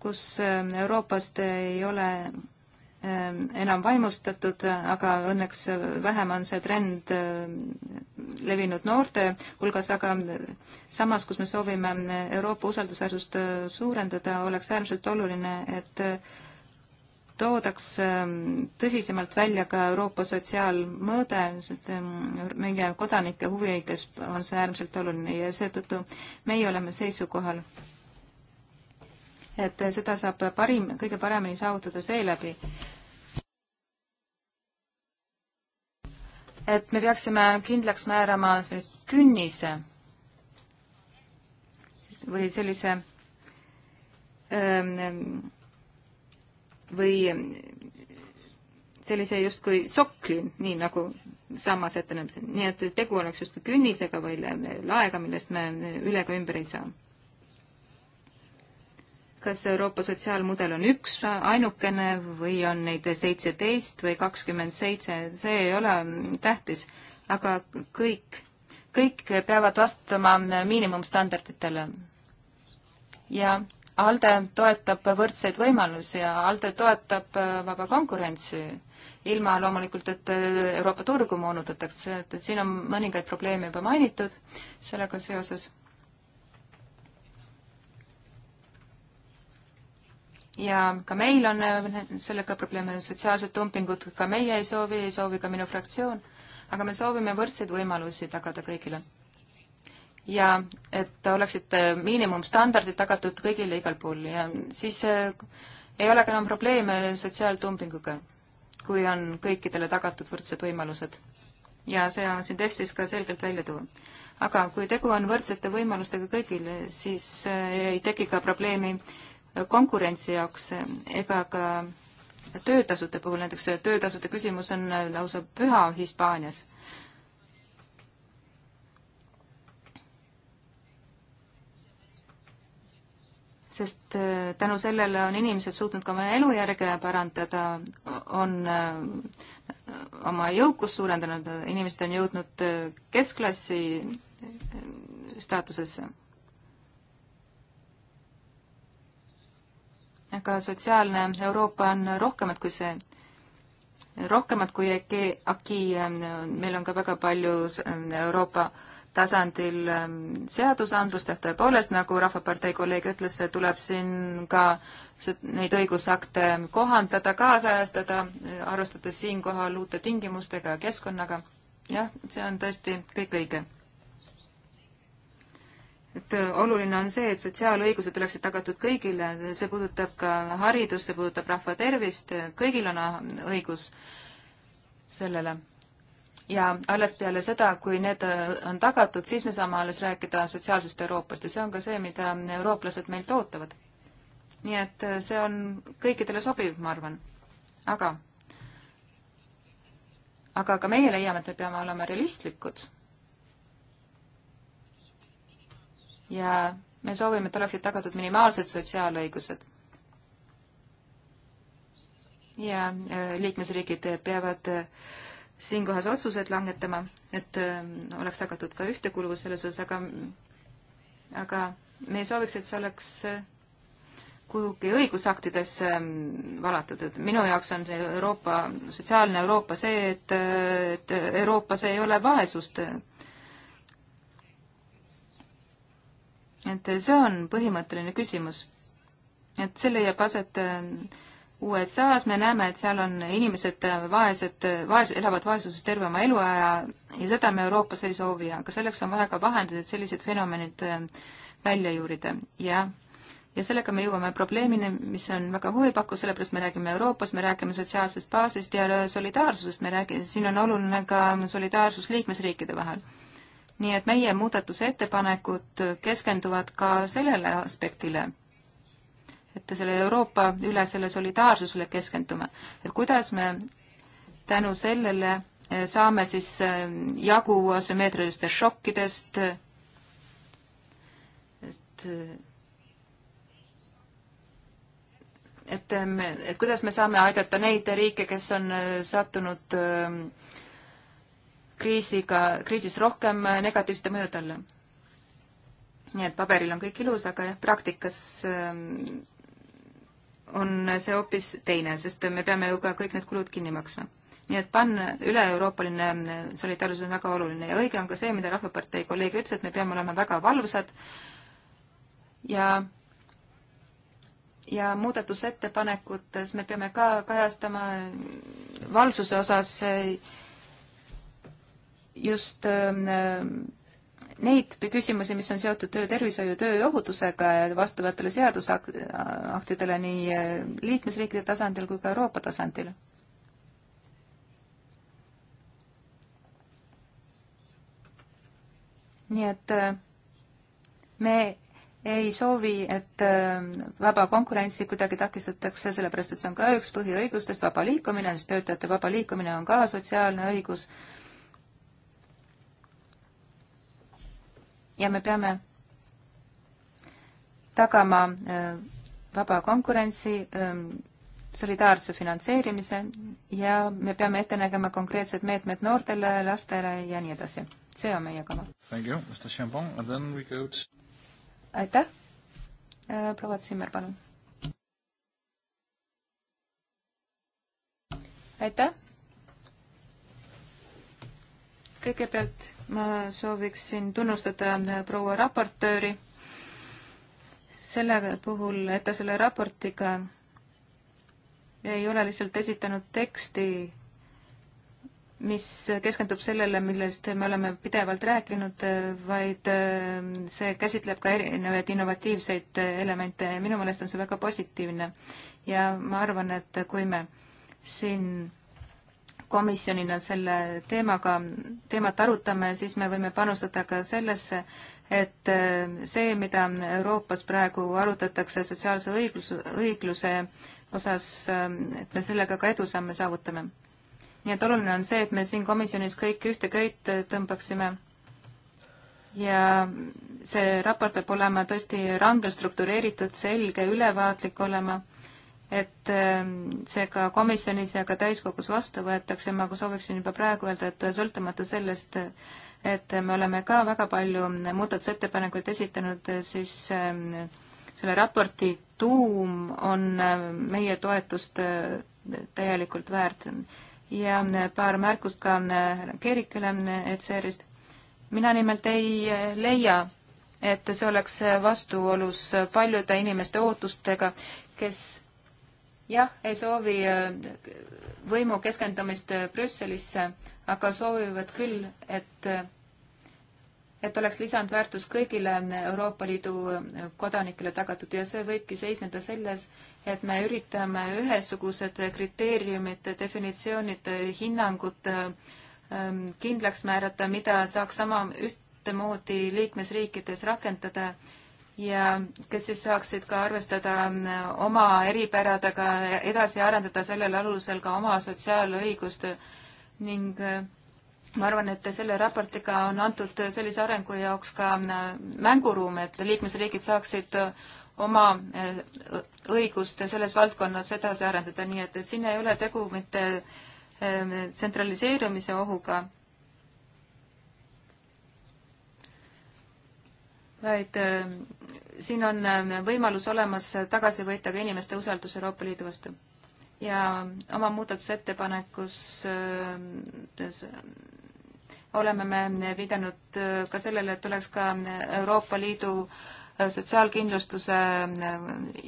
kus ähm, Euroopast ei ole ähm, enam vaimustatud, aga õnneks vähem on see trend äh, levinud noorte hulgas, aga äh, samas, kus me soovime Euroopa usaldusväärsust suurendada, oleks äärmiselt oluline, et toodaks ähm, tõsisemalt välja ka Euroopa sotsiaalmõõde, sest ähm, meie kodanike huviõigus on see äärmiselt oluline ja seetõttu meie oleme seisukohal, et seda saab parim, kõige paremini saavutada seeläbi, et me peaksime kindlaks määrama künnise või sellise öö, ähm, või sellise justkui sokli, nii nagu sammas ette näeb, nii et tegu oleks justkui künnisega või laega, millest me üle ega ümber ei saa. kas Euroopa sotsiaalmudel on üks ainukene või on neid seitseteist või kakskümmend seitse, see ei ole tähtis, aga kõik, kõik peavad vastama miinimumstandarditele. ja ALDE toetab võrdseid võimalusi ja ALDE toetab äh, vaba konkurentsi, ilma loomulikult, et äh, Euroopa turgu moonutatakse, et, et siin on mõningaid probleeme juba mainitud sellega seoses. ja ka meil on äh, sellega probleeme, sotsiaalsed dumpingud ka meie ei soovi, ei soovi ka minu fraktsioon, aga me soovime võrdseid võimalusi tagada kõigile ja et oleksid miinimumstandardid tagatud kõigile igal pool ja siis äh, ei ole ka enam probleeme sotsiaaltumpinguga, kui on kõikidele tagatud võrdsed võimalused. ja see on siin tekstis ka selgelt välja tuua. aga kui tegu on võrdsete võimalustega kõigile, siis äh, ei teki ka probleemi konkurentsi jaoks ega ka töötasude puhul, näiteks töötasude küsimus on lausa püha Hispaanias sest äh, tänu sellele on inimesed suutnud ka oma elujärge parandada, on äh, oma jõukust suurendanud, inimesed on jõudnud äh, keskklassi staatusesse. aga sotsiaalne Euroopa on rohkemat kui see, rohkemat kui AK, meil on ka väga palju Euroopa äh, tasandil ähm, seadusandlust, ehk tõepoolest, nagu Rahvapartei kolleeg ütles, tuleb siin ka neid õigusakte kohandada, kaasajastada, arvestades siinkohal uute tingimustega ja keskkonnaga. jah, see on tõesti kõik õige. et äh, oluline on see, et sotsiaalõigused oleksid tagatud kõigile, see puudutab ka haridust, see puudutab rahva tervist, kõigil on äh, õigus sellele ja alles peale seda, kui need äh, on tagatud, siis me saame alles rääkida sotsiaalsest Euroopast ja see on ka see, mida eurooplased meilt ootavad. nii et äh, see on kõikidele sobiv, ma arvan. aga, aga ka meie leiame, et me peame olema realistlikud. ja me soovime, et oleksid tagatud minimaalsed sotsiaalõigused ja äh, liikmesriigid peavad siinkohas otsuseid langetama, et ähm, oleks tagatud ka ühtekuluvus selles osas, aga, aga me ei sooviks, et see oleks äh, kuhugi õigusaktidesse ähm, valatatud. minu jaoks on see Euroopa, sotsiaalne Euroopa see, et, äh, et Euroopas ei ole vaesust. et see on põhimõtteline küsimus. et see leiab aset äh, USA-s me näeme, et seal on inimesed vaesed, vaes-, elavad vaesuses terve oma eluaja ja seda me Euroopas ei soovi, aga selleks on vaja ka vahendeid, et sellised fenomenid äh, välja juurida ja ja sellega me jõuame probleemini, mis on väga huvipakkuv, sellepärast me räägime Euroopast, me räägime sotsiaalsest baasist ja solidaarsusest, me räägime, siin on oluline ka solidaarsus liikmesriikide vahel. nii et meie muudatuse ettepanekud keskenduvad ka sellele aspektile et selle Euroopa ülesele solidaarsusele keskendume, et kuidas me tänu sellele eh, saame siis eh, jagu asümmeetrilistest šokkidest, et eh, et me, et kuidas me saame aidata neid riike, kes on sattunud kriisiga, kriisis rohkem negatiivsete mõjude alla. nii et paberil on kõik ilus, aga jah, praktikas on see hoopis teine, sest me peame ju ka kõik need kulud kinni maksma. nii et panna üle-euroopaline mm, solidaarsus on väga oluline ja õige on ka see, mida Rahvapartei kolleeg ütles, et me peame olema väga valvsad ja ja muudatusettepanekutes me peame ka kajastama valvsuse osas eh, just mm, neid küsimusi, mis on seotud töötervishoiu, tööohutusega ja vastavatele seadusaktidele nii eh, liikmesriikide tasandil kui ka Euroopa tasandil. nii et eh, me ei soovi, et eh, vaba konkurentsi kuidagi takistatakse, sellepärast et see on ka üks põhiõigustest, vaba liikumine, siis töötajate vaba liikumine on ka sotsiaalne õigus ja me peame tagama äh, vaba konkurentsi, ähm, solidaarse finantseerimise ja me peame ette nägema konkreetsed meetmed noortele, lastele ja nii edasi. see on meie kava. To... aitäh. Äh, proua Zimmer, palun. aitäh kõigepealt ma sooviksin tunnustada äh, proua raportööri selle puhul, et ta selle raportiga ei ole lihtsalt esitanud teksti, mis keskendub sellele, millest me oleme pidevalt rääkinud, äh, vaid äh, see käsitleb ka erinevaid innovatiivseid elemente ja minu meelest on see väga positiivne. ja ma arvan, et kui me siin komisjonina selle teemaga, teemat arutame, siis me võime panustada ka sellesse, et äh, see, mida Euroopas praegu arutatakse sotsiaalse õigluse, õigluse osas, äh, et me sellega ka edusamme saavutame. nii et oluline on see, et me siin komisjonis kõik ühte köit äh, tõmbaksime ja see raport peab olema tõesti rangelt struktureeritud, selge, ülevaatlik olema et ähm, see ka komisjonis ja ka täiskogus vastu võetakse, ma sooviksin juba praegu öelda, et sõltumata sellest, et me oleme ka väga palju muudatusettepanekuid esitanud, siis ähm, selle raporti tuum on äh, meie toetust äh, täielikult väärt. ja äh, paar märkust ka Keerikule ETSR-ist. mina nimelt ei leia, et see oleks vastuolus paljude inimeste ootustega, kes jah, ei soovi äh, võimu keskendumist äh, Brüsselisse, aga soovivad küll, et, äh, et oleks lisandväärtus kõigile Euroopa Liidu kodanikele tagatud ja see võibki seisneda selles, et me üritame ühesugused kriteeriumid, definitsioonid, hinnangud ähm, kindlaks määrata, mida saaks sama ühtemoodi liikmesriikides rakendada ja kes siis saaksid ka arvestada ähm, oma eripäradega, edasi arendada sellel alusel ka oma sotsiaalõigust ning äh, ma arvan, et selle raportiga on antud sellise arengu jaoks ka äh, mänguruum, et liikmesriigid saaksid äh, oma õigust selles valdkonnas edasi arendada, nii et, et siin ei ole tegu mitte ähm, tsentraliseerumise ohuga, vaid äh, siin on äh, võimalus olemas tagasi võita ka inimeste usaldus Euroopa Liidu vastu. ja oma muudatusettepanekus äh, oleme me viidanud ka sellele, et oleks ka Euroopa Liidu sotsiaalkindlustuse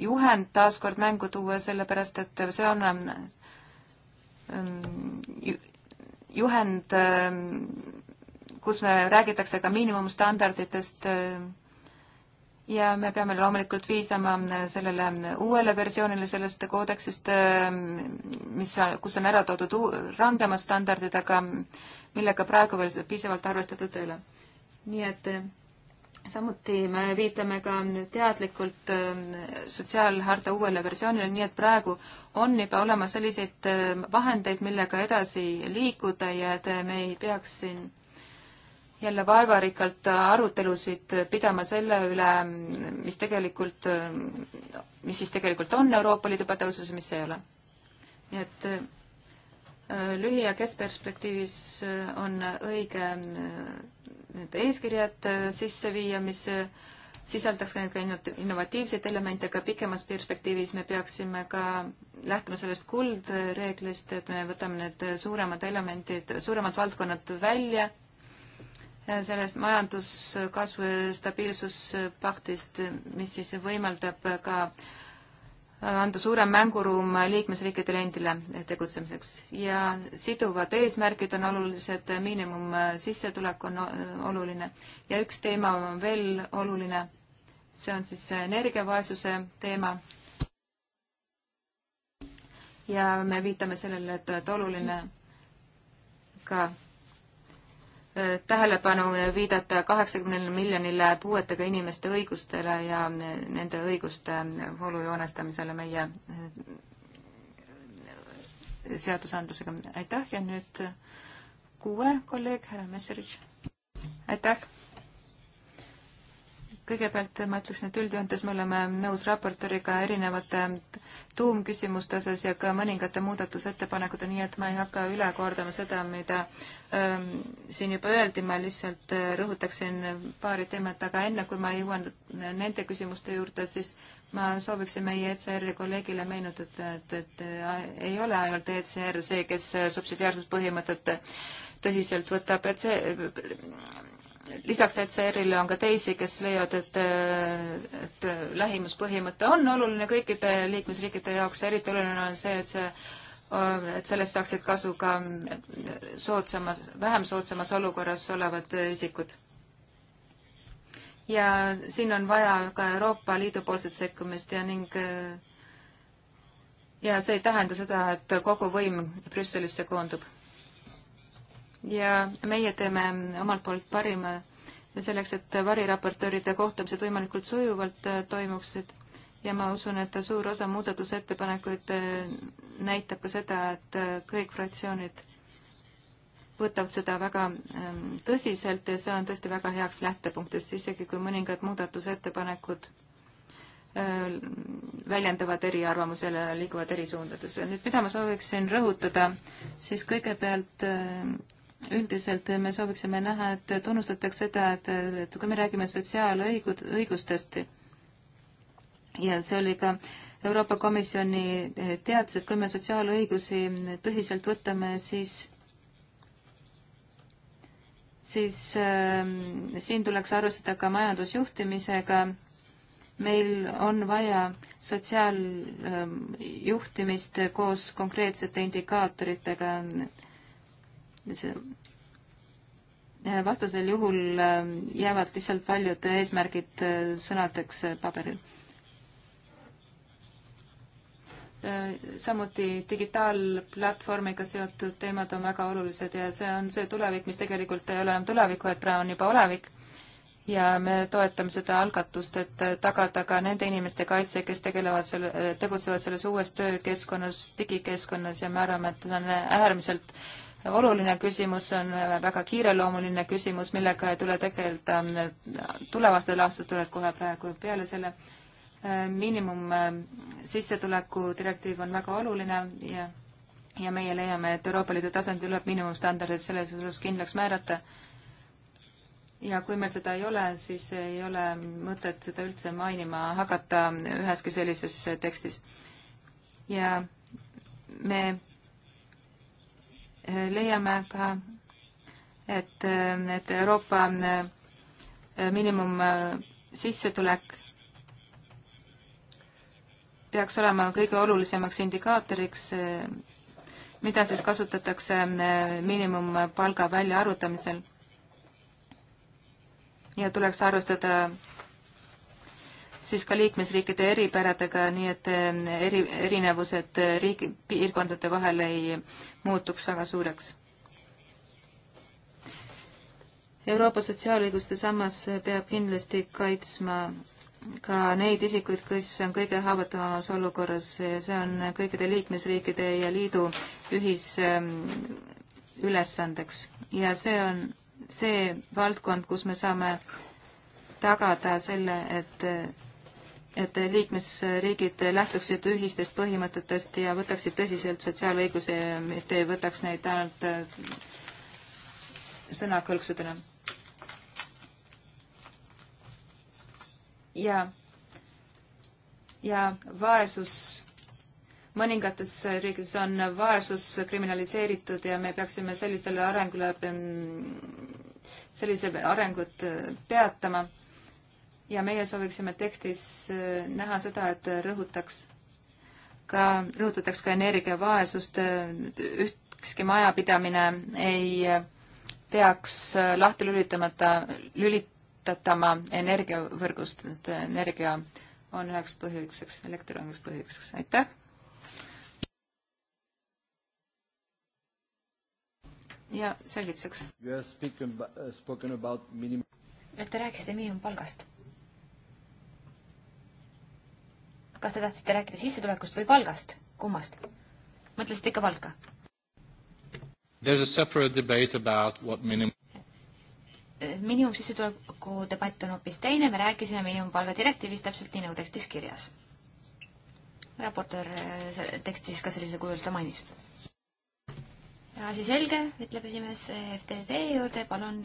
juhend taaskord mängu tuua, sellepärast et see on juhend, kus me räägitakse ka miinimumstandarditest ja me peame loomulikult viisama sellele uuele versioonile sellest koodeksist, ähm, mis, kus on ära toodud rangemad standardid, aga millega praegu veel piisavalt arvestatud ei ole. nii et äh, samuti me viitame ka teadlikult ähm, sotsiaalharta uuele versioonile, nii et praegu on juba olemas selliseid äh, vahendeid, millega edasi liikuda ja et me ei peaks siin jälle vaevarikalt arutelusid pidama selle üle, mis tegelikult, mis siis tegelikult on Euroopa Liidu pädevuses ja mis ei ole. nii et äh, lühi- ja keskperspektiivis äh, on õige äh, need eeskirjad sisse viia, mis sisaldaks ka neid innovatiivseid elemente, aga pikemas perspektiivis me peaksime ka lähtuma sellest kuldreeglist, et me võtame need suuremad elemendid, suuremad valdkonnad välja sellest majanduskasvu ja stabiilsuspaktist, mis siis võimaldab ka anda suurem mänguruum liikmesriikidele endile tegutsemiseks ja siduvad eesmärgid on olulised, miinimumsissetulek on oluline ja üks teema on veel oluline, see on siis energiavaesuse teema. ja me viitame sellele, et, et oluline ka tähelepanu ja viidata kaheksakümnele miljonile puuetega inimeste õigustele ja nende õiguste voolujoonestamisele meie äh, seadusandlusega. aitäh ja nüüd kuue kolleeg härra Messerich. aitäh kõigepealt ma ütleksin, et üldjoontes me oleme nõus raportööriga erinevate tuumküsimuste osas ja ka mõningate muudatusettepanekute, nii et ma ei hakka üle kordama seda, mida ähm, siin juba öeldi, ma lihtsalt äh, rõhutaksin paari teemat, aga enne kui ma jõuan nende küsimuste juurde, siis ma sooviksin meie ECR-i kolleegile meenutada, et, et, et äh, ei ole ainult ECR see, kes äh, subsidiaarsuspõhimõtet tõsiselt võtab, et see lisaks ECR-ile on ka teisi, kes leiavad, et, et lähimuspõhimõte on oluline kõikide liikmesriikide jaoks, eriti oluline on see, et see et sellest saaksid kasu ka soodsamas, vähem soodsamas olukorras olevad isikud. ja siin on vaja ka Euroopa Liidu poolset sekkumist ja ning ja see ei tähenda seda, et kogu võim Brüsselisse koondub ja meie teeme omalt poolt parima selleks, et variraportööride kohtumised võimalikult sujuvalt äh, toimuksid ja ma usun, et suur osa muudatusettepanekuid äh, näitab ka seda, et äh, kõik fraktsioonid võtavad seda väga ähm, tõsiselt ja see on tõesti väga heaks lähtepunktiks, isegi kui mõningad muudatusettepanekud väljendavad eriarvamusel ja liiguvad eri suundades. nüüd mida ma sooviksin rõhutada, siis kõigepealt üldiselt me sooviksime näha, et tunnustatakse seda, et, et kui me räägime sotsiaalõigustest ja see oli ka Euroopa Komisjoni teadus, et kui me sotsiaalõigusi tõsiselt võtame, siis siis äh, siin tuleks arvestada ka majandusjuhtimisega. meil on vaja sotsiaaljuhtimist äh, koos konkreetsete indikaatoritega äh, Äh, vastasel juhul äh, jäävad lihtsalt paljud eesmärgid äh, sõnadeks paberil. samuti digitaalplatvormiga seotud teemad on väga olulised ja see on see tulevik, mis tegelikult ei ole enam tulevik, vaid praegu on juba olevik. ja me toetame seda algatust, et tagada ka nende inimeste kaitse, kes tegelevad selle, tegutsevad selles uues töökeskkonnas, digikeskkonnas ja me arvame, et see on äärmiselt äh, oluline küsimus, see on väga kiireloomuline küsimus, millega ei tule tegeleda ähm, tulevastel aastatel kohe praegu. peale selle äh, miinimum äh, sissetuleku direktiiv on väga oluline ja, ja meie leiame, et Euroopa Liidu tasandil tuleb miinimumstandardid selles osas kindlaks määrata. ja kui meil seda ei ole, siis ei ole mõtet seda üldse mainima hakata üheski sellises tekstis. ja me leiame ka, et, et Euroopa eh, miinimum eh, sissetulek peaks olema kõige olulisemaks indikaatoriks, eh, mida siis kasutatakse miinimumpalga väljaarvutamisel. ja tuleks arvestada siis ka liikmesriikide eripäradega, nii et eh, eri, erinevused eh, riigi, piirkondade vahel ei muutuks väga suureks. Euroopa sotsiaalõiguste sammas peab kindlasti kaitsma ka neid isikuid, kes on kõige haavatavamas olukorras, see on kõikide liikmesriikide ja liidu ühisülesandeks eh, ja see on see valdkond, kus me saame tagada selle, et et liikmesriigid lähtuksid ühistest põhimõtetest ja võtaksid tõsiselt sotsiaalõiguse, mitte ei võtaks neid ainult äh, sõnakõlksudena. ja, ja vaesus, mõningates riikides on vaesus kriminaliseeritud ja me peaksime sellistele arengule, mm, sellise arengut äh, peatama ja meie sooviksime tekstis äh, näha seda, et rõhutaks ka, rõhutataks ka energiavaesust, äh, ükski majapidamine ei äh, peaks lahti lülitamata, lülitatama energiavõrgust, et energia on üheks põhjuseks, elekter on üheks põhjuseks, aitäh! ja selgituseks. Te rääkisite miinimumpalgast kas te tahtsite rääkida sissetulekust või palgast? kummast? mõtlesite ikka palka? There is a separate debate about what minimum äh, miinimumsissetuleku debatt on hoopis teine, me rääkisime miinimumpalga direktiivist täpselt nii, nagu tekstis kirjas. raportöör äh, tekstis ka sellisel kujul seda mainis. asi selge, ütleb esimees äh, FTD juurde, palun.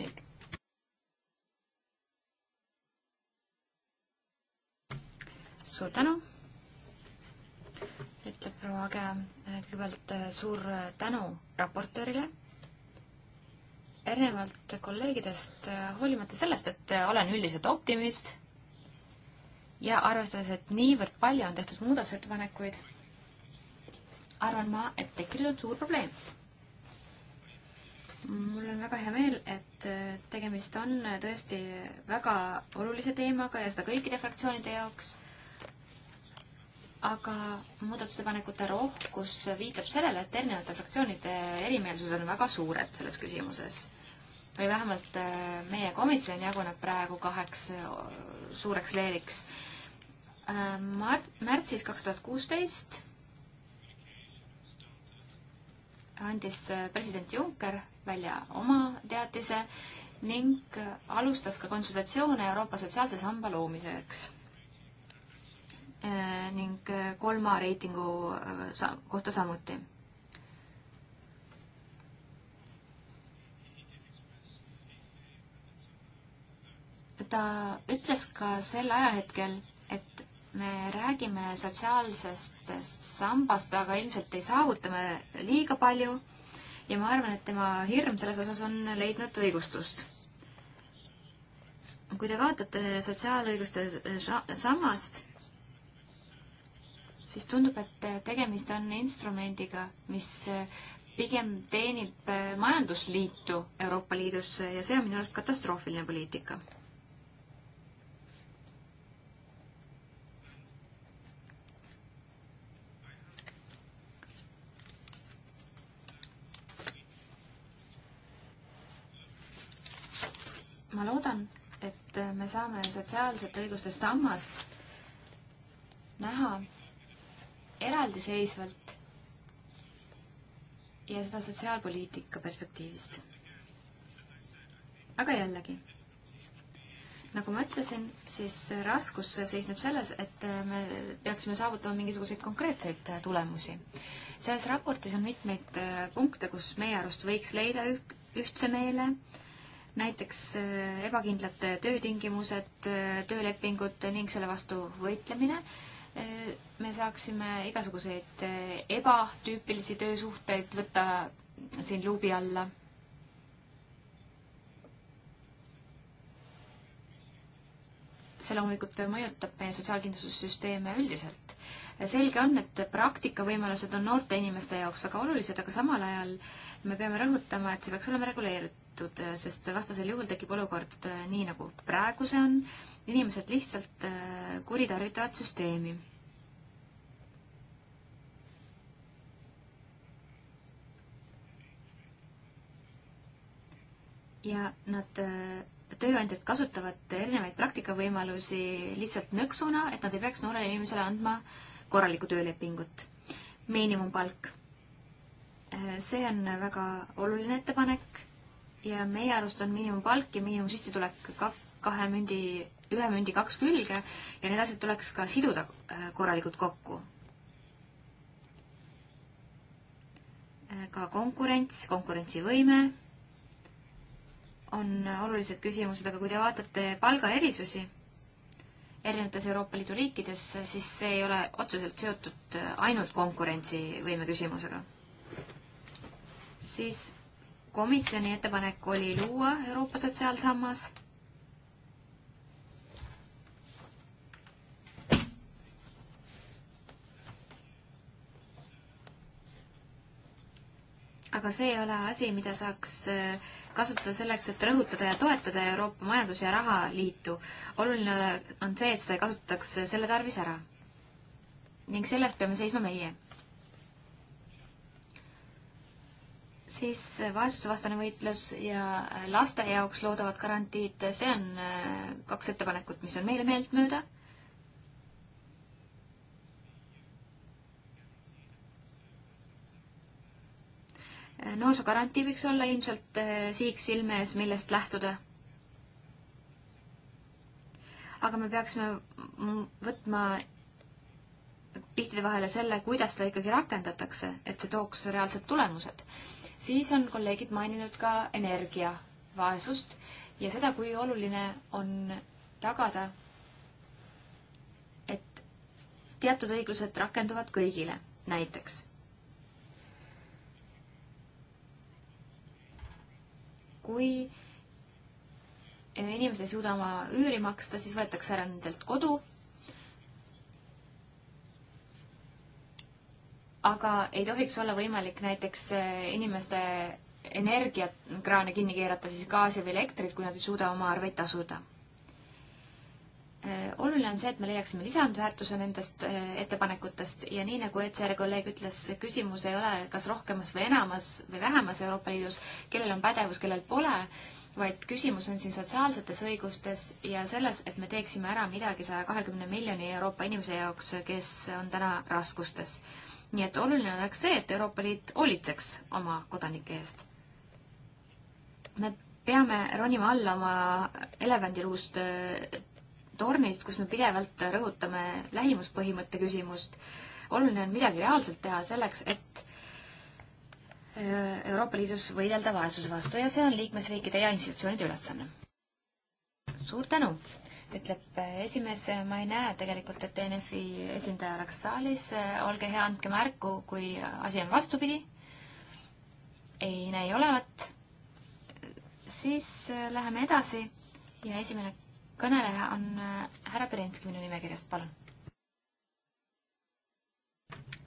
suur tänu ütleb proua Age. kõigepealt eh, suur eh, tänu raportöörile. erinevalt kolleegidest, eh, hoolimata sellest, et olen üldiselt optimist ja arvestades, et niivõrd palju on tehtud muudatusettepanekuid, arvan ma, et tekkinud on suur probleem. mul on väga hea meel, et tegemist on tõesti väga olulise teemaga ja seda kõikide fraktsioonide jaoks aga muudatusettepanekute rohkus viitab sellele, et erinevate fraktsioonide erimeelsused on väga suured selles küsimuses. või vähemalt äh, meie komisjon jaguneb praegu kaheks äh, suureks leeriks. Äh, Mart-, märtsis kaks tuhat kuusteist andis president Juncker välja oma teatise ning alustas ka konsultatsioone Euroopa sotsiaalse samba loomiseks Äh, ning äh, kolma reitingu äh, kohta samuti. ta ütles ka sel ajahetkel, et me räägime sotsiaalsest sambast, aga ilmselt ei saavuta me liiga palju ja ma arvan, et tema hirm selles osas on leidnud õigustust kui te vaatate sotsiaalõiguste sammast, siis tundub, et tegemist on instrumendiga, mis pigem teenib majandusliitu Euroopa Liidus ja see on minu arust katastroofiline poliitika. ma loodan, et me saame sotsiaalsete õiguste sammast näha eraldiseisvalt ja seda sotsiaalpoliitika perspektiivist. aga jällegi, nagu ma ütlesin, siis raskus seisneb selles, et me peaksime saavutama mingisuguseid konkreetseid tulemusi. selles raportis on mitmeid äh, punkte, kus meie arust võiks leida ühtse meele, näiteks äh, ebakindlad töötingimused, äh, töölepingud ning selle vastu võitlemine me saaksime igasuguseid eh, ebatüüpilisi töösuhteid võtta siin luubi alla. see loomulikult mõjutab meie sotsiaalkindlustussüsteeme üldiselt. selge on, et praktikavõimalused on noorte inimeste jaoks väga olulised, aga samal ajal me peame rõhutama, et see peaks olema reguleeritud, sest vastasel juhul tekib olukord eh, nii, nagu praegu see on, inimesed lihtsalt eh, kuritarvitavad süsteemi ja nad, äh, tööandjad kasutavad erinevaid praktikavõimalusi lihtsalt nõksuna, et nad ei peaks noorele inimesele andma korralikku töölepingut. miinimumpalk. Äh, see on väga oluline ettepanek ja meie arust on miinimumpalk ja miinimumsissetulek ka kahe mündi, ühe mündi kaks külge ja need asjad tuleks ka siduda äh, korralikult kokku. ka konkurents, konkurentsivõime on olulised küsimused, aga kui te vaatate palgaerisusi erinevates Euroopa Liidu riikides, siis see ei ole otseselt seotud ainult konkurentsivõime küsimusega. siis komisjoni ettepanek oli luua Euroopa sotsiaalsammas aga see ei ole asi, mida saaks kasutada selleks, et rõhutada ja toetada Euroopa Majandus- ja Rahaliitu. oluline on see, et seda kasutatakse selle tarvis ära. ning selle eest peame seisma meie. siis vaesusevastane võitlus ja laste jaoks loodavad garantiid, see on äh, kaks ettepanekut, mis on meile meeltmööda noorsoogarantii võiks olla ilmselt eh, sihiks silme ees, millest lähtuda. aga me peaksime võtma pihtide vahele selle, kuidas seda ikkagi rakendatakse, et see tooks reaalsed tulemused. siis on kolleegid maininud ka energiavaesust ja seda, kui oluline on tagada, et teatud õiglused rakenduvad kõigile, näiteks kui inimesed ei suuda oma üüri maksta, siis võetakse ära nendelt kodu. aga ei tohiks olla võimalik näiteks eh, inimeste energiakraane kinni keerata, siis gaasi või elektrit, kui nad ei suuda oma arveid tasuda Äh, oluline on see, et me leiaksime lisandväärtuse nendest äh, ettepanekutest ja nii nagu ECR kolleeg ütles, küsimus ei ole, kas rohkemas või enamas või vähemas Euroopa Liidus, kellel on pädevus, kellel pole, vaid küsimus on siin sotsiaalsetes õigustes ja selles, et me teeksime ära midagi saja kahekümne miljoni Euroopa inimese jaoks, kes on täna raskustes. nii et oluline oleks see, et Euroopa Liit hoolitseks oma kodanike eest. me peame ronima alla oma elevandiluust äh, tornist, kus me pidevalt rõhutame lähimuspõhimõtte küsimust. oluline on midagi reaalselt teha selleks, et äh, Euroopa Liidus võidelda vaesuse vastu ja see on liikmesriikide ja institutsioonide ülesanne. suur tänu, ütleb äh, esimees, ma ei näe tegelikult, et ENF-i esindaja oleks saalis, äh, olge hea, andke märku, kui asi on vastupidi. ei näi olevat. siis läheme edasi ja esimene kõneleja on äh, härra Berenski minu nimekirjast, palun.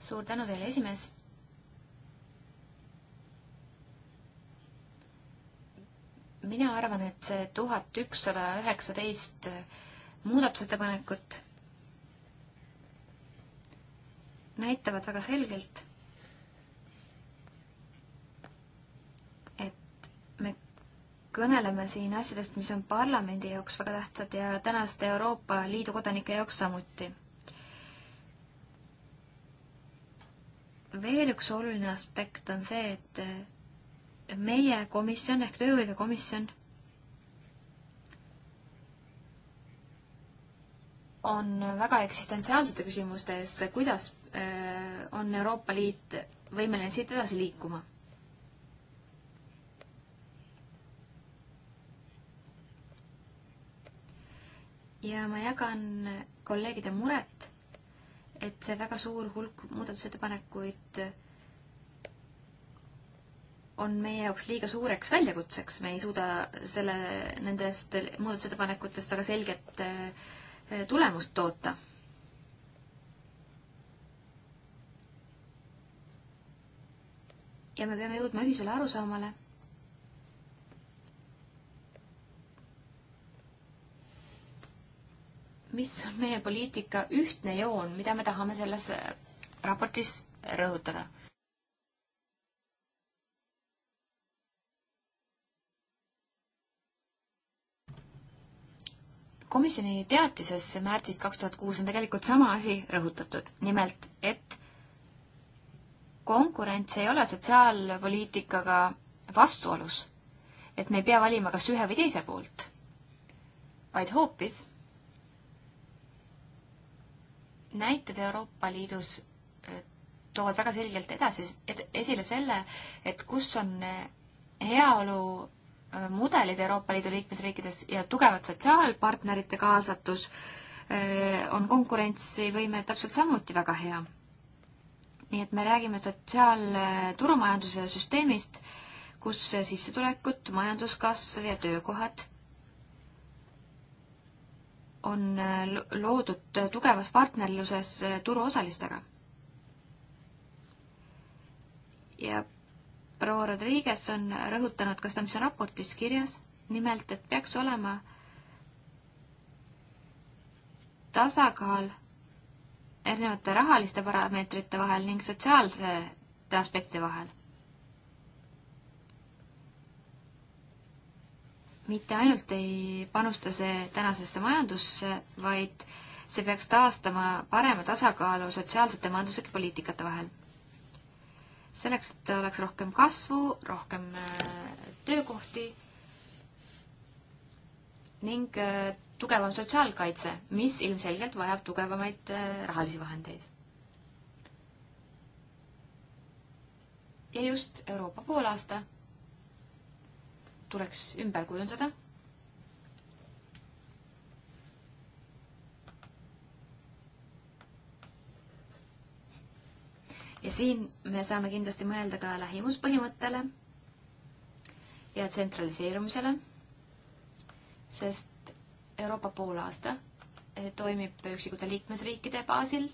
suur tänu teile, esimees. mina arvan, et see tuhat ükssada üheksateist äh, muudatusettepanekut näitavad väga selgelt kõneleme siin asjadest, mis on parlamendi jaoks väga tähtsad ja tänaste Euroopa Liidu kodanike jaoks samuti. veel üks oluline aspekt on see, et meie komisjon ehk tööhõivekomisjon on väga eksistentsiaalsete küsimuste ees, kuidas äh, on Euroopa Liit võimeline siit edasi liikuma ja ma jagan kolleegide muret, et see väga suur hulk muudatusettepanekuid on meie jaoks liiga suureks väljakutseks, me ei suuda selle, nendest muudatusettepanekutest väga selget eh, tulemust toota. ja me peame jõudma ühisele arusaamale mis on meie poliitika ühtne joon, mida me tahame selles raportis rõhutada? komisjoni teatises märtsist kaks tuhat kuus on tegelikult sama asi rõhutatud, nimelt et konkurents ei ole sotsiaalpoliitikaga vastuolus, et me ei pea valima kas ühe või teise poolt, vaid hoopis näited Euroopa Liidus äh, toovad väga selgelt edasi, et esile selle, et kus on äh, heaolu äh, mudelid Euroopa Liidu liikmesriikides ja tugevad sotsiaalpartnerite kaasatus, on konkurentsivõime täpselt samuti väga hea. nii et me räägime sotsiaalturumajanduse süsteemist, kus sissetulekut, majanduskasv ja töökohad on äh, loodud tugevas partnerluses äh, turuosalistega. ja proua Rodriguez on rõhutanud ka seda, mis on raportis kirjas, nimelt, et peaks olema tasakaal erinevate rahaliste parameetrite vahel ning sotsiaalsete aspektide vahel mitte ainult ei panusta see tänasesse majandusse, vaid see peaks taastama parema tasakaalu sotsiaalsete majanduslike poliitikate vahel. selleks, et oleks rohkem kasvu, rohkem äh, töökohti ning äh, tugevam sotsiaalkaitse, mis ilmselgelt vajab tugevamaid äh, rahalisi vahendeid. ja just Euroopa poolaasta tuleks ümber kujundada. ja siin me saame kindlasti mõelda ka lähimuspõhimõttele ja tsentraliseerumisele, sest Euroopa poolaasta eh, toimib üksikute liikmesriikide baasil,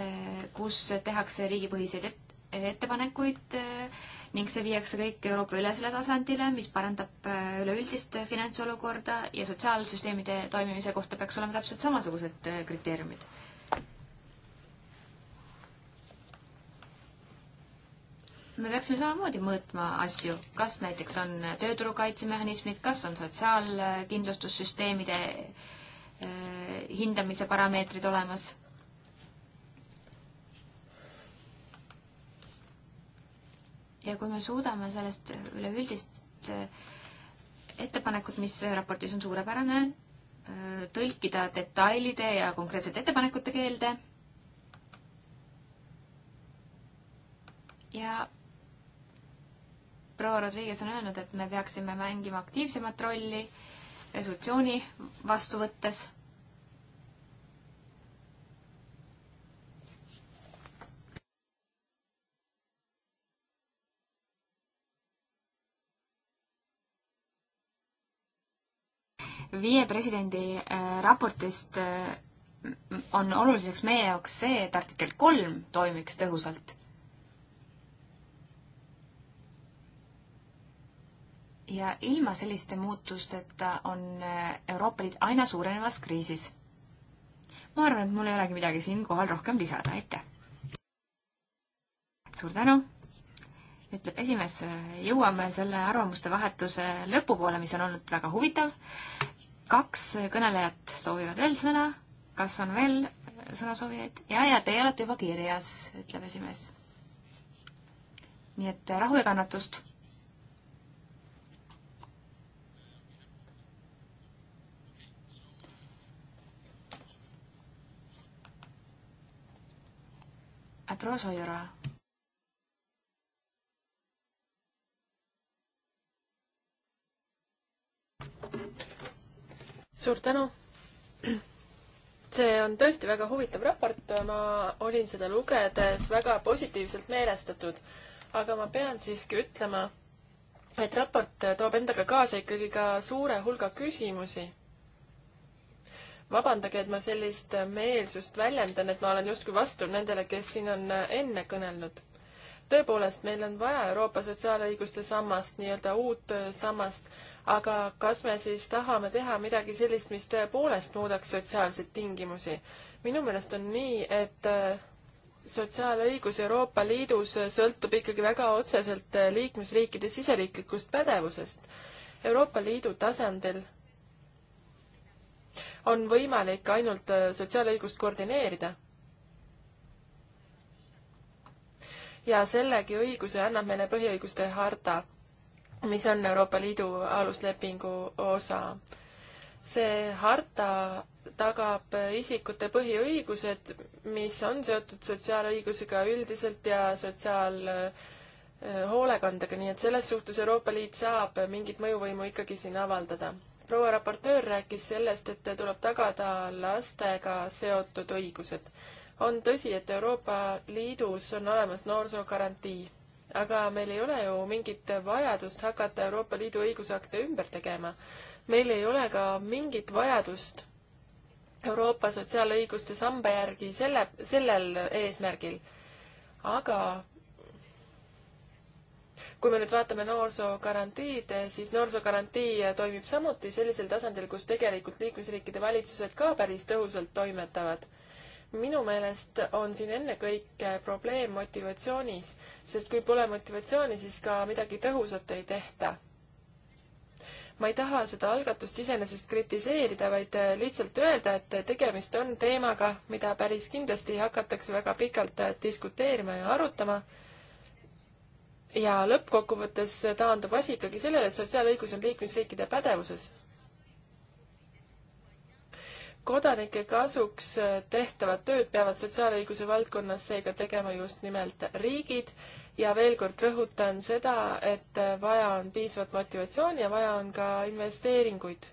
eh, kus tehakse riigipõhiseid ette ettepanekuid eh, ning see viiakse kõik Euroopa ülesele tasandile, mis parandab eh, üleüldist finantsolukorda ja sotsiaalsüsteemide toimimise kohta peaks olema täpselt samasugused eh, kriteeriumid. me peaksime samamoodi mõõtma asju, kas näiteks on tööturu kaitsemehhanismid, kas on sotsiaalkindlustussüsteemide hindamise parameetrid olemas ja kui me suudame sellest üleüldist eh, ettepanekut, mis raportis on suurepärane, eh, tõlkida detailide ja konkreetsete ettepanekute keelde ja proua Rodriguez on öelnud, et me peaksime mängima aktiivsemat rolli resolutsiooni vastu võttes viie presidendi äh, raportist äh, on oluliseks meie jaoks see, et artikkel kolm toimiks tõhusalt. ja ilma selliste muutusteta on äh, Euroopa Liit aina suurenevas kriisis. ma arvan, et mul ei olegi midagi siinkohal rohkem lisada, aitäh! suur tänu! ütleb esimees, jõuame selle arvamuste vahetuse lõpupoole, mis on olnud väga huvitav kaks kõnelejat soovivad veel sõna, kas on veel sõnasoovijaid? ja, ja teie olete juba kirjas, ütleb esimees. nii et rahu ja kannatust. proua Soiura Thank you suur tänu! see on tõesti väga huvitav raport, ma olin seda lugedes väga positiivselt meelestatud, aga ma pean siiski ütlema, et raport toob endaga kaasa ikkagi ka suure hulga küsimusi. vabandage, et ma sellist meelsust väljendan, et ma olen justkui vastu nendele, kes siin on enne kõnelnud. tõepoolest, meil on vaja Euroopa sotsiaalõiguste sammast, nii-öelda uut sammast, aga kas me siis tahame teha midagi sellist, mis tõepoolest muudaks sotsiaalseid tingimusi? minu meelest on nii, et äh, sotsiaalõigus Euroopa Liidus sõltub ikkagi väga otseselt äh, liikmesriikide siseriiklikust pädevusest. Euroopa Liidu tasandil on võimalik ainult äh, sotsiaalõigust koordineerida. ja sellegi õiguse annab meile põhiõiguste harta mis on Euroopa Liidu aluslepingu osa. see harta tagab isikute põhiõigused, mis on seotud sotsiaalõigusega üldiselt ja sotsiaalhoolekandega, nii et selles suhtes Euroopa Liit saab mingit mõjuvõimu ikkagi siin avaldada. proua raportöör rääkis sellest, et tuleb tagada lastega seotud õigused. on tõsi, et Euroopa Liidus on olemas noorsoogarantii aga meil ei ole ju mingit vajadust hakata Euroopa Liidu õigusakte ümber tegema. meil ei ole ka mingit vajadust Euroopa sotsiaalõiguste samba järgi selle, sellel eesmärgil. aga kui me nüüd vaatame noorsoogarantiid, siis noorsoogarantii toimib samuti sellisel tasandil, kus tegelikult liikmesriikide valitsused ka päris tõhusalt toimetavad minu meelest on siin ennekõike probleem motivatsioonis, sest kui pole motivatsiooni, siis ka midagi tõhusat ei tehta. ma ei taha seda algatust iseenesest kritiseerida, vaid lihtsalt öelda, et tegemist on teemaga, mida päris kindlasti hakatakse väga pikalt diskuteerima ja arutama ja lõppkokkuvõttes taandub asi ikkagi sellele, et sotsiaalõigus on liikmesriikide pädevuses kodanike kasuks äh, tehtavat tööd peavad sotsiaalõiguse valdkonnas seega tegema just nimelt riigid ja veel kord rõhutan seda, et äh, vaja on piisavat motivatsiooni ja vaja on ka investeeringuid.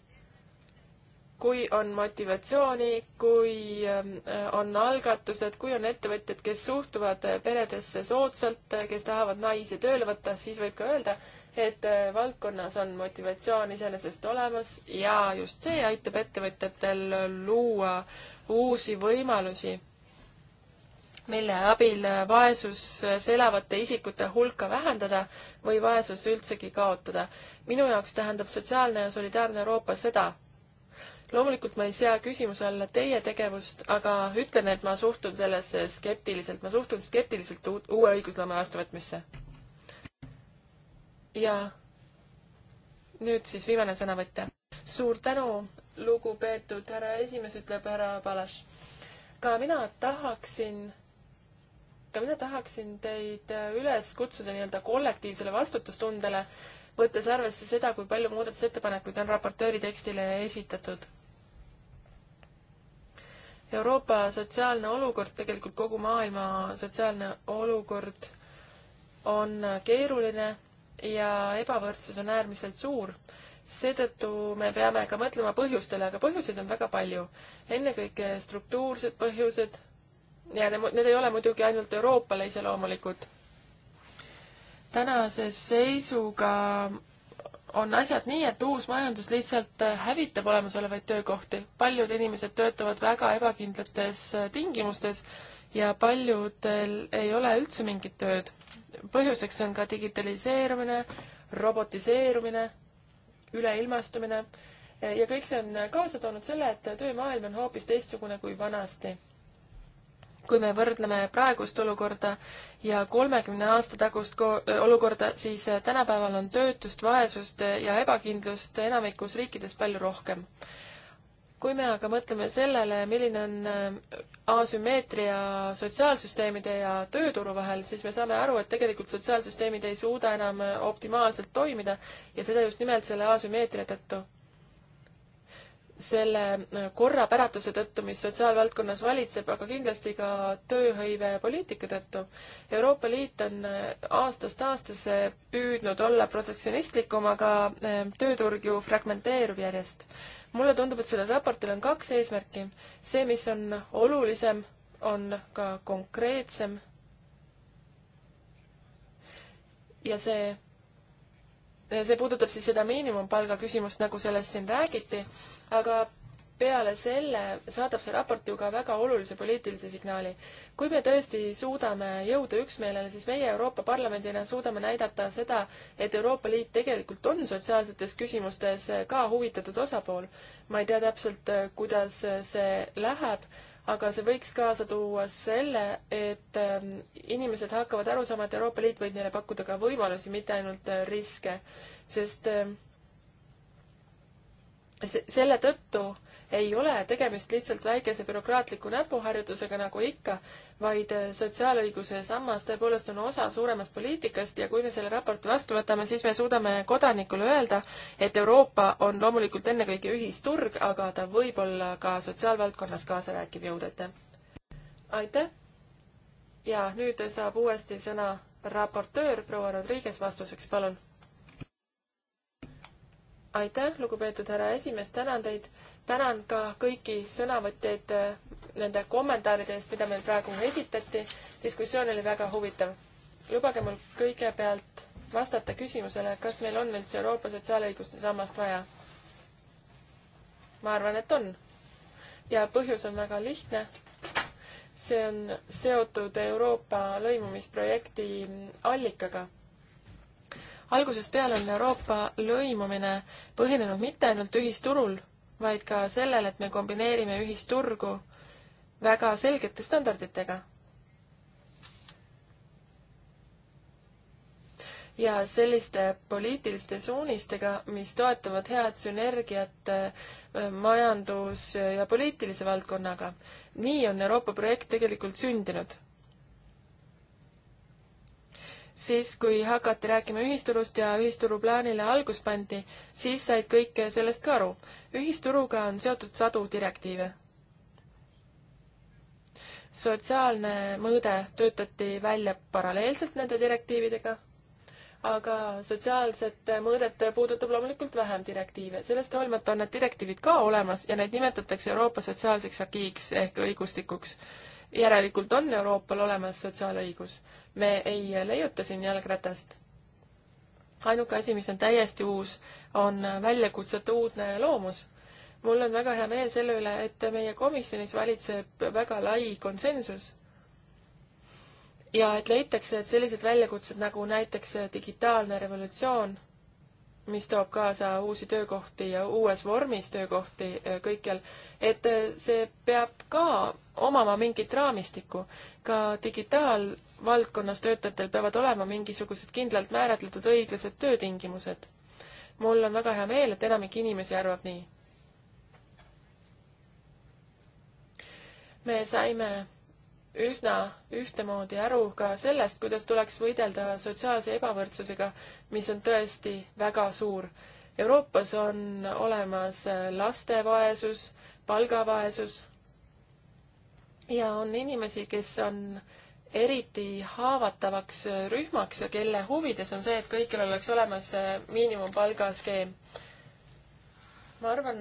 kui on motivatsiooni, kui ähm, äh, on algatused, kui on ettevõtjad, kes suhtuvad peredesse soodsalt, kes tahavad naisi tööle võtta, siis võib ka öelda, et äh, valdkonnas on motivatsioon iseenesest olemas ja just see aitab ettevõtjatel luua uusi võimalusi, mille abil äh, vaesuses äh, elavate isikute hulka vähendada või vaesus üldsegi kaotada. minu jaoks tähendab sotsiaalne ja solidaarne Euroopa seda, loomulikult ma ei sea küsimuse alla teie tegevust, aga ütlen, et ma suhtun sellesse skeptiliselt, ma suhtun skeptiliselt uue õigusloome vastuvõtmisse ja nüüd siis viimane sõnavõtja. suur tänu, lugupeetud härra esimees, ütleb härra Palas. ka mina tahaksin ka mina tahaksin teid üles kutsuda nii-öelda kollektiivsele vastutustundele, võttes arvesse seda, kui palju muudatusettepanekuid on raportööri tekstile esitatud. Euroopa sotsiaalne olukord, tegelikult kogu maailma sotsiaalne olukord on keeruline ja ebavõrdsus on äärmiselt suur. seetõttu me peame ka mõtlema põhjustele, aga põhjuseid on väga palju. ennekõike struktuursed põhjused ja need, need ei ole muidugi ainult Euroopale iseloomulikud. tänase seisuga on asjad nii, et uus majandus lihtsalt hävitab olemasolevaid töökohti. paljud inimesed töötavad väga ebakindlates tingimustes ja paljudel ei ole üldse mingit tööd põhjuseks on ka digitaliseerumine, robotiseerumine, üleilmastumine ja kõik see on kaasa toonud selle, et töömaailm on hoopis teistsugune kui vanasti. kui me võrdleme praegust olukorda ja kolmekümne aasta tagust olukorda, siis tänapäeval on töötust, vaesust ja ebakindlust enamikus riikides palju rohkem kui me aga mõtleme sellele, milline on äh, asümmeetria sotsiaalsüsteemide ja tööturu vahel, siis me saame aru, et tegelikult sotsiaalsüsteemid ei suuda enam äh, optimaalselt toimida ja seda just nimelt selle asümmeetria tõttu. selle äh, korrapäratuse tõttu, mis sotsiaalvaldkonnas valitseb, aga kindlasti ka tööhõivepoliitika tõttu. Euroopa Liit on aastast aastasse püüdnud olla protektsionistlikum, aga tööturg ju fragmenteerub järjest mulle tundub, et sellel raportil on kaks eesmärki. see, mis on olulisem, on ka konkreetsem. ja see, see puudutab siis seda miinimumpalga küsimust, nagu sellest siin räägiti, aga peale selle saadab see raport ju ka väga olulise poliitilise signaali. kui me tõesti suudame jõuda üksmeelele, siis meie Euroopa Parlamendina suudame näidata seda, et Euroopa Liit tegelikult on sotsiaalsetes küsimustes ka huvitatud osapool. ma ei tea täpselt, kuidas see läheb, aga see võiks kaasa tuua selle, et ähm, inimesed hakkavad aru saama, et Euroopa Liit võib neile pakkuda ka võimalusi, mitte ainult äh, riske, sest ähm, selle tõttu äh, ei ole tegemist lihtsalt väikese bürokraatliku näpuharjutusega nagu ikka, vaid äh, sotsiaalõiguse sammas tõepoolest on osa suuremast poliitikast ja kui me selle raporti vastu võtame, siis me suudame kodanikule öelda, et Euroopa on loomulikult ennekõike ühisturg, aga ta võib olla ka sotsiaalvaldkonnas kaasarääkiv jõud, aitäh! aitäh! ja nüüd saab uuesti sõna raportöör proua Rodriguez vastuseks, palun aitäh, lugupeetud härra esimees, tänan teid. tänan ka kõiki sõnavõtjaid äh, nende kommentaaride eest, mida meil praegu esitati. diskussioon oli väga huvitav. lubage mul kõigepealt vastata küsimusele, kas meil on üldse Euroopa sotsiaalõiguste sammast vaja. ma arvan, et on. ja põhjus on väga lihtne. see on seotud Euroopa lõimumisprojekti allikaga algusest peale on Euroopa lõimumine põhinenud mitte ainult ühisturul, vaid ka sellel, et me kombineerime ühisturgu väga selgete standarditega. ja selliste poliitiliste suunistega, mis toetavad head sünergiat äh, majandus- ja poliitilise valdkonnaga. nii on Euroopa projekt tegelikult sündinud siis, kui hakati rääkima ühisturust ja ühisturu plaanile algus pandi, siis said kõik sellest ka aru. ühisturuga on seotud sadu direktiive. sotsiaalne mõõde töötati välja paralleelselt nende direktiividega aga sotsiaalset mõõdet puudutab loomulikult vähem direktiive. sellest hoolimata on need direktiivid ka olemas ja neid nimetatakse Euroopa sotsiaalseks agiiks ehk õigustikuks. järelikult on Euroopal olemas sotsiaalõigus me ei leiuta siin jalgratast. ainuke asi, mis on täiesti uus, on väljakutsete uudne loomus. mul on väga hea meel selle üle, et meie komisjonis valitseb väga lai konsensus ja et leitakse, et sellised väljakutsed nagu näiteks digitaalne revolutsioon, mis toob kaasa uusi töökohti ja uues vormis töökohti e, kõikjal, et e, see peab ka omama mingit raamistikku. ka digitaal- valdkonnas töötajatel peavad olema mingisugused kindlalt määratletud õiglased töötingimused. mul on väga hea meel, et enamik inimesi arvab nii. me saime üsna ühtemoodi aru ka sellest, kuidas tuleks võidelda sotsiaalse ebavõrdsusega, mis on tõesti väga suur. Euroopas on olemas laste vaesus, palgavaesus ja on inimesi, kes on äh, eriti haavatavaks rühmaks ja kelle huvides on see, et kõigil oleks olemas miinimumpalgaskeem. ma arvan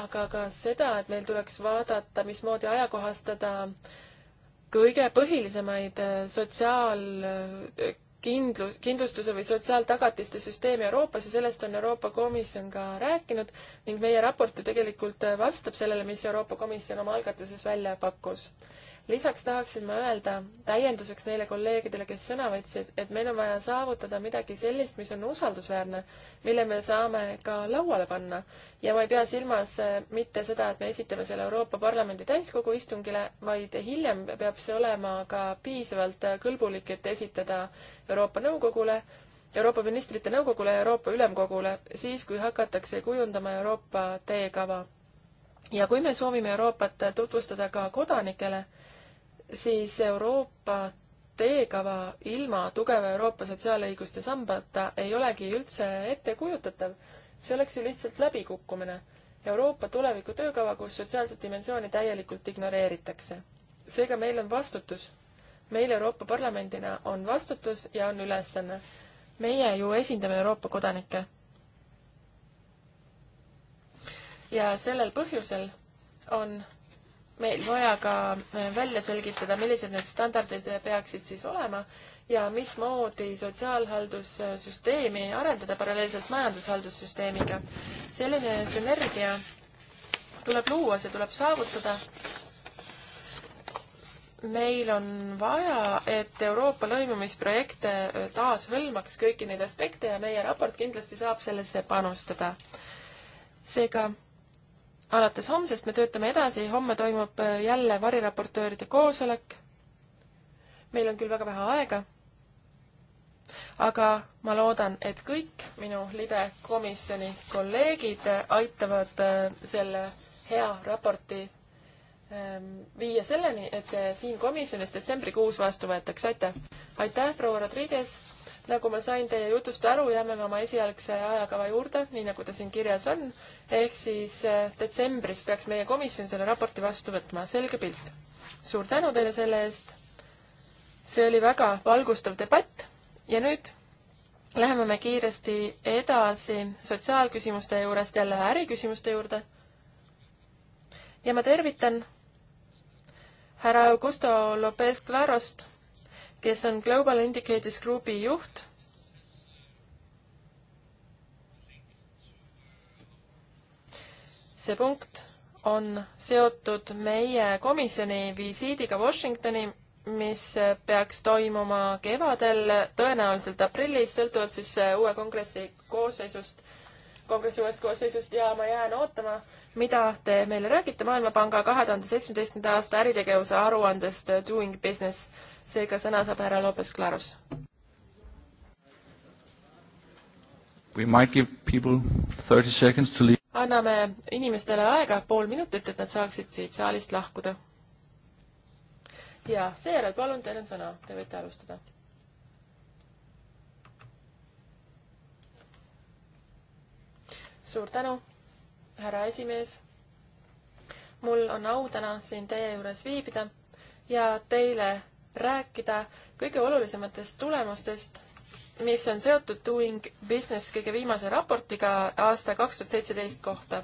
aga ka seda, et meil tuleks vaadata, mismoodi ajakohastada kõige põhilisemaid äh, sotsiaalkindlus, äh, kindlustuse või sotsiaaltagatiste süsteemi Euroopas ja sellest on Euroopa Komisjon ka rääkinud ning meie raport ju tegelikult äh, vastab sellele, mis Euroopa Komisjon oma algatuses välja pakkus lisaks tahaksin ma öelda täienduseks neile kolleegidele, kes sõna võtsid, et meil on vaja saavutada midagi sellist, mis on usaldusväärne, mille me saame ka lauale panna. ja ma ei pea silmas äh, mitte seda, et me esitame selle Euroopa Parlamendi täiskogu istungile, vaid hiljem peab see olema ka piisavalt äh, kõlbulik, et esitada Euroopa Nõukogule, Euroopa Ministrite Nõukogule ja Euroopa Ülemkogule, siis kui hakatakse kujundama Euroopa teekava ja kui me soovime Euroopat tutvustada ka kodanikele, siis Euroopa teekava ilma tugeva Euroopa sotsiaalõiguste sambata ei olegi üldse ettekujutatav. see oleks ju lihtsalt läbikukkumine. Euroopa tuleviku töökava, kus sotsiaalset dimensiooni täielikult ignoreeritakse. seega meil on vastutus. meil Euroopa Parlamendina on vastutus ja on ülesanne. meie ju esindame Euroopa kodanikke. ja sellel põhjusel on meil vaja ka äh, välja selgitada, millised need standardid äh, peaksid siis olema ja mismoodi sotsiaalhaldussüsteemi arendada paralleelselt majandushaldussüsteemiga. selline sünergia tuleb luua, see tuleb saavutada. meil on vaja, et Euroopa lõimumisprojekte äh, taas hõlmaks kõiki neid aspekte ja meie raport kindlasti saab sellesse panustada. seega alates homsest me töötame edasi, homme toimub äh, jälle variraportööride koosolek. meil on küll väga vähe aega. aga ma loodan, et kõik minu libe komisjoni kolleegid äh, aitavad äh, selle hea raporti ähm, viia selleni, et see siin komisjonis detsembrikuus vastu võetakse, aitäh! aitäh, proua Rodriguez! nagu ma sain teie jutust aru, jääme me oma esialgse ajakava juurde, nii nagu ta siin kirjas on, ehk siis eh, detsembris peaks meie komisjon selle raporti vastu võtma, selge pilt. suur tänu teile selle eest, see oli väga valgustav debatt ja nüüd läheme me kiiresti edasi sotsiaalküsimuste juurest jälle äriküsimuste juurde. ja ma tervitan härra Augusto Lopez Clarost kes on Global Indicators Groupi juht. see punkt on seotud meie komisjoni visiidiga Washingtoni, mis peaks toimuma kevadel, tõenäoliselt aprillis, sõltuvalt siis äh, uue kongressi koosseisust, kongressi uuest koosseisust ja ma jään ootama äh, mida te meile räägite Maailmapanga kahe tuhande seitsmeteistkümnenda aasta äritegevuse aruandest uh, Doing Business. seega sõna saab härra Lopez Claros. We might give people thirty seconds to leave. anname inimestele aega pool minutit, et nad saaksid siit saalist lahkuda. ja seejärel palun, teil on sõna, te võite alustada suur tänu, härra esimees. mul on au täna siin teie juures viibida ja teile rääkida kõige olulisematest tulemustest, mis on seotud Doing Business kõige viimase raportiga aasta kaks tuhat seitseteist kohta.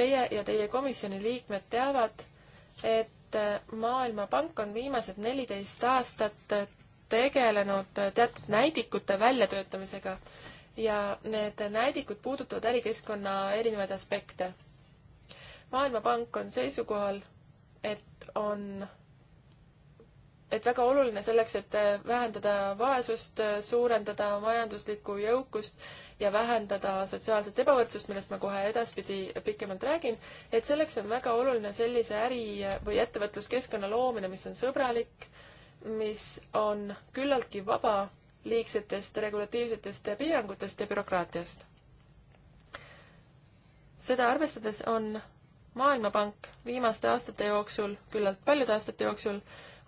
Teie ja teie komisjoni liikmed teavad, et Maailmapank on viimased neliteist aastat tegelenud teatud näidikute väljatöötamisega ja need näidikud puudutavad ärikeskkonna erinevaid aspekte. maailmapank on seisukohal, et on, et väga oluline selleks, et vähendada vaesust, suurendada majanduslikku jõukust ja vähendada sotsiaalset ebavõrdsust, millest ma kohe edaspidi pikemalt räägin, et selleks on väga oluline sellise äri- või ettevõtluskeskkonna loomine, mis on sõbralik, mis on küllaltki vaba liigsetest regulatiivsetest piirangutest ja bürokraatiast. seda arvestades on Maailmapank viimaste aastate jooksul, küllalt paljude aastate jooksul,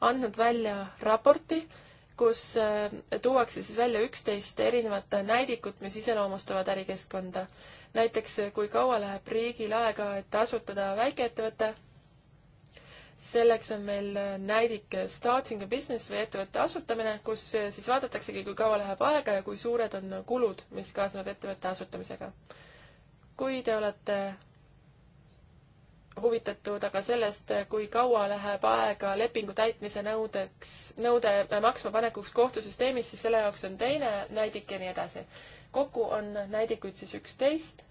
andnud välja raporti, kus äh, tuuakse siis välja üksteist erinevat näidikut, mis iseloomustavad ärikeskkonda. näiteks kui kaua läheb riigil aega, et asutada väikeettevõte selleks on meil äh, näidik äh, Starting a Business või ettevõtte asutamine, kus äh, siis vaadataksegi, kui kaua läheb aega ja kui suured on kulud, mis kaasnevad ettevõtte asutamisega. kui te olete huvitatud aga sellest, kui kaua läheb aega lepingu täitmise nõudeks, nõude maksmapanekuks kohtusüsteemis, siis selle jaoks on teine näidik ja nii edasi. kokku on näidikuid siis üksteist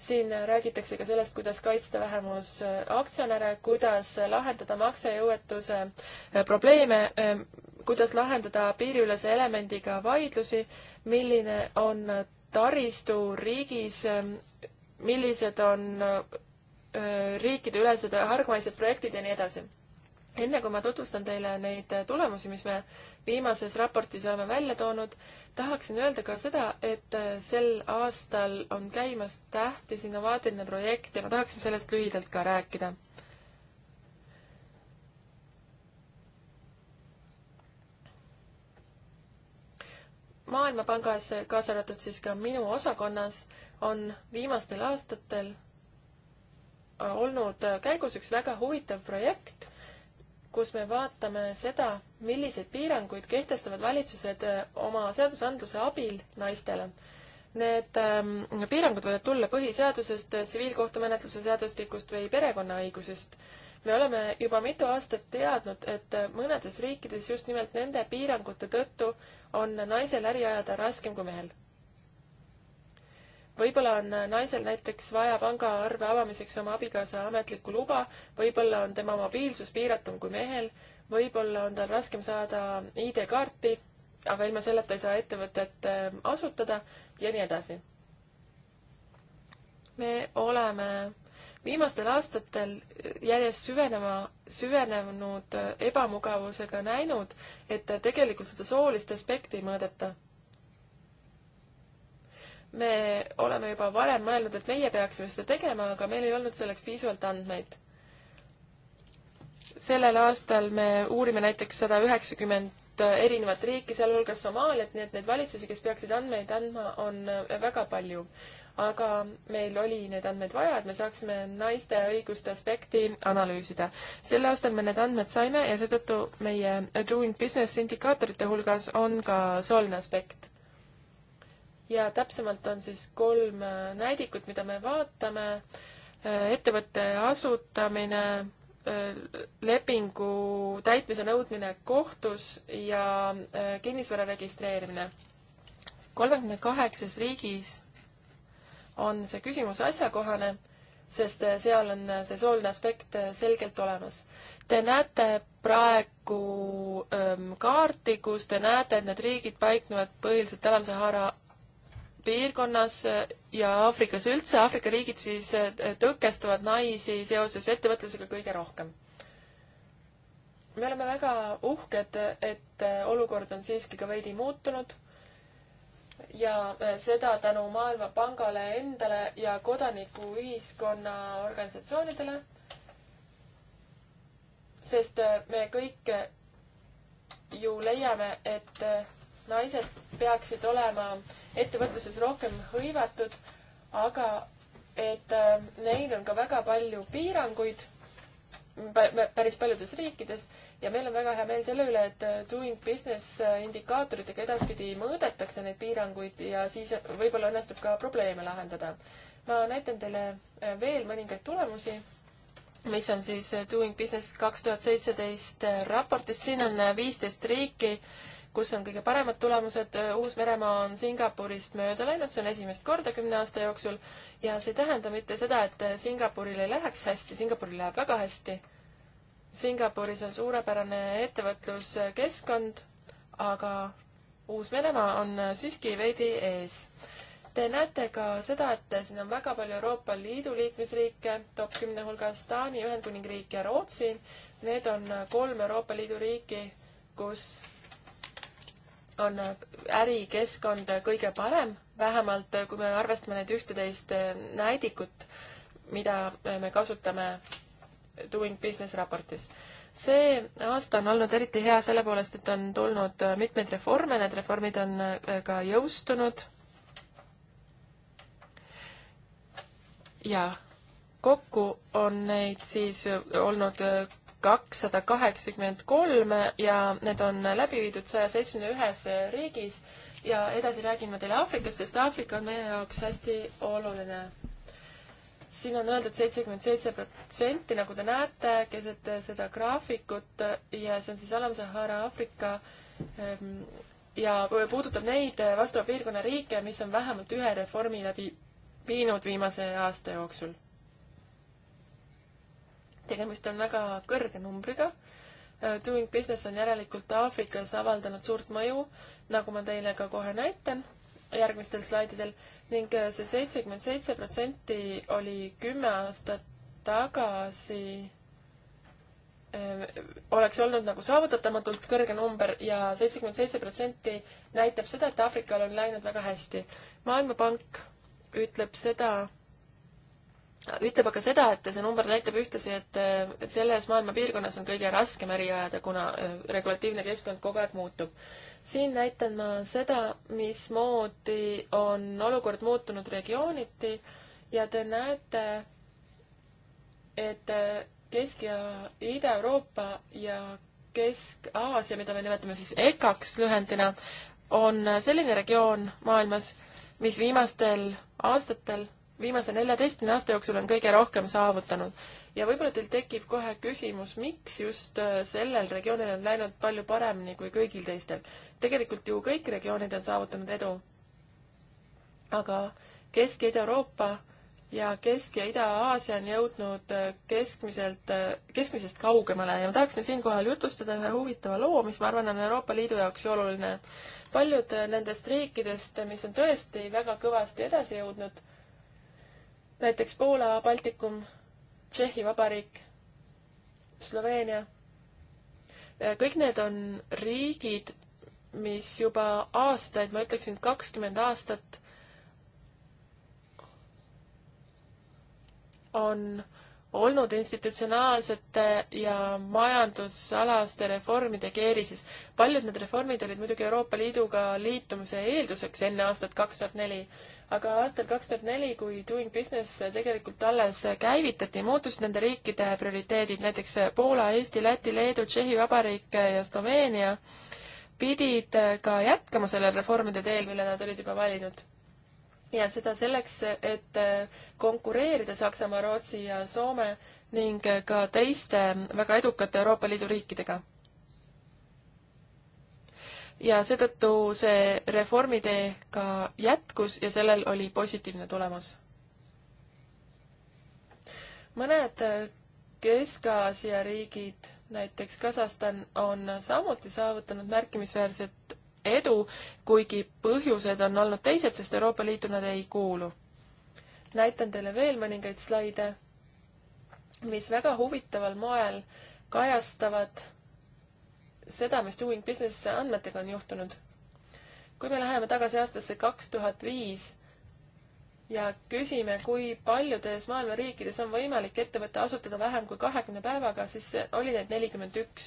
siin räägitakse ka sellest, kuidas kaitsta vähemusaktsionäre, kuidas lahendada maksejõuetuse äh, probleeme, ähm, kuidas lahendada piiriülese elemendiga vaidlusi, milline on taristu riigis, ähm, millised on äh, riikideülesed hargmaised projektid ja nii edasi enne kui ma tutvustan teile neid tulemusi, mis me viimases raportis oleme välja toonud, tahaksin öelda ka seda, et sel aastal on käimas tähtis innovaatiline projekt ja ma tahaksin sellest lühidalt ka rääkida. maailmapangas, kaasa arvatud siis ka minu osakonnas, on viimastel aastatel olnud käigus üks väga huvitav projekt kus me vaatame seda, milliseid piiranguid kehtestavad valitsused äh, oma seadusandluse abil naistele. Need ähm, piirangud võivad tulla põhiseadusest, tsiviilkohtumenetluse seadustikust või perekonnaõigusest. me oleme juba mitu aastat teadnud, et äh, mõnedes riikides just nimelt nende piirangute tõttu on naisel äri ajada raskem kui mehel võib-olla on naisel näiteks vaja pangaarve avamiseks oma abikaasa ametlikku luba, võib-olla on tema mobiilsus piiratum kui mehel, võib-olla on tal raskem saada ID-kaarti, aga ilma selleta ei saa ettevõtet ähm, asutada ja nii edasi. me oleme viimastel aastatel järjest süvenema, süvenenud äh, ebamugavusega näinud, et äh, tegelikult seda soolist aspekti ei mõõdeta me oleme juba varem mõelnud, et meie peaksime seda tegema, aga meil ei olnud selleks piisavalt andmeid. sellel aastal me uurime näiteks sada üheksakümmend erinevat riiki, sealhulgas Somaaliat, nii et neid valitsusi, kes peaksid andmeid andma, on väga palju. aga meil oli neid andmeid vaja, et me saaksime naiste õiguste aspekti analüüsida. sel aastal me need andmed saime ja seetõttu meie Doing Business indikaatorite hulgas on ka sooline aspekt ja täpsemalt on siis kolm äh, näidikut, mida me vaatame. Äh, ettevõtte asutamine, äh, lepingu täitmise nõudmine kohtus ja kinnisvara registreerimine. kolmekümne kaheksas riigis on see küsimus asjakohane, sest seal on see sooline aspekt selgelt olemas. Te näete praegu ähm, kaarti, kus te näete, et need riigid paiknevad põhiliselt Alam-Sahara piirkonnas ja Aafrikas üldse, Aafrika riigid siis äh, tõkestavad naisi seoses ettevõtlusega kõige rohkem. me oleme väga uhked, et äh, olukord on siiski ka veidi muutunud ja äh, seda tänu Maailmapangale endale ja kodanikuühiskonna organisatsioonidele, sest me kõik ju leiame, et naised peaksid olema äh, ettevõtluses rohkem hõivatud, aga et ähm, neil on ka väga palju piiranguid päris paljudes riikides ja meil on väga hea meel selle üle, et äh, doing business äh, indikaatoritega edaspidi mõõdetakse neid piiranguid ja siis võib-olla õnnestub ka probleeme lahendada. ma näitan teile äh, veel mõningaid tulemusi, mis on siis doing business kaks tuhat seitseteist raportis, siin on viisteist riiki kus on kõige paremad tulemused. Uus-Meremaa on Singapurist mööda läinud, see on esimest korda kümne aasta jooksul ja see ei tähenda mitte seda, et Singapuril ei läheks hästi, Singapuril läheb väga hästi. Singapuris on suurepärane ettevõtluskeskkond, aga Uus-Meremaa on siiski veidi ees te näete ka seda, et siin on väga palju Euroopa Liidu liikmesriike, top kümne hulgas Taani, Ühendkuningriik ja Rootsi. Need on kolm Euroopa Liidu riiki, kus on ärikeskkond kõige parem, vähemalt kui me arvestame need ühteteist näidikut, mida me kasutame Doing Business raportis. see aasta on olnud eriti hea selle poolest, et on tulnud mitmeid reforme, need reformid on äh, ka jõustunud. ja kokku on neid siis olnud äh, kakssada kaheksakümmend kolm ja need on läbi viidud saja seitsmekümne ühes riigis ja edasi räägin ma teile Aafrikast, sest Aafrika on meie jaoks hästi oluline. siin on öeldud seitsekümmend seitse protsenti, nagu te näete keset seda graafikut ja see on siis Alam-Sahara Aafrika ehm, ja puudutab neid vastava piirkonna riike, mis on vähemalt ühe reformi läbi viinud viimase aasta jooksul tegemist on väga kõrge numbriga. Äh, doing Business on järelikult Aafrikas avaldanud suurt mõju, nagu ma teile ka kohe näitan järgmistel slaididel ning äh, see seitsekümmend seitse protsenti oli kümme aastat tagasi äh, oleks olnud nagu saavutatamatult kõrge number ja seitsekümmend seitse protsenti näitab seda, et Aafrikal on läinud väga hästi. maailmapank ütleb seda, ütleb aga seda, et see number näitab ühtlasi, et selles maailma piirkonnas on kõige raskem äri ajada, kuna äh, regulatiivne keskkond kogu aeg muutub. siin näitan ma seda, mismoodi on olukord muutunud regiooniti ja te näete, et äh, Kesk- ja Ida-Euroopa ja Kesk-Aasia, mida me nimetame siis EKAks lühendina, on äh, selline regioon maailmas, mis viimastel aastatel viimase neljateistkümne aasta jooksul on kõige rohkem saavutanud. ja võib-olla teil tekib kohe küsimus, miks just äh, sellel regioonil on läinud palju paremini kui kõigil teistel. tegelikult ju kõik regioonid on saavutanud edu. aga Kesk- ja Ida-Euroopa ja Kesk- ja Ida-Aasia on jõudnud äh, keskmiselt, äh, keskmisest kaugemale ja ma tahaksin siinkohal jutustada ühe huvitava loo, mis ma arvan, on Euroopa Liidu jaoks oluline. paljud nendest riikidest, mis on tõesti väga kõvasti edasi jõudnud, näiteks Poola, Baltikum, Tšehhi Vabariik, Sloveenia. kõik need on riigid, mis juba aastaid, ma ütleksin kakskümmend aastat, on olnud institutsionaalsete ja majandusalaste reformide keerises. paljud need reformid olid muidugi Euroopa Liiduga liitumise eelduseks enne aastat kaks tuhat neli, aga aastal kaks tuhat neli, kui Doing Business tegelikult alles käivitati, muutusid nende riikide prioriteedid, näiteks Poola, Eesti, Läti, Leedu, Tšehhi Vabariik ja Sloveenia pidid ka jätkama sellel reformide teel, mille nad olid juba valinud ja seda selleks, et konkureerida Saksamaa, Rootsi ja Soome ning ka teiste väga edukate Euroopa Liidu riikidega ja seetõttu see reformitee ka jätkus ja sellel oli positiivne tulemus. mõned Kesk-Aasia riigid, näiteks Kasahstan, on samuti saavutanud märkimisväärset edu, kuigi põhjused on olnud teised, sest Euroopa Liitu nad ei kuulu. näitan teile veel mõningaid slaide, mis väga huvitaval moel kajastavad seda, mis Doing Business andmetega on juhtunud. kui me läheme tagasi aastasse kaks tuhat viis ja küsime, kui paljudes maailma riikides on võimalik ettevõte asutada vähem kui kahekümne päevaga, siis oli neid nelikümmend üks.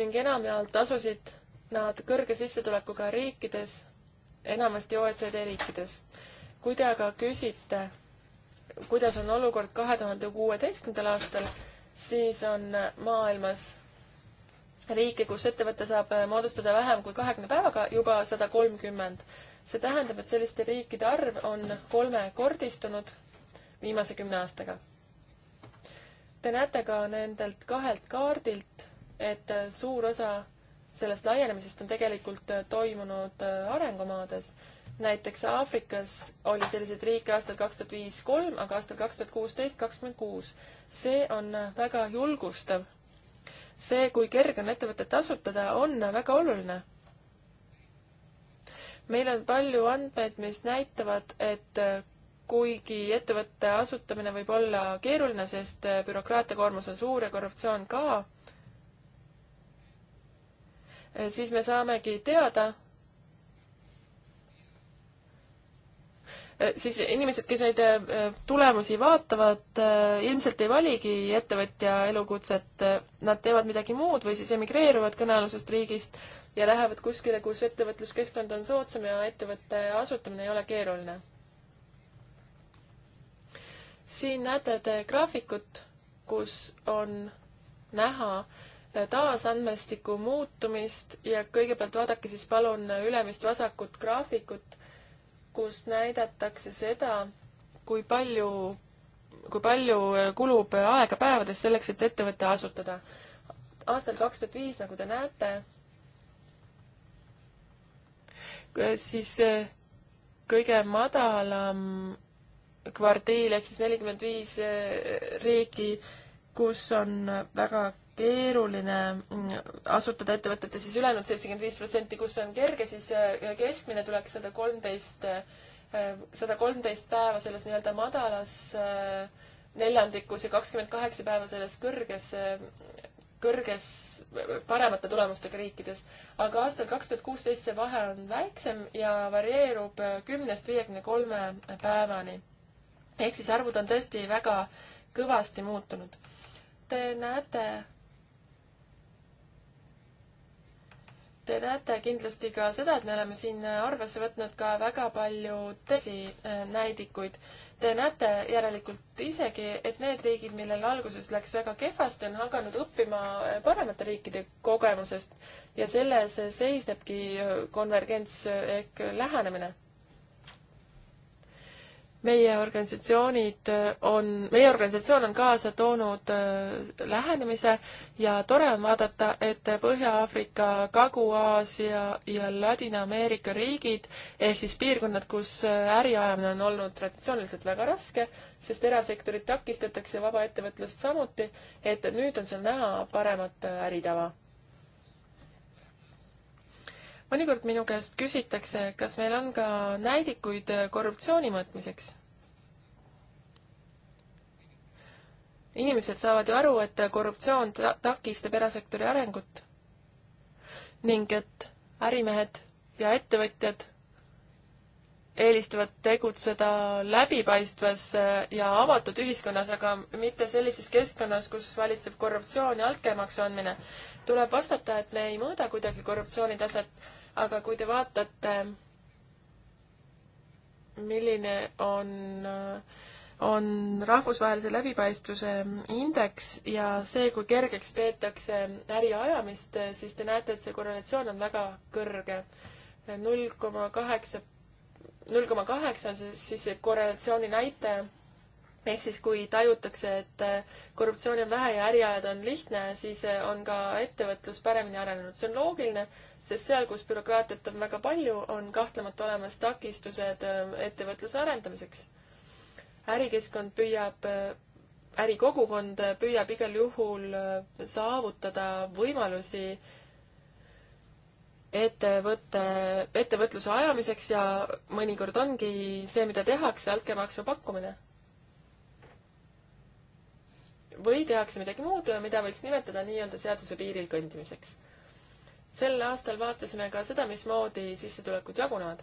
ning enamjaolt asusid nad kõrge sissetulekuga riikides, enamasti OECD riikides. kui te aga küsite, kuidas on olukord kahe tuhande kuueteistkümnendal aastal, siis on maailmas riike, kus ettevõte saab äh, moodustada vähem kui kahekümne päevaga, juba sada kolmkümmend. see tähendab, et selliste riikide arv on kolmekordistunud viimase kümne aastaga. Te näete ka nendelt kahelt kaardilt, et äh, suur osa sellest laienemisest on tegelikult äh, toimunud arengumaades. näiteks Aafrikas oli selliseid riike aastal kaks tuhat viis kolm, aga aastal kaks tuhat kuusteist kakskümmend kuus. see on väga julgustav see, kui kerge on ettevõtet asutada, on väga oluline. meil on palju andmeid, mis näitavad, et kuigi ettevõtte asutamine võib olla keeruline, sest bürokraatia koormus on suur ja korruptsioon ka, siis me saamegi teada, Äh, siis inimesed, kes neid äh, tulemusi vaatavad, äh, ilmselt ei valigi ettevõtja elukutset, nad teevad midagi muud või siis emigreeruvad kõnealusest riigist ja lähevad kuskile, kus ettevõtluskeskkond on soodsam ja ettevõtte asutamine ei ole keeruline. siin näete te graafikut, kus on näha taasandmestiku muutumist ja kõigepealt vaadake siis palun ülemist vasakut graafikut kus näidatakse seda, kui palju, kui palju kulub aega päevades selleks, et ettevõte asutada. aastal kaks tuhat viis, nagu te näete, siis eh, kõige madalam kvartiil ehk siis nelikümmend viis eh, riiki, kus on väga keeruline mm, asutada ettevõtete siis ülejäänud seitsekümmend viis protsenti, kus on kerge, siis äh, keskmine tuleks sada kolmteist, äh, sada kolmteist päeva selles nii-öelda madalas äh, neljandikus ja kakskümmend kaheksa päeva selles kõrges, kõrges, paremate tulemustega riikides. aga aastal kaks tuhat kuusteist see vahe on väiksem ja varieerub kümnest viiekümne kolme päevani. ehk siis arvud on tõesti väga kõvasti muutunud te näete Te näete kindlasti ka seda, et me oleme siin arvesse võtnud ka väga palju teisi äh, näidikuid. Te näete järelikult isegi, et need riigid, millel alguses läks väga kehvasti, on hakanud õppima äh, paremate riikide kogemusest ja selles seisnebki äh, konvergents ehk lähenemine meie organisatsioonid äh, on, meie organisatsioon on kaasa toonud äh, lähenemise ja tore on vaadata, et Põhja-Aafrika, Kagu-Aasia ja Ladina-Ameerika riigid ehk siis piirkonnad, kus äh, äriajamine on olnud traditsiooniliselt väga raske, sest erasektorit takistatakse, vaba ettevõtlust samuti, et nüüd on seal näha paremat äritava mõnikord minu käest küsitakse, kas meil on ka näidikuid korruptsiooni mõõtmiseks inimesed saavad ju aru, et korruptsioon ta takistab erasektori arengut ning et ärimehed ja ettevõtjad eelistavad tegutseda läbipaistvas ja avatud ühiskonnas, aga mitte sellises keskkonnas, kus valitseb korruptsioon ja altkäemaksu andmine. tuleb vastata, et me ei mõõda kuidagi korruptsiooni taset aga kui te vaatate, milline on, on rahvusvahelise läbipaistvuse indeks ja see, kui kergeks peetakse äri ajamist, siis te näete, et see korrelatsioon on väga kõrge. null koma kaheksa, null koma kaheksa on siis, siis see korrelatsiooni näitaja ehk siis, kui tajutakse, et korruptsiooni on vähe ja äri ajada on lihtne, siis on ka ettevõtlus paremini arenenud. see on loogiline, sest seal, kus bürokraatiat on väga palju, on kahtlemata olemas takistused äh, ettevõtluse arendamiseks. ärikeskkond püüab, äh, ärikogukond äh, püüab igal juhul saavutada võimalusi ettevõtte, ettevõtluse ajamiseks ja mõnikord ongi see, mida tehakse, altkäemaksu pakkumine. või tehakse midagi muud, mida võiks nimetada nii-öelda seaduse piiril kõndimiseks sel aastal vaatasime ka seda, mismoodi sissetulekud jagunevad.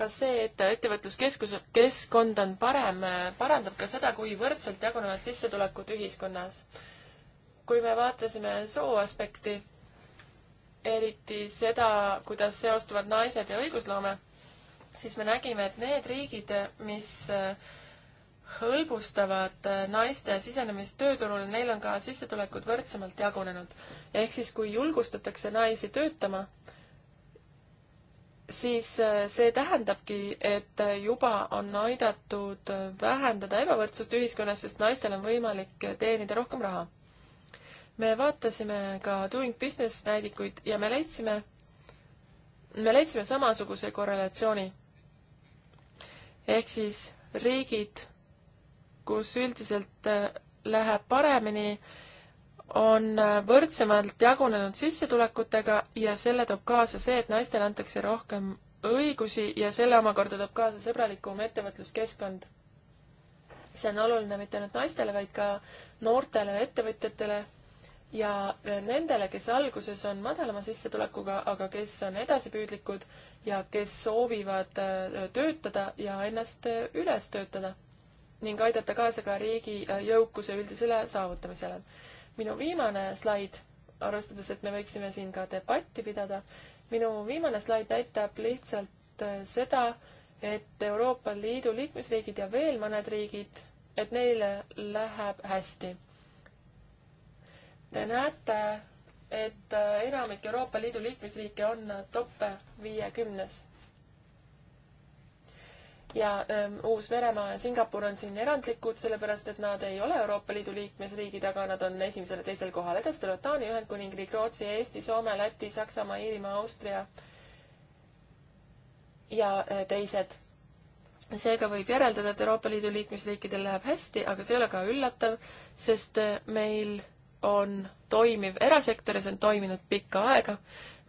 kas see, et ettevõtluskeskus, keskkond on parem, parandab ka seda, kui võrdselt jagunevad sissetulekud ühiskonnas? kui me vaatasime soo aspekti, eriti seda, kuidas seostuvad naised ja õigusloome, siis me nägime, et need riigid, mis äh, hõlbustavad äh, naiste sisenemist tööturule, neil on ka sissetulekud võrdsemalt jagunenud. ehk siis, kui julgustatakse naisi töötama, siis äh, see tähendabki, et äh, juba on aidatud vähendada ebavõrdsust ühiskonnas, sest naistel on võimalik teenida rohkem raha. me vaatasime ka Doing Business näidikuid ja me leidsime, me leidsime samasuguse korrelatsiooni. ehk siis riigid kus üldiselt äh, läheb paremini, on äh, võrdsemalt jagunenud sissetulekutega ja selle toob kaasa see, et naistele antakse rohkem õigusi ja selle omakorda toob kaasa sõbralikum ettevõtluskeskkond. see on oluline mitte ainult naistele, vaid ka noortele ettevõtjatele ja äh, nendele, kes alguses on madalama sissetulekuga, aga kes on edasipüüdlikud ja kes soovivad töötada ja ennast üles töötada ning aidata kaasa ka riigi äh, jõukuse üldisele saavutamisele. minu viimane slaid, arvestades, et me võiksime siin ka debatti pidada, minu viimane slaid näitab lihtsalt äh, seda, et Euroopa Liidu liikmesriigid ja veel mõned riigid, et neile läheb hästi. Te näete, et äh, enamik Euroopa Liidu liikmesriike on top viiekümnes ja ähm, Uus-Meremaa ja Singapur on siin erandlikud, sellepärast et nad ei ole Euroopa Liidu liikmesriigid, aga nad on esimesel ja teisel kohal. edasi tulevad Taani, Ühendkuningriik, Rootsi, Eesti, Soome, Läti, Saksamaa, Iirimaa, Austria ja äh, teised. seega võib järeldada, et Euroopa Liidu liikmesriikidel läheb hästi, aga see ei ole ka üllatav, sest äh, meil on toimiv erasektor ja see on toiminud pikka aega.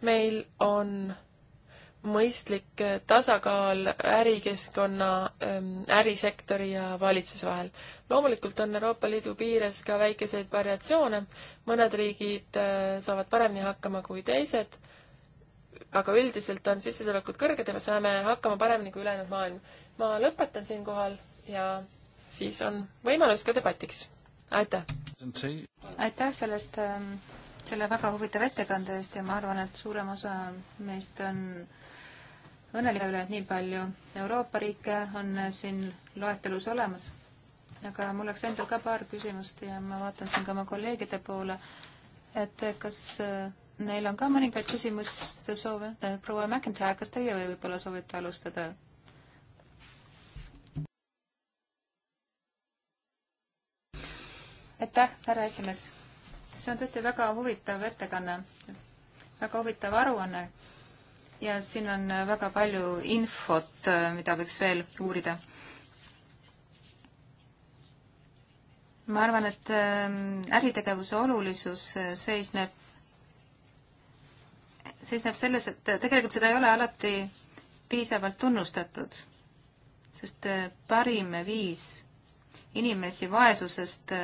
meil on mõistlik eh, tasakaal ärikeskkonna, ehm, ärisektori ja valitsuse vahel. loomulikult on Euroopa Liidu piires ka väikeseid variatsioone, mõned riigid eh, saavad paremini hakkama kui teised, aga üldiselt on sissetulekud kõrged ja me saame hakkama paremini kui ülejäänud maailm. ma lõpetan siinkohal ja siis on võimalus ka debatiks. aitäh! aitäh sellest ehm, selle väga huvitava ettekande eest ja ma arvan, et suurem osa meist on õnnelikud üle, et nii palju Euroopa riike on siin loetelus olemas. aga mul oleks endal ka paar küsimust ja ma vaatan siin ka oma kolleegide poole, et kas äh, neil on ka mõningaid küsimuste soove? Äh, proua McIntyre, kas teie võib-olla soovite alustada? aitäh, härra esimees see on tõesti väga huvitav ettekanne, väga huvitav aruanne ja siin on väga palju infot, mida võiks veel uurida. ma arvan, et ähm, äritegevuse olulisus äh, seisneb, seisneb selles, et tegelikult seda ei ole alati piisavalt tunnustatud, sest äh, parim viis inimesi vaesusest äh,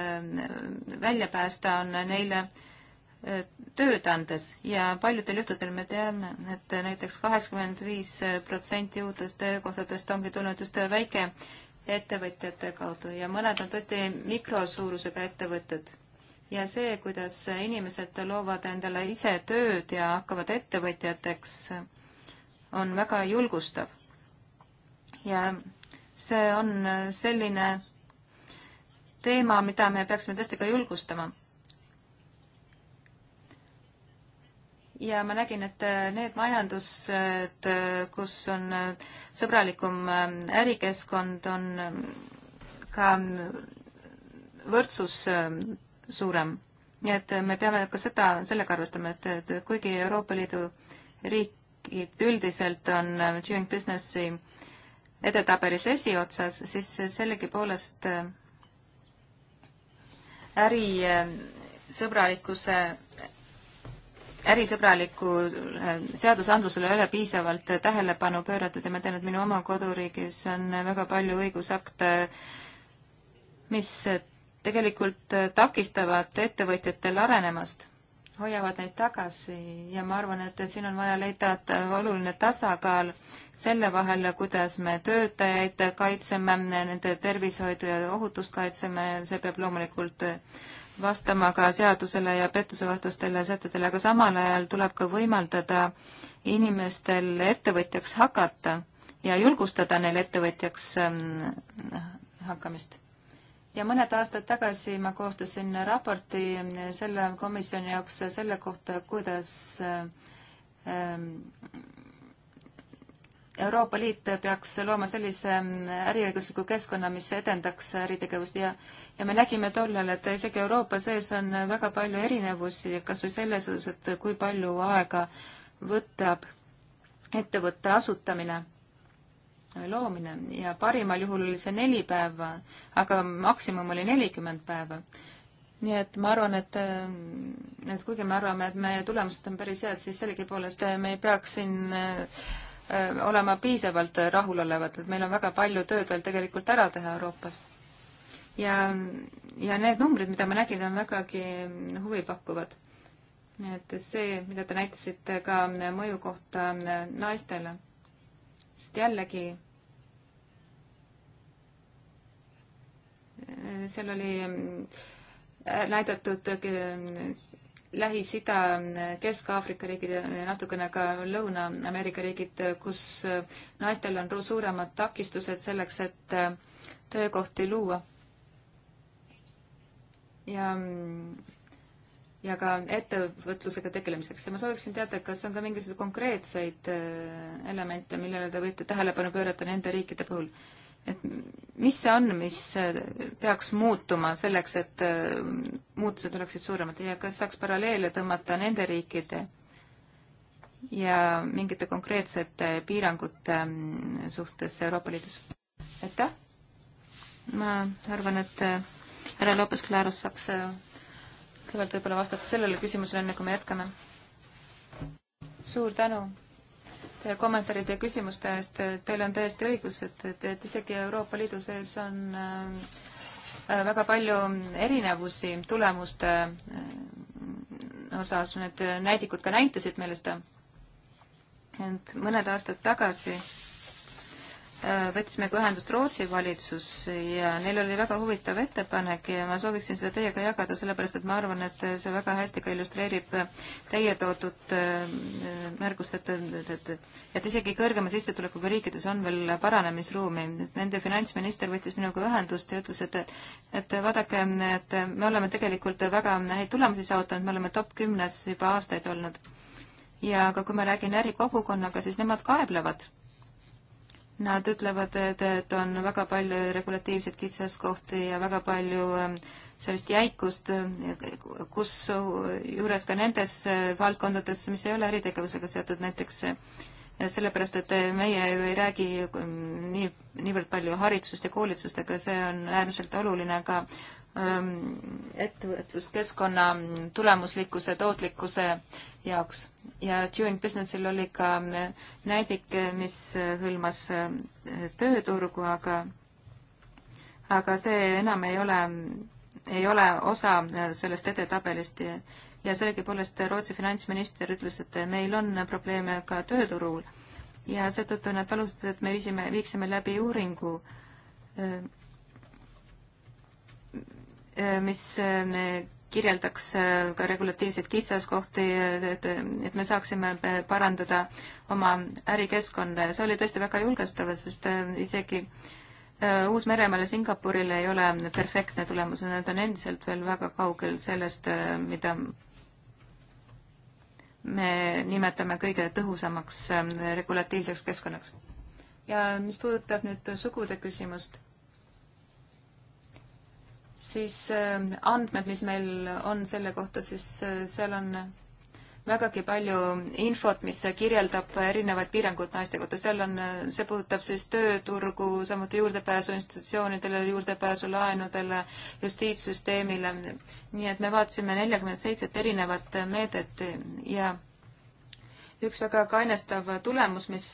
välja päästa, on neile äh, tööd andes ja paljudel juhtudel me teame, et näiteks kaheksakümmend viis äh, protsenti uutest töökohtadest ongi tulnud just väikeettevõtjate kaudu ja mõned on tõesti mikrosuurusega ettevõtted. ja see, kuidas inimesed loovad endale ise tööd ja hakkavad ettevõtjateks, on väga julgustav. ja see on selline teema, mida me peaksime tõesti ka julgustama. ja ma nägin, et need majandused, kus on sõbralikum ärikeskkond, on ka võrdsus suurem. nii et me peame ka seda, sellega arvestama, et, et kuigi Euroopa Liidu riigid üldiselt on doing business'i edetabelis esiotsas, siis sellegipoolest äh, ärisõbralikkuse, ärisõbraliku äh, seadusandlusele ei ole piisavalt tähelepanu pööratud ja ma tean, et minu oma koduriigis on väga palju õigusakte, mis tegelikult takistavad ettevõtjatel arenemast hoiavad neid tagasi ja ma arvan, et siin on vaja leida oluline tasakaal selle vahel, kuidas me töötajaid kaitseme, nende tervishoidu ja ohutust kaitseme, see peab loomulikult vastama ka seadusele ja pettusevastastele sätetele, aga samal ajal tuleb ka võimaldada inimestel ettevõtjaks hakata ja julgustada neil ettevõtjaks ähm, hakkamist ja mõned aastad tagasi ma koostasin raporti selle komisjoni jaoks selle kohta, kuidas ähm, Euroopa Liit peaks looma sellise ähm, äriõigusliku keskkonna, mis edendaks äritegevust ja ja me nägime tollal, et isegi Euroopa sees on väga palju erinevusi, kas või selles osas, et kui palju aega võtab ettevõtte asutamine loomine ja parimal juhul oli see neli päeva, aga maksimum oli nelikümmend päeva. nii et ma arvan, et, et kuigi me arvame, et meie tulemused on päris head, siis sellegipoolest me ei peaks siin äh, olema piisavalt rahulolevad, et meil on väga palju tööd veel tegelikult ära teha Euroopas. ja, ja need numbrid, mida me nägime, on vägagi huvipakkuvad. nii et see, mida te näitasite ka mõju kohta äh, naistele sest jällegi seal oli mm, näidatud äh, Lähis-Ida, mm, Kesk-Aafrika riigid ja natukene ka Lõuna-Ameerika riigid, kus äh, naistel on suuremad takistused selleks, et äh, töökohti luua. ja mm, ja ka ettevõtlusega tegelemiseks ja ma sooviksin teada, kas on ka mingisuguseid konkreetseid äh, elemente, millele te võite tähelepanu pöörata nende riikide puhul. et mis see on, mis äh, peaks muutuma selleks, et äh, muutused oleksid suuremad ja kas saaks paralleele tõmmata nende riikide ja mingite konkreetsete piirangute mm, suhtes Euroopa Liidus? aitäh! ma arvan, et härra Lopez-Claros saaks kõigepealt võib-olla vastata sellele küsimusele, enne kui me jätkame. suur tänu teie kommentaaride ja küsimuste eest. Teil on täiesti õigus, et, et, et isegi Euroopa Liidu sees on äh, väga palju erinevusi tulemuste äh, osas, need näidikud ka näitasid meile seda. et mõned aastad tagasi Äh, võtsime ka ühendust Rootsi valitsus ja neil oli väga huvitav ettepanek ja ma sooviksin seda teiega jagada, sellepärast et ma arvan, et see väga hästi ka illustreerib teie toodud äh, märgust, et, et, et, et isegi kõrgema sissetulekuga riikides on veel paranemisruumi. Nende finantsminister võttis minuga ühendust ja ütles, et, et vaadake, et me oleme tegelikult väga häid tulemusi saavutanud, me oleme top kümnes juba aastaid olnud. ja aga kui ma räägin ärikogukonnaga, siis nemad kaeblevad Nad ütlevad, et, et on väga palju regulatiivseid kitsaskohti ja väga palju ähm, sellist jäikust, kus juures ka nendes äh, valdkondades, mis ei ole äritegevusega seotud, näiteks äh, sellepärast, et äh, meie ju ei räägi ähm, nii, niivõrd palju haridusest ja koolitusest, aga see on äärmiselt oluline ka Ähm, ettevõtluskeskkonna tulemuslikkuse, tootlikkuse jaoks. ja Doing Businessil oli ka äh, näidik, äh, mis äh, hõlmas tööturgu, aga aga see enam ei ole, ei ole osa sellest edetabelist ja, ja sellegipoolest Rootsi finantsminister ütles, et meil on probleeme ka tööturul ja seetõttu nad palusid, et me viisime, viiksime läbi uuringu mis äh, kirjeldaks äh, ka regulatiivseid kitsaskohti, et, et me saaksime parandada oma ärikeskkonda ja see oli tõesti väga julgastav, sest äh, isegi Uus-Meremaal ja Singapuril ei ole perfektne tulemus, nad on endiselt veel väga kaugel sellest, mida me nimetame kõige tõhusamaks regulatiivseks keskkonnaks. ja mis puudutab nüüd sugude küsimust siis äh, andmed, mis meil on selle kohta, siis äh, seal on vägagi palju infot, mis kirjeldab erinevaid piiranguid naiste kohta, seal on, äh, see puudutab siis tööturgu, samuti juurdepääsu institutsioonidele, juurdepääsu laenudele, justiitssüsteemile. nii et me vaatasime neljakümmet seitset erinevat meedet ja üks väga kainestav tulemus, mis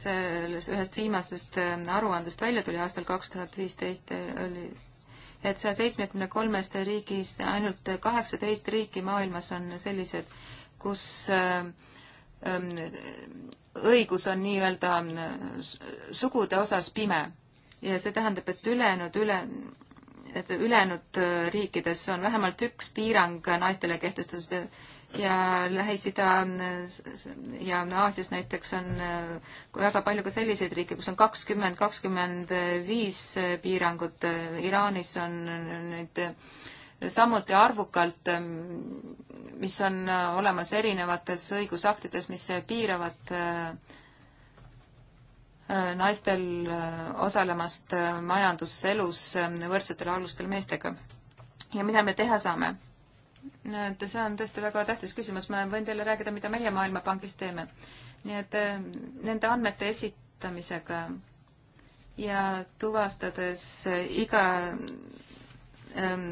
selles ühest viimasest aruandest välja tuli aastal kaks tuhat viisteist, oli et saja seitsmekümne kolmest riigist ainult kaheksateist riiki maailmas on sellised, kus ähm, ähm, õigus on nii-öelda äh, sugude osas pime ja see tähendab, et ülejäänud üle, et ülejäänud äh, riikides on vähemalt üks piirang naistele kehtestatud ja Lähis-Ida ja Aasias näiteks on äh, väga palju ka selliseid riike, kus on kakskümmend, kakskümmend viis äh, piirangut, Iraanis on nüüd äh, samuti arvukalt, ähm, mis on olemas erinevates õigusaktides, mis piiravad naistel osalemast majanduselus võrdsetel alustel meestega. ja mida me teha saame? no et see on tõesti väga tähtis küsimus, ma võin teile rääkida, mida meie Maailmapangis teeme. nii et eh, nende andmete esitamisega ja tuvastades iga ehm,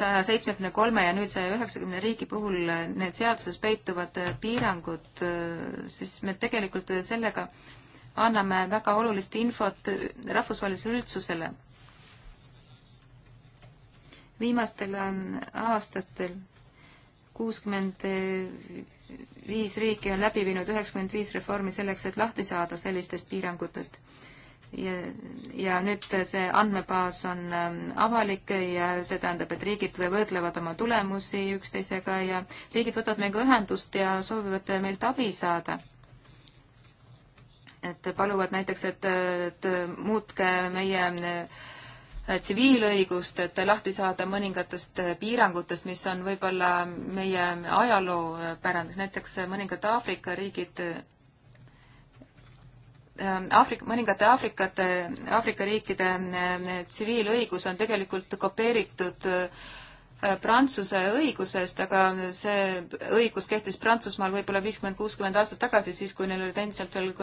saja seitsmekümne kolme ja nüüd saja üheksakümne riigi puhul need seaduses peituvad eh, piirangud, eh, siis me tegelikult sellega anname väga olulist infot rahvusvahelisele üldsusele viimastel äh, aastatel kuuskümmend viis riiki on läbi viinud üheksakümmend viis reformi selleks, et lahti saada sellistest piirangutest. ja, ja nüüd see andmebaas on ähm, avalik ja see tähendab, et riigid võrdlevad oma tulemusi üksteisega ja riigid võtavad meiega ühendust ja soovivad meilt abi saada et paluvad näiteks, et, et muutke meie Äh, tsiviilõigust, et lahti saada mõningatest äh, piirangutest, mis on võib-olla meie ajaloo äh, pärand, näiteks mõningad Aafrika riigid, ähm, Aafrika, mõningate Aafrikate, Aafrika riikide tsiviilõigus on tegelikult kopeeritud äh, Äh, Prantsuse õigusest, aga see õigus kehtis Prantsusmaal võib-olla viiskümmend, kuuskümmend aastat tagasi, siis kui neil olid endiselt veel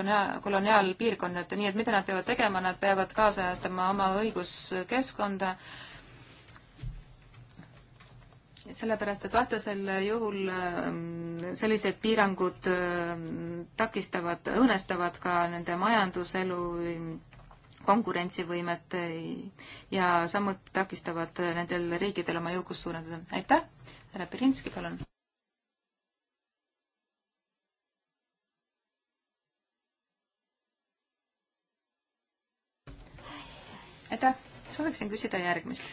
koloniaalpiirkonnad, nii et mida nad peavad tegema, nad peavad kaasajastama oma õiguskeskkonda, sellepärast, et vastasel juhul ähm, sellised piirangud ähm, takistavad, õõnestavad ka nende majanduselu konkurentsivõimet ja samuti takistavad nendel riikidel oma jõukust suurendada. aitäh, härra Pirinski, palun. aitäh, sooviksin küsida järgmist.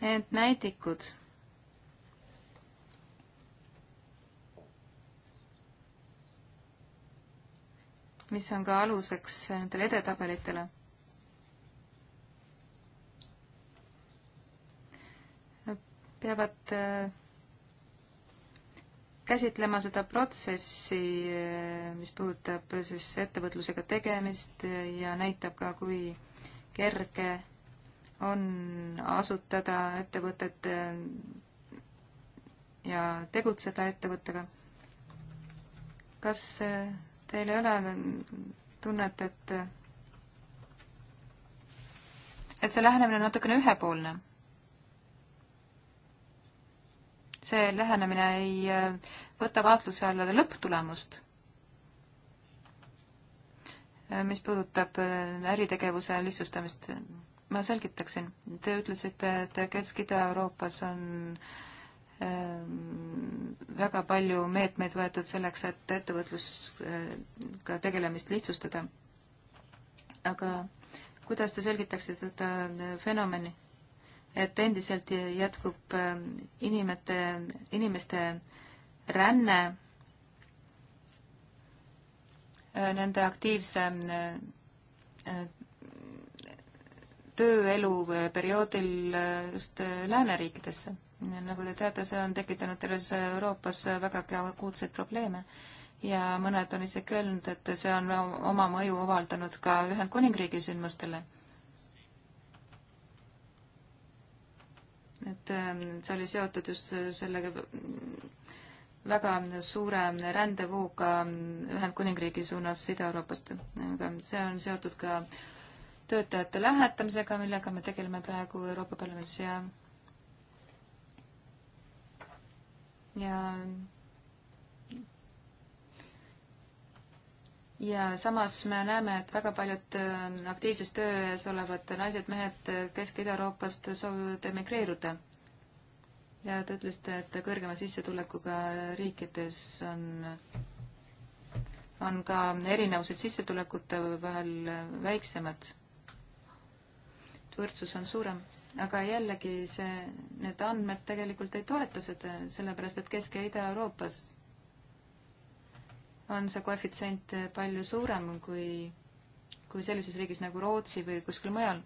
Need näidikud mis on ka aluseks nendele edetabelitele. peavad äh, käsitlema seda protsessi, äh, mis puudutab siis ettevõtlusega tegemist ja näitab ka, kui kerge on asutada ettevõtet äh, ja tegutseda ettevõttega. kas Teil ei ole tunnet, et, et see lähenemine on natukene ühepoolne? see lähenemine ei äh, võta vaatluse alla lõpptulemust, äh, mis puudutab äh, äritegevuse lihtsustamist. ma selgitaksin. Te ütlesite, et Kesk-Ida-Euroopas on äh, Ehm, väga palju meetmeid võetud selleks, et ettevõtlusega tegelemist lihtsustada. aga kuidas te selgitaksite seda fenomeni, et endiselt jätkub ehm, inimete, inimeste ränne ehm, nende aktiivse tööelu perioodil just lääneriikidesse? nagu te teate, see on tekitanud terves Euroopas vägagi akuutseid probleeme ja mõned on isegi öelnud, et see on oma mõju avaldanud ka Ühendkuningriigi sündmustele. et ähm, see oli seotud just sellega mm, väga suure rändevooga mm, Ühendkuningriigi suunas Ida-Euroopast, aga see on seotud ka töötajate lähetamisega, millega me tegeleme praegu Euroopa Parlamendis ja ja ja samas me näeme, et väga paljud ähm, aktiivses töös olevad naised-mehed Kesk- ja Ida-Euroopast soovivad emigreeruda. ja te ütlesite, et kõrgema sissetulekuga riikides on, on ka erinevused sissetulekute vahel väiksemad. võrdsus on suurem aga jällegi see, need andmed tegelikult ei toeta seda, sellepärast et Kesk- ja Ida-Euroopas on see koefitsient palju suurem kui, kui sellises riigis nagu Rootsi või kuskil mujal.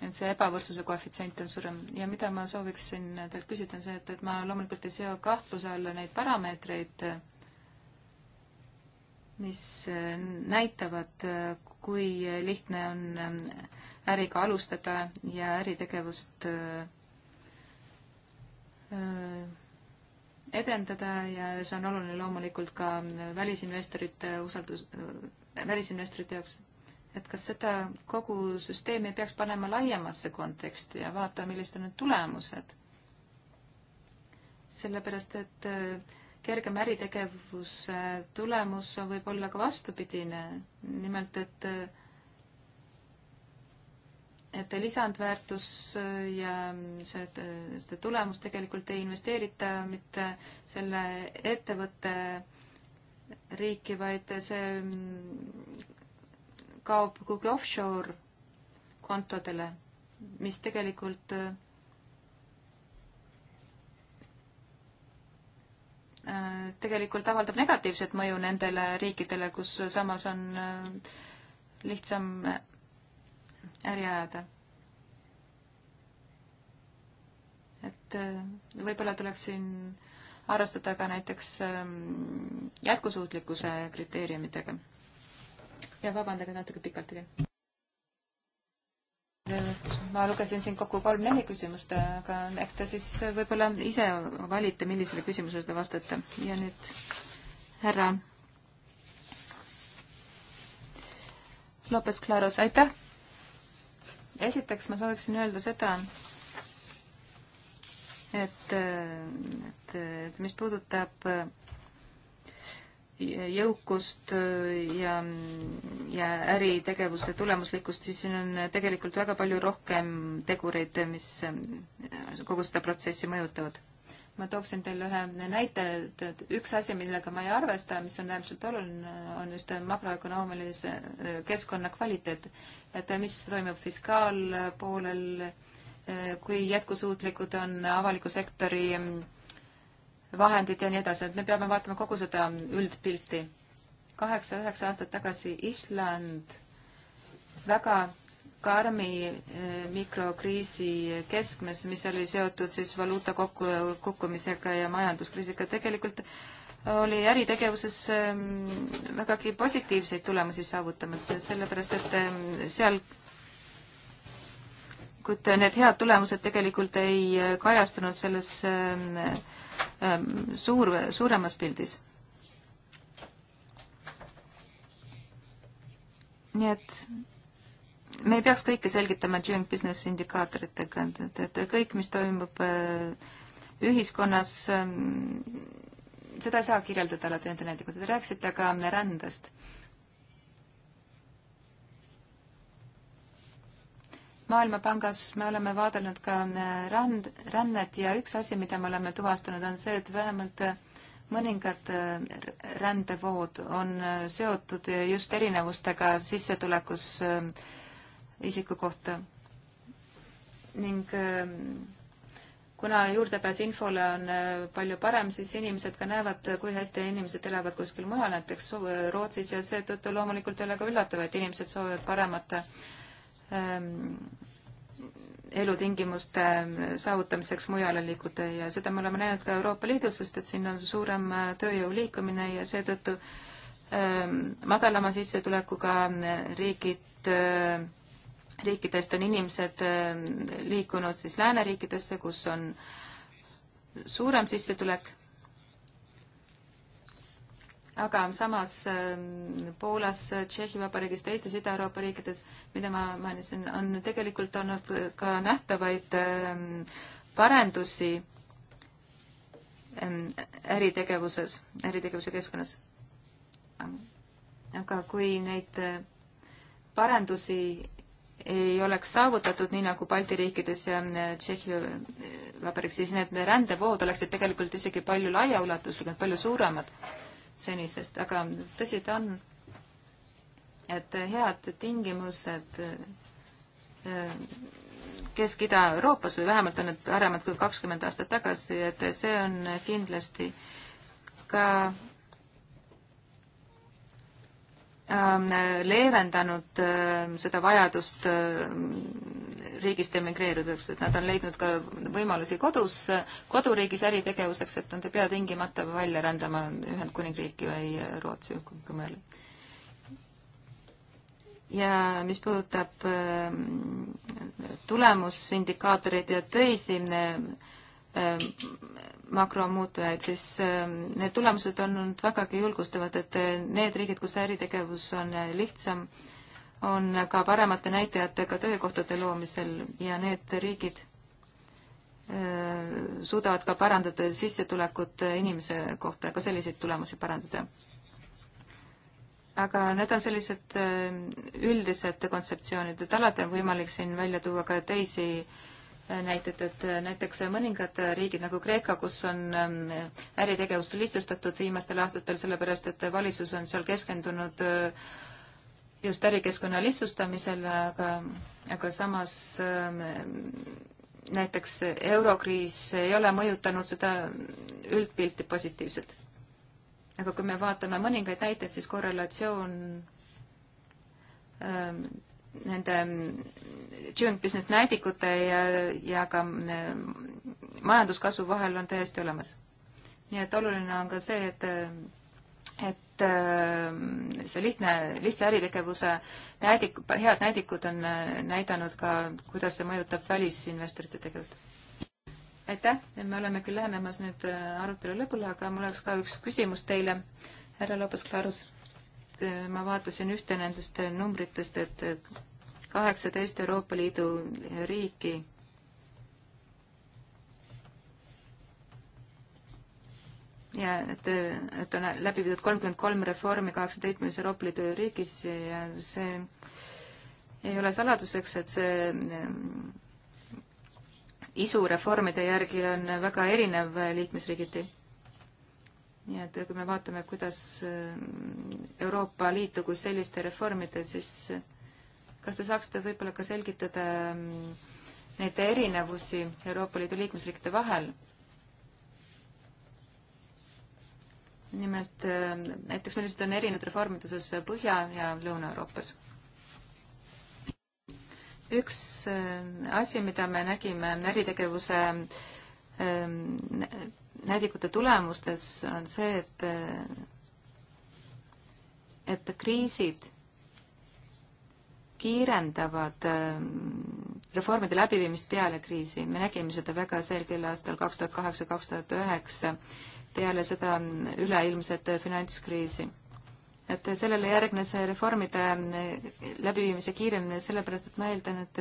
et see ebavõrdsuse koefitsient on suurem ja mida ma sooviksin teilt küsida, on see, et, et ma loomulikult ei seo kahtluse alla neid parameetreid, mis näitavad kui lihtne on ähm, äriga alustada ja äritegevust äh, äh, edendada ja see on oluline loomulikult ka äh, välisinvestorite usaldus, välisinvestorite jaoks, et kas seda kogu süsteemi peaks panema laiemasse konteksti ja vaatama, millised on need tulemused. sellepärast, et kergem äritegevuse tulemus võib olla ka vastupidine, nimelt et et lisandväärtus ja see, see tulemus tegelikult ei investeerita mitte selle ettevõtte riiki, vaid see kaob kuhugi offshore kontodele, mis tegelikult äh, Äh, tegelikult avaldab negatiivset mõju nendele riikidele, kus samas on äh, lihtsam äh, äri ajada. et võib-olla tuleks siin arvestada ka näiteks ähm, jätkusuutlikkuse kriteeriumitega. ja vabandage, natuke pikalt tegin ma lugesin siin kokku kolm-neli küsimust, aga ehk te siis võib-olla ise valite, millisele küsimusele te vastate. ja nüüd härra Lopes Claros, aitäh! esiteks ma sooviksin öelda seda, et, et, et mis puudutab jõukust äh, ja, ja äritegevuse tulemuslikkust, siis siin on tegelikult väga palju rohkem tegureid, mis äh, kogu seda protsessi mõjutavad. ma tooksin teile ühe näite, et üks asi, millega ma ei arvesta, mis on äärmiselt oluline, on just makroökonoomilise äh, keskkonna kvaliteet. et mis toimub fiskaalpoolel, kui jätkusuutlikud on avaliku sektori mm, vahendid ja nii edasi, et me peame vaatama kogu seda üldpilti. kaheksa-üheksa aastat tagasi Island väga karmi eh, mikrokriisi keskmes, mis oli seotud siis valuuta kokku, kukkumisega ja majanduskriisiga, tegelikult oli äritegevuses ehm, vägagi positiivseid tulemusi saavutamas, sellepärast et ehm, seal kuid need head tulemused tegelikult ei eh, kajastunud selles ehm, Ähm, suur, suuremas pildis. nii et me ei peaks kõike selgitama doing business indikaatoritega, et, et kõik, mis toimub äh, ühiskonnas, ähm, seda ei saa kirjeldada alati nende näidikutega. Te rääkisite ka rändest Maailmapangas me oleme vaadelnud ka äh, rand, rännet ja üks asi, mida me oleme tuvastanud, on see, et vähemalt äh, mõningad äh, rändevood on seotud just erinevustega sissetulekus isiku kohta. ning kuna juurdepääs infole on palju parem, siis inimesed ka näevad, kui hästi inimesed elavad kuskil mujal, näiteks Rootsis ja seetõttu loomulikult ei ole ka üllatav, et inimesed soovivad paremat Ähm, elutingimuste ähm, saavutamiseks mujale liikuda ja seda me oleme näinud ka Euroopa Liidus, sest et siin on suurem äh, tööjõu liikumine ja seetõttu ähm, madalama sissetulekuga äh, riigid, äh, riikidest on inimesed liikunud siis lääneriikidesse, kus on suurem sissetulek aga samas ähm, Poolas, Tšehhi Vabariigis, teistes Ida-Euroopa riikides, mida ma mainisin, on tegelikult olnud ka nähtavaid ähm, parendusi ähm, äritegevuses, äritegevuse keskkonnas. aga kui neid äh, parendusi ei oleks saavutatud, nii nagu Balti riikides ja äh, Tšehhi äh, Vabariigis, siis need rändevood oleksid tegelikult isegi palju laiaulatuslikumad, palju suuremad senisest, aga tõsi ta on, et head tingimused eh, Kesk-Ida-Euroopas või vähemalt on need paremad kui kakskümmend aastat tagasi, et see on kindlasti ka ähm, leevendanud äh, seda vajadust äh, riigist emigreerudeks, et nad on leidnud ka võimalusi kodus, koduriigis äritegevuseks, et nad ei pea tingimata välja rändama Ühendkuningriiki või Rootsi või kui mõelda. ja mis puudutab ähm, tulemusindikaatoreid ja teisi ähm, makromuutujaid, siis ähm, need tulemused on olnud vägagi julgustavad, et need riigid, kus äritegevus on äh, lihtsam, on ka paremate näitajatega töökohtade loomisel ja need riigid äh, suudavad ka parandada sissetulekut äh, inimese kohta, ka selliseid tulemusi parandada. aga need on sellised äh, üldised kontseptsioonid, et alati on võimalik siin välja tuua ka teisi näiteid, et näiteks mõningad riigid nagu Kreeka, kus on ähm, äritegevust lihtsustatud viimastel aastatel, sellepärast et valitsus on seal keskendunud äh, just ärikeskkonna lihtsustamisel, aga, aga samas ähm, näiteks eurokriis ei ole mõjutanud seda üldpilti positiivselt. aga kui me vaatame mõningaid näiteid, siis korrelatsioon ähm, nende doing business näidikute ja, ja ka ähm, majanduskasvu vahel on täiesti olemas. nii et oluline on ka see, et, et et ähm, see lihtne, lihtsa äritegevuse näidik, head näidikud on äh, näidanud ka, kuidas see mõjutab välisinvestorite tegevust. aitäh, me oleme küll lähenemas nüüd äh, arutelu lõpule, aga mul oleks ka üks küsimus teile, härra Lopes-Klarus. ma vaatasin ühte nendest numbritest, et kaheksateist Euroopa Liidu riiki ja et, et on läbi viidud kolmkümmend kolm reformi kaheksateistkümnes Euroopa Liidu riigis ja see ei ole saladuseks, et see mm, isu reformide järgi on väga erinev liikmesriigiti. nii et kui me vaatame, kuidas mm, Euroopa Liitu kui selliste reformide, siis kas te saaksite võib-olla ka selgitada mm, neid erinevusi Euroopa Liidu liikmesriikide vahel? nimelt äh, näiteks millised on erinevad reformid osas Põhja- ja Lõuna-Euroopas. üks äh, asi, mida me nägime äritegevuse ähm, näidikute tulemustes, on see, et äh, et kriisid kiirendavad reformide läbiviimist peale kriisi. me nägime seda väga selgel aastal kaks tuhat kaheksa, kaks tuhat üheksa peale seda üleilmset finantskriisi. et sellele järgnes reformide läbiviimise kiirenemine, sellepärast et ma eeldan, et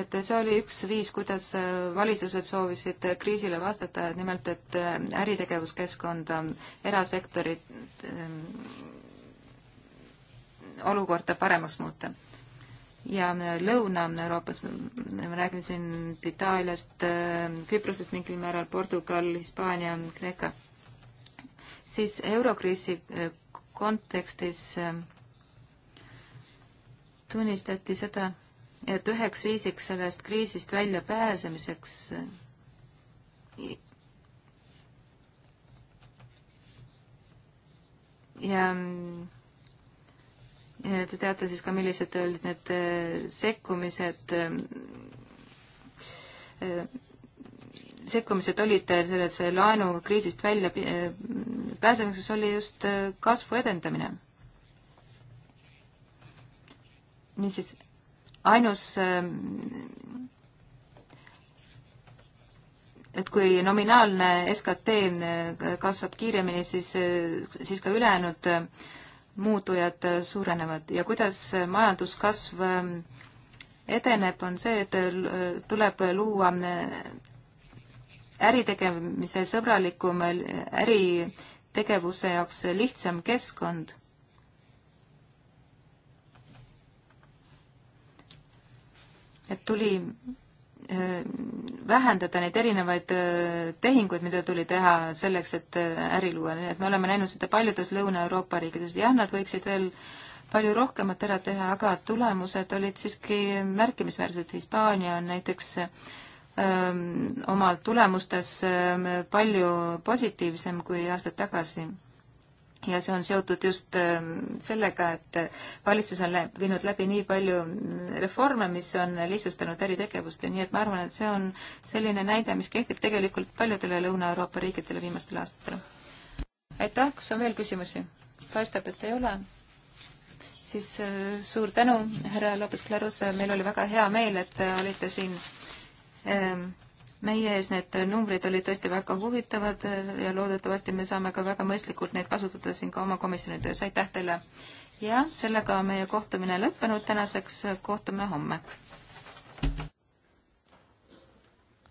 et see oli üks viis, kuidas valitsused soovisid kriisile vastata, et nimelt, et äritegevuskeskkonda, erasektorit, ähm, olukorda paremaks muuta. ja Lõuna-Euroopas, ma räägin siin Itaaliast, Küprosest mingil määral, Portugal, Hispaania, Kreeka siis eurokriisi eh, kontekstis eh, tunnistati seda, et üheks viisiks sellest kriisist välja pääsemiseks eh, ja Ja te teate siis ka, millised olid need sekkumised sekkumised olid selles laenukriisist välja eh, pääsemiseks, oli just eh, kasvu edendamine. niisiis, ainus eh, et kui nominaalne SKT kasvab kiiremini, siis, siis ka ülejäänud muutujad suurenevad ja kuidas majanduskasv edeneb, on see, et tuleb luua äritegemise sõbralikum, äritegevuse jaoks lihtsam keskkond. et tuli äh, vähendada neid erinevaid äh, tehinguid, mida tuli teha selleks, et äh, äri luua, nii et me oleme näinud seda paljudes Lõuna-Euroopa riikides, jah, nad võiksid veel palju rohkemat ära teha, aga tulemused olid siiski märkimisväärsed, Hispaania on näiteks äh, Ähm, oma tulemustes ähm, palju positiivsem kui aastaid tagasi. ja see on seotud just ähm, sellega, et valitsus on viinud läbi nii palju mm, reforme, mis on lihtsustanud äritegevust ja nii et ma arvan, et see on selline näide, mis kehtib tegelikult paljudele Lõuna-Euroopa riikidele viimastel aastatel. aitäh, kas on veel küsimusi? paistab, et ei ole siis äh, suur tänu, härra Lopes-Klarus, meil oli väga hea meel, et te äh, olite siin Ehm, meie ees need numbrid olid tõesti väga huvitavad eh, ja loodetavasti me saame ka väga mõistlikult neid kasutada siin ka oma komisjoni töös. aitäh teile! ja sellega on meie kohtumine lõppenud, tänaseks kohtume homme!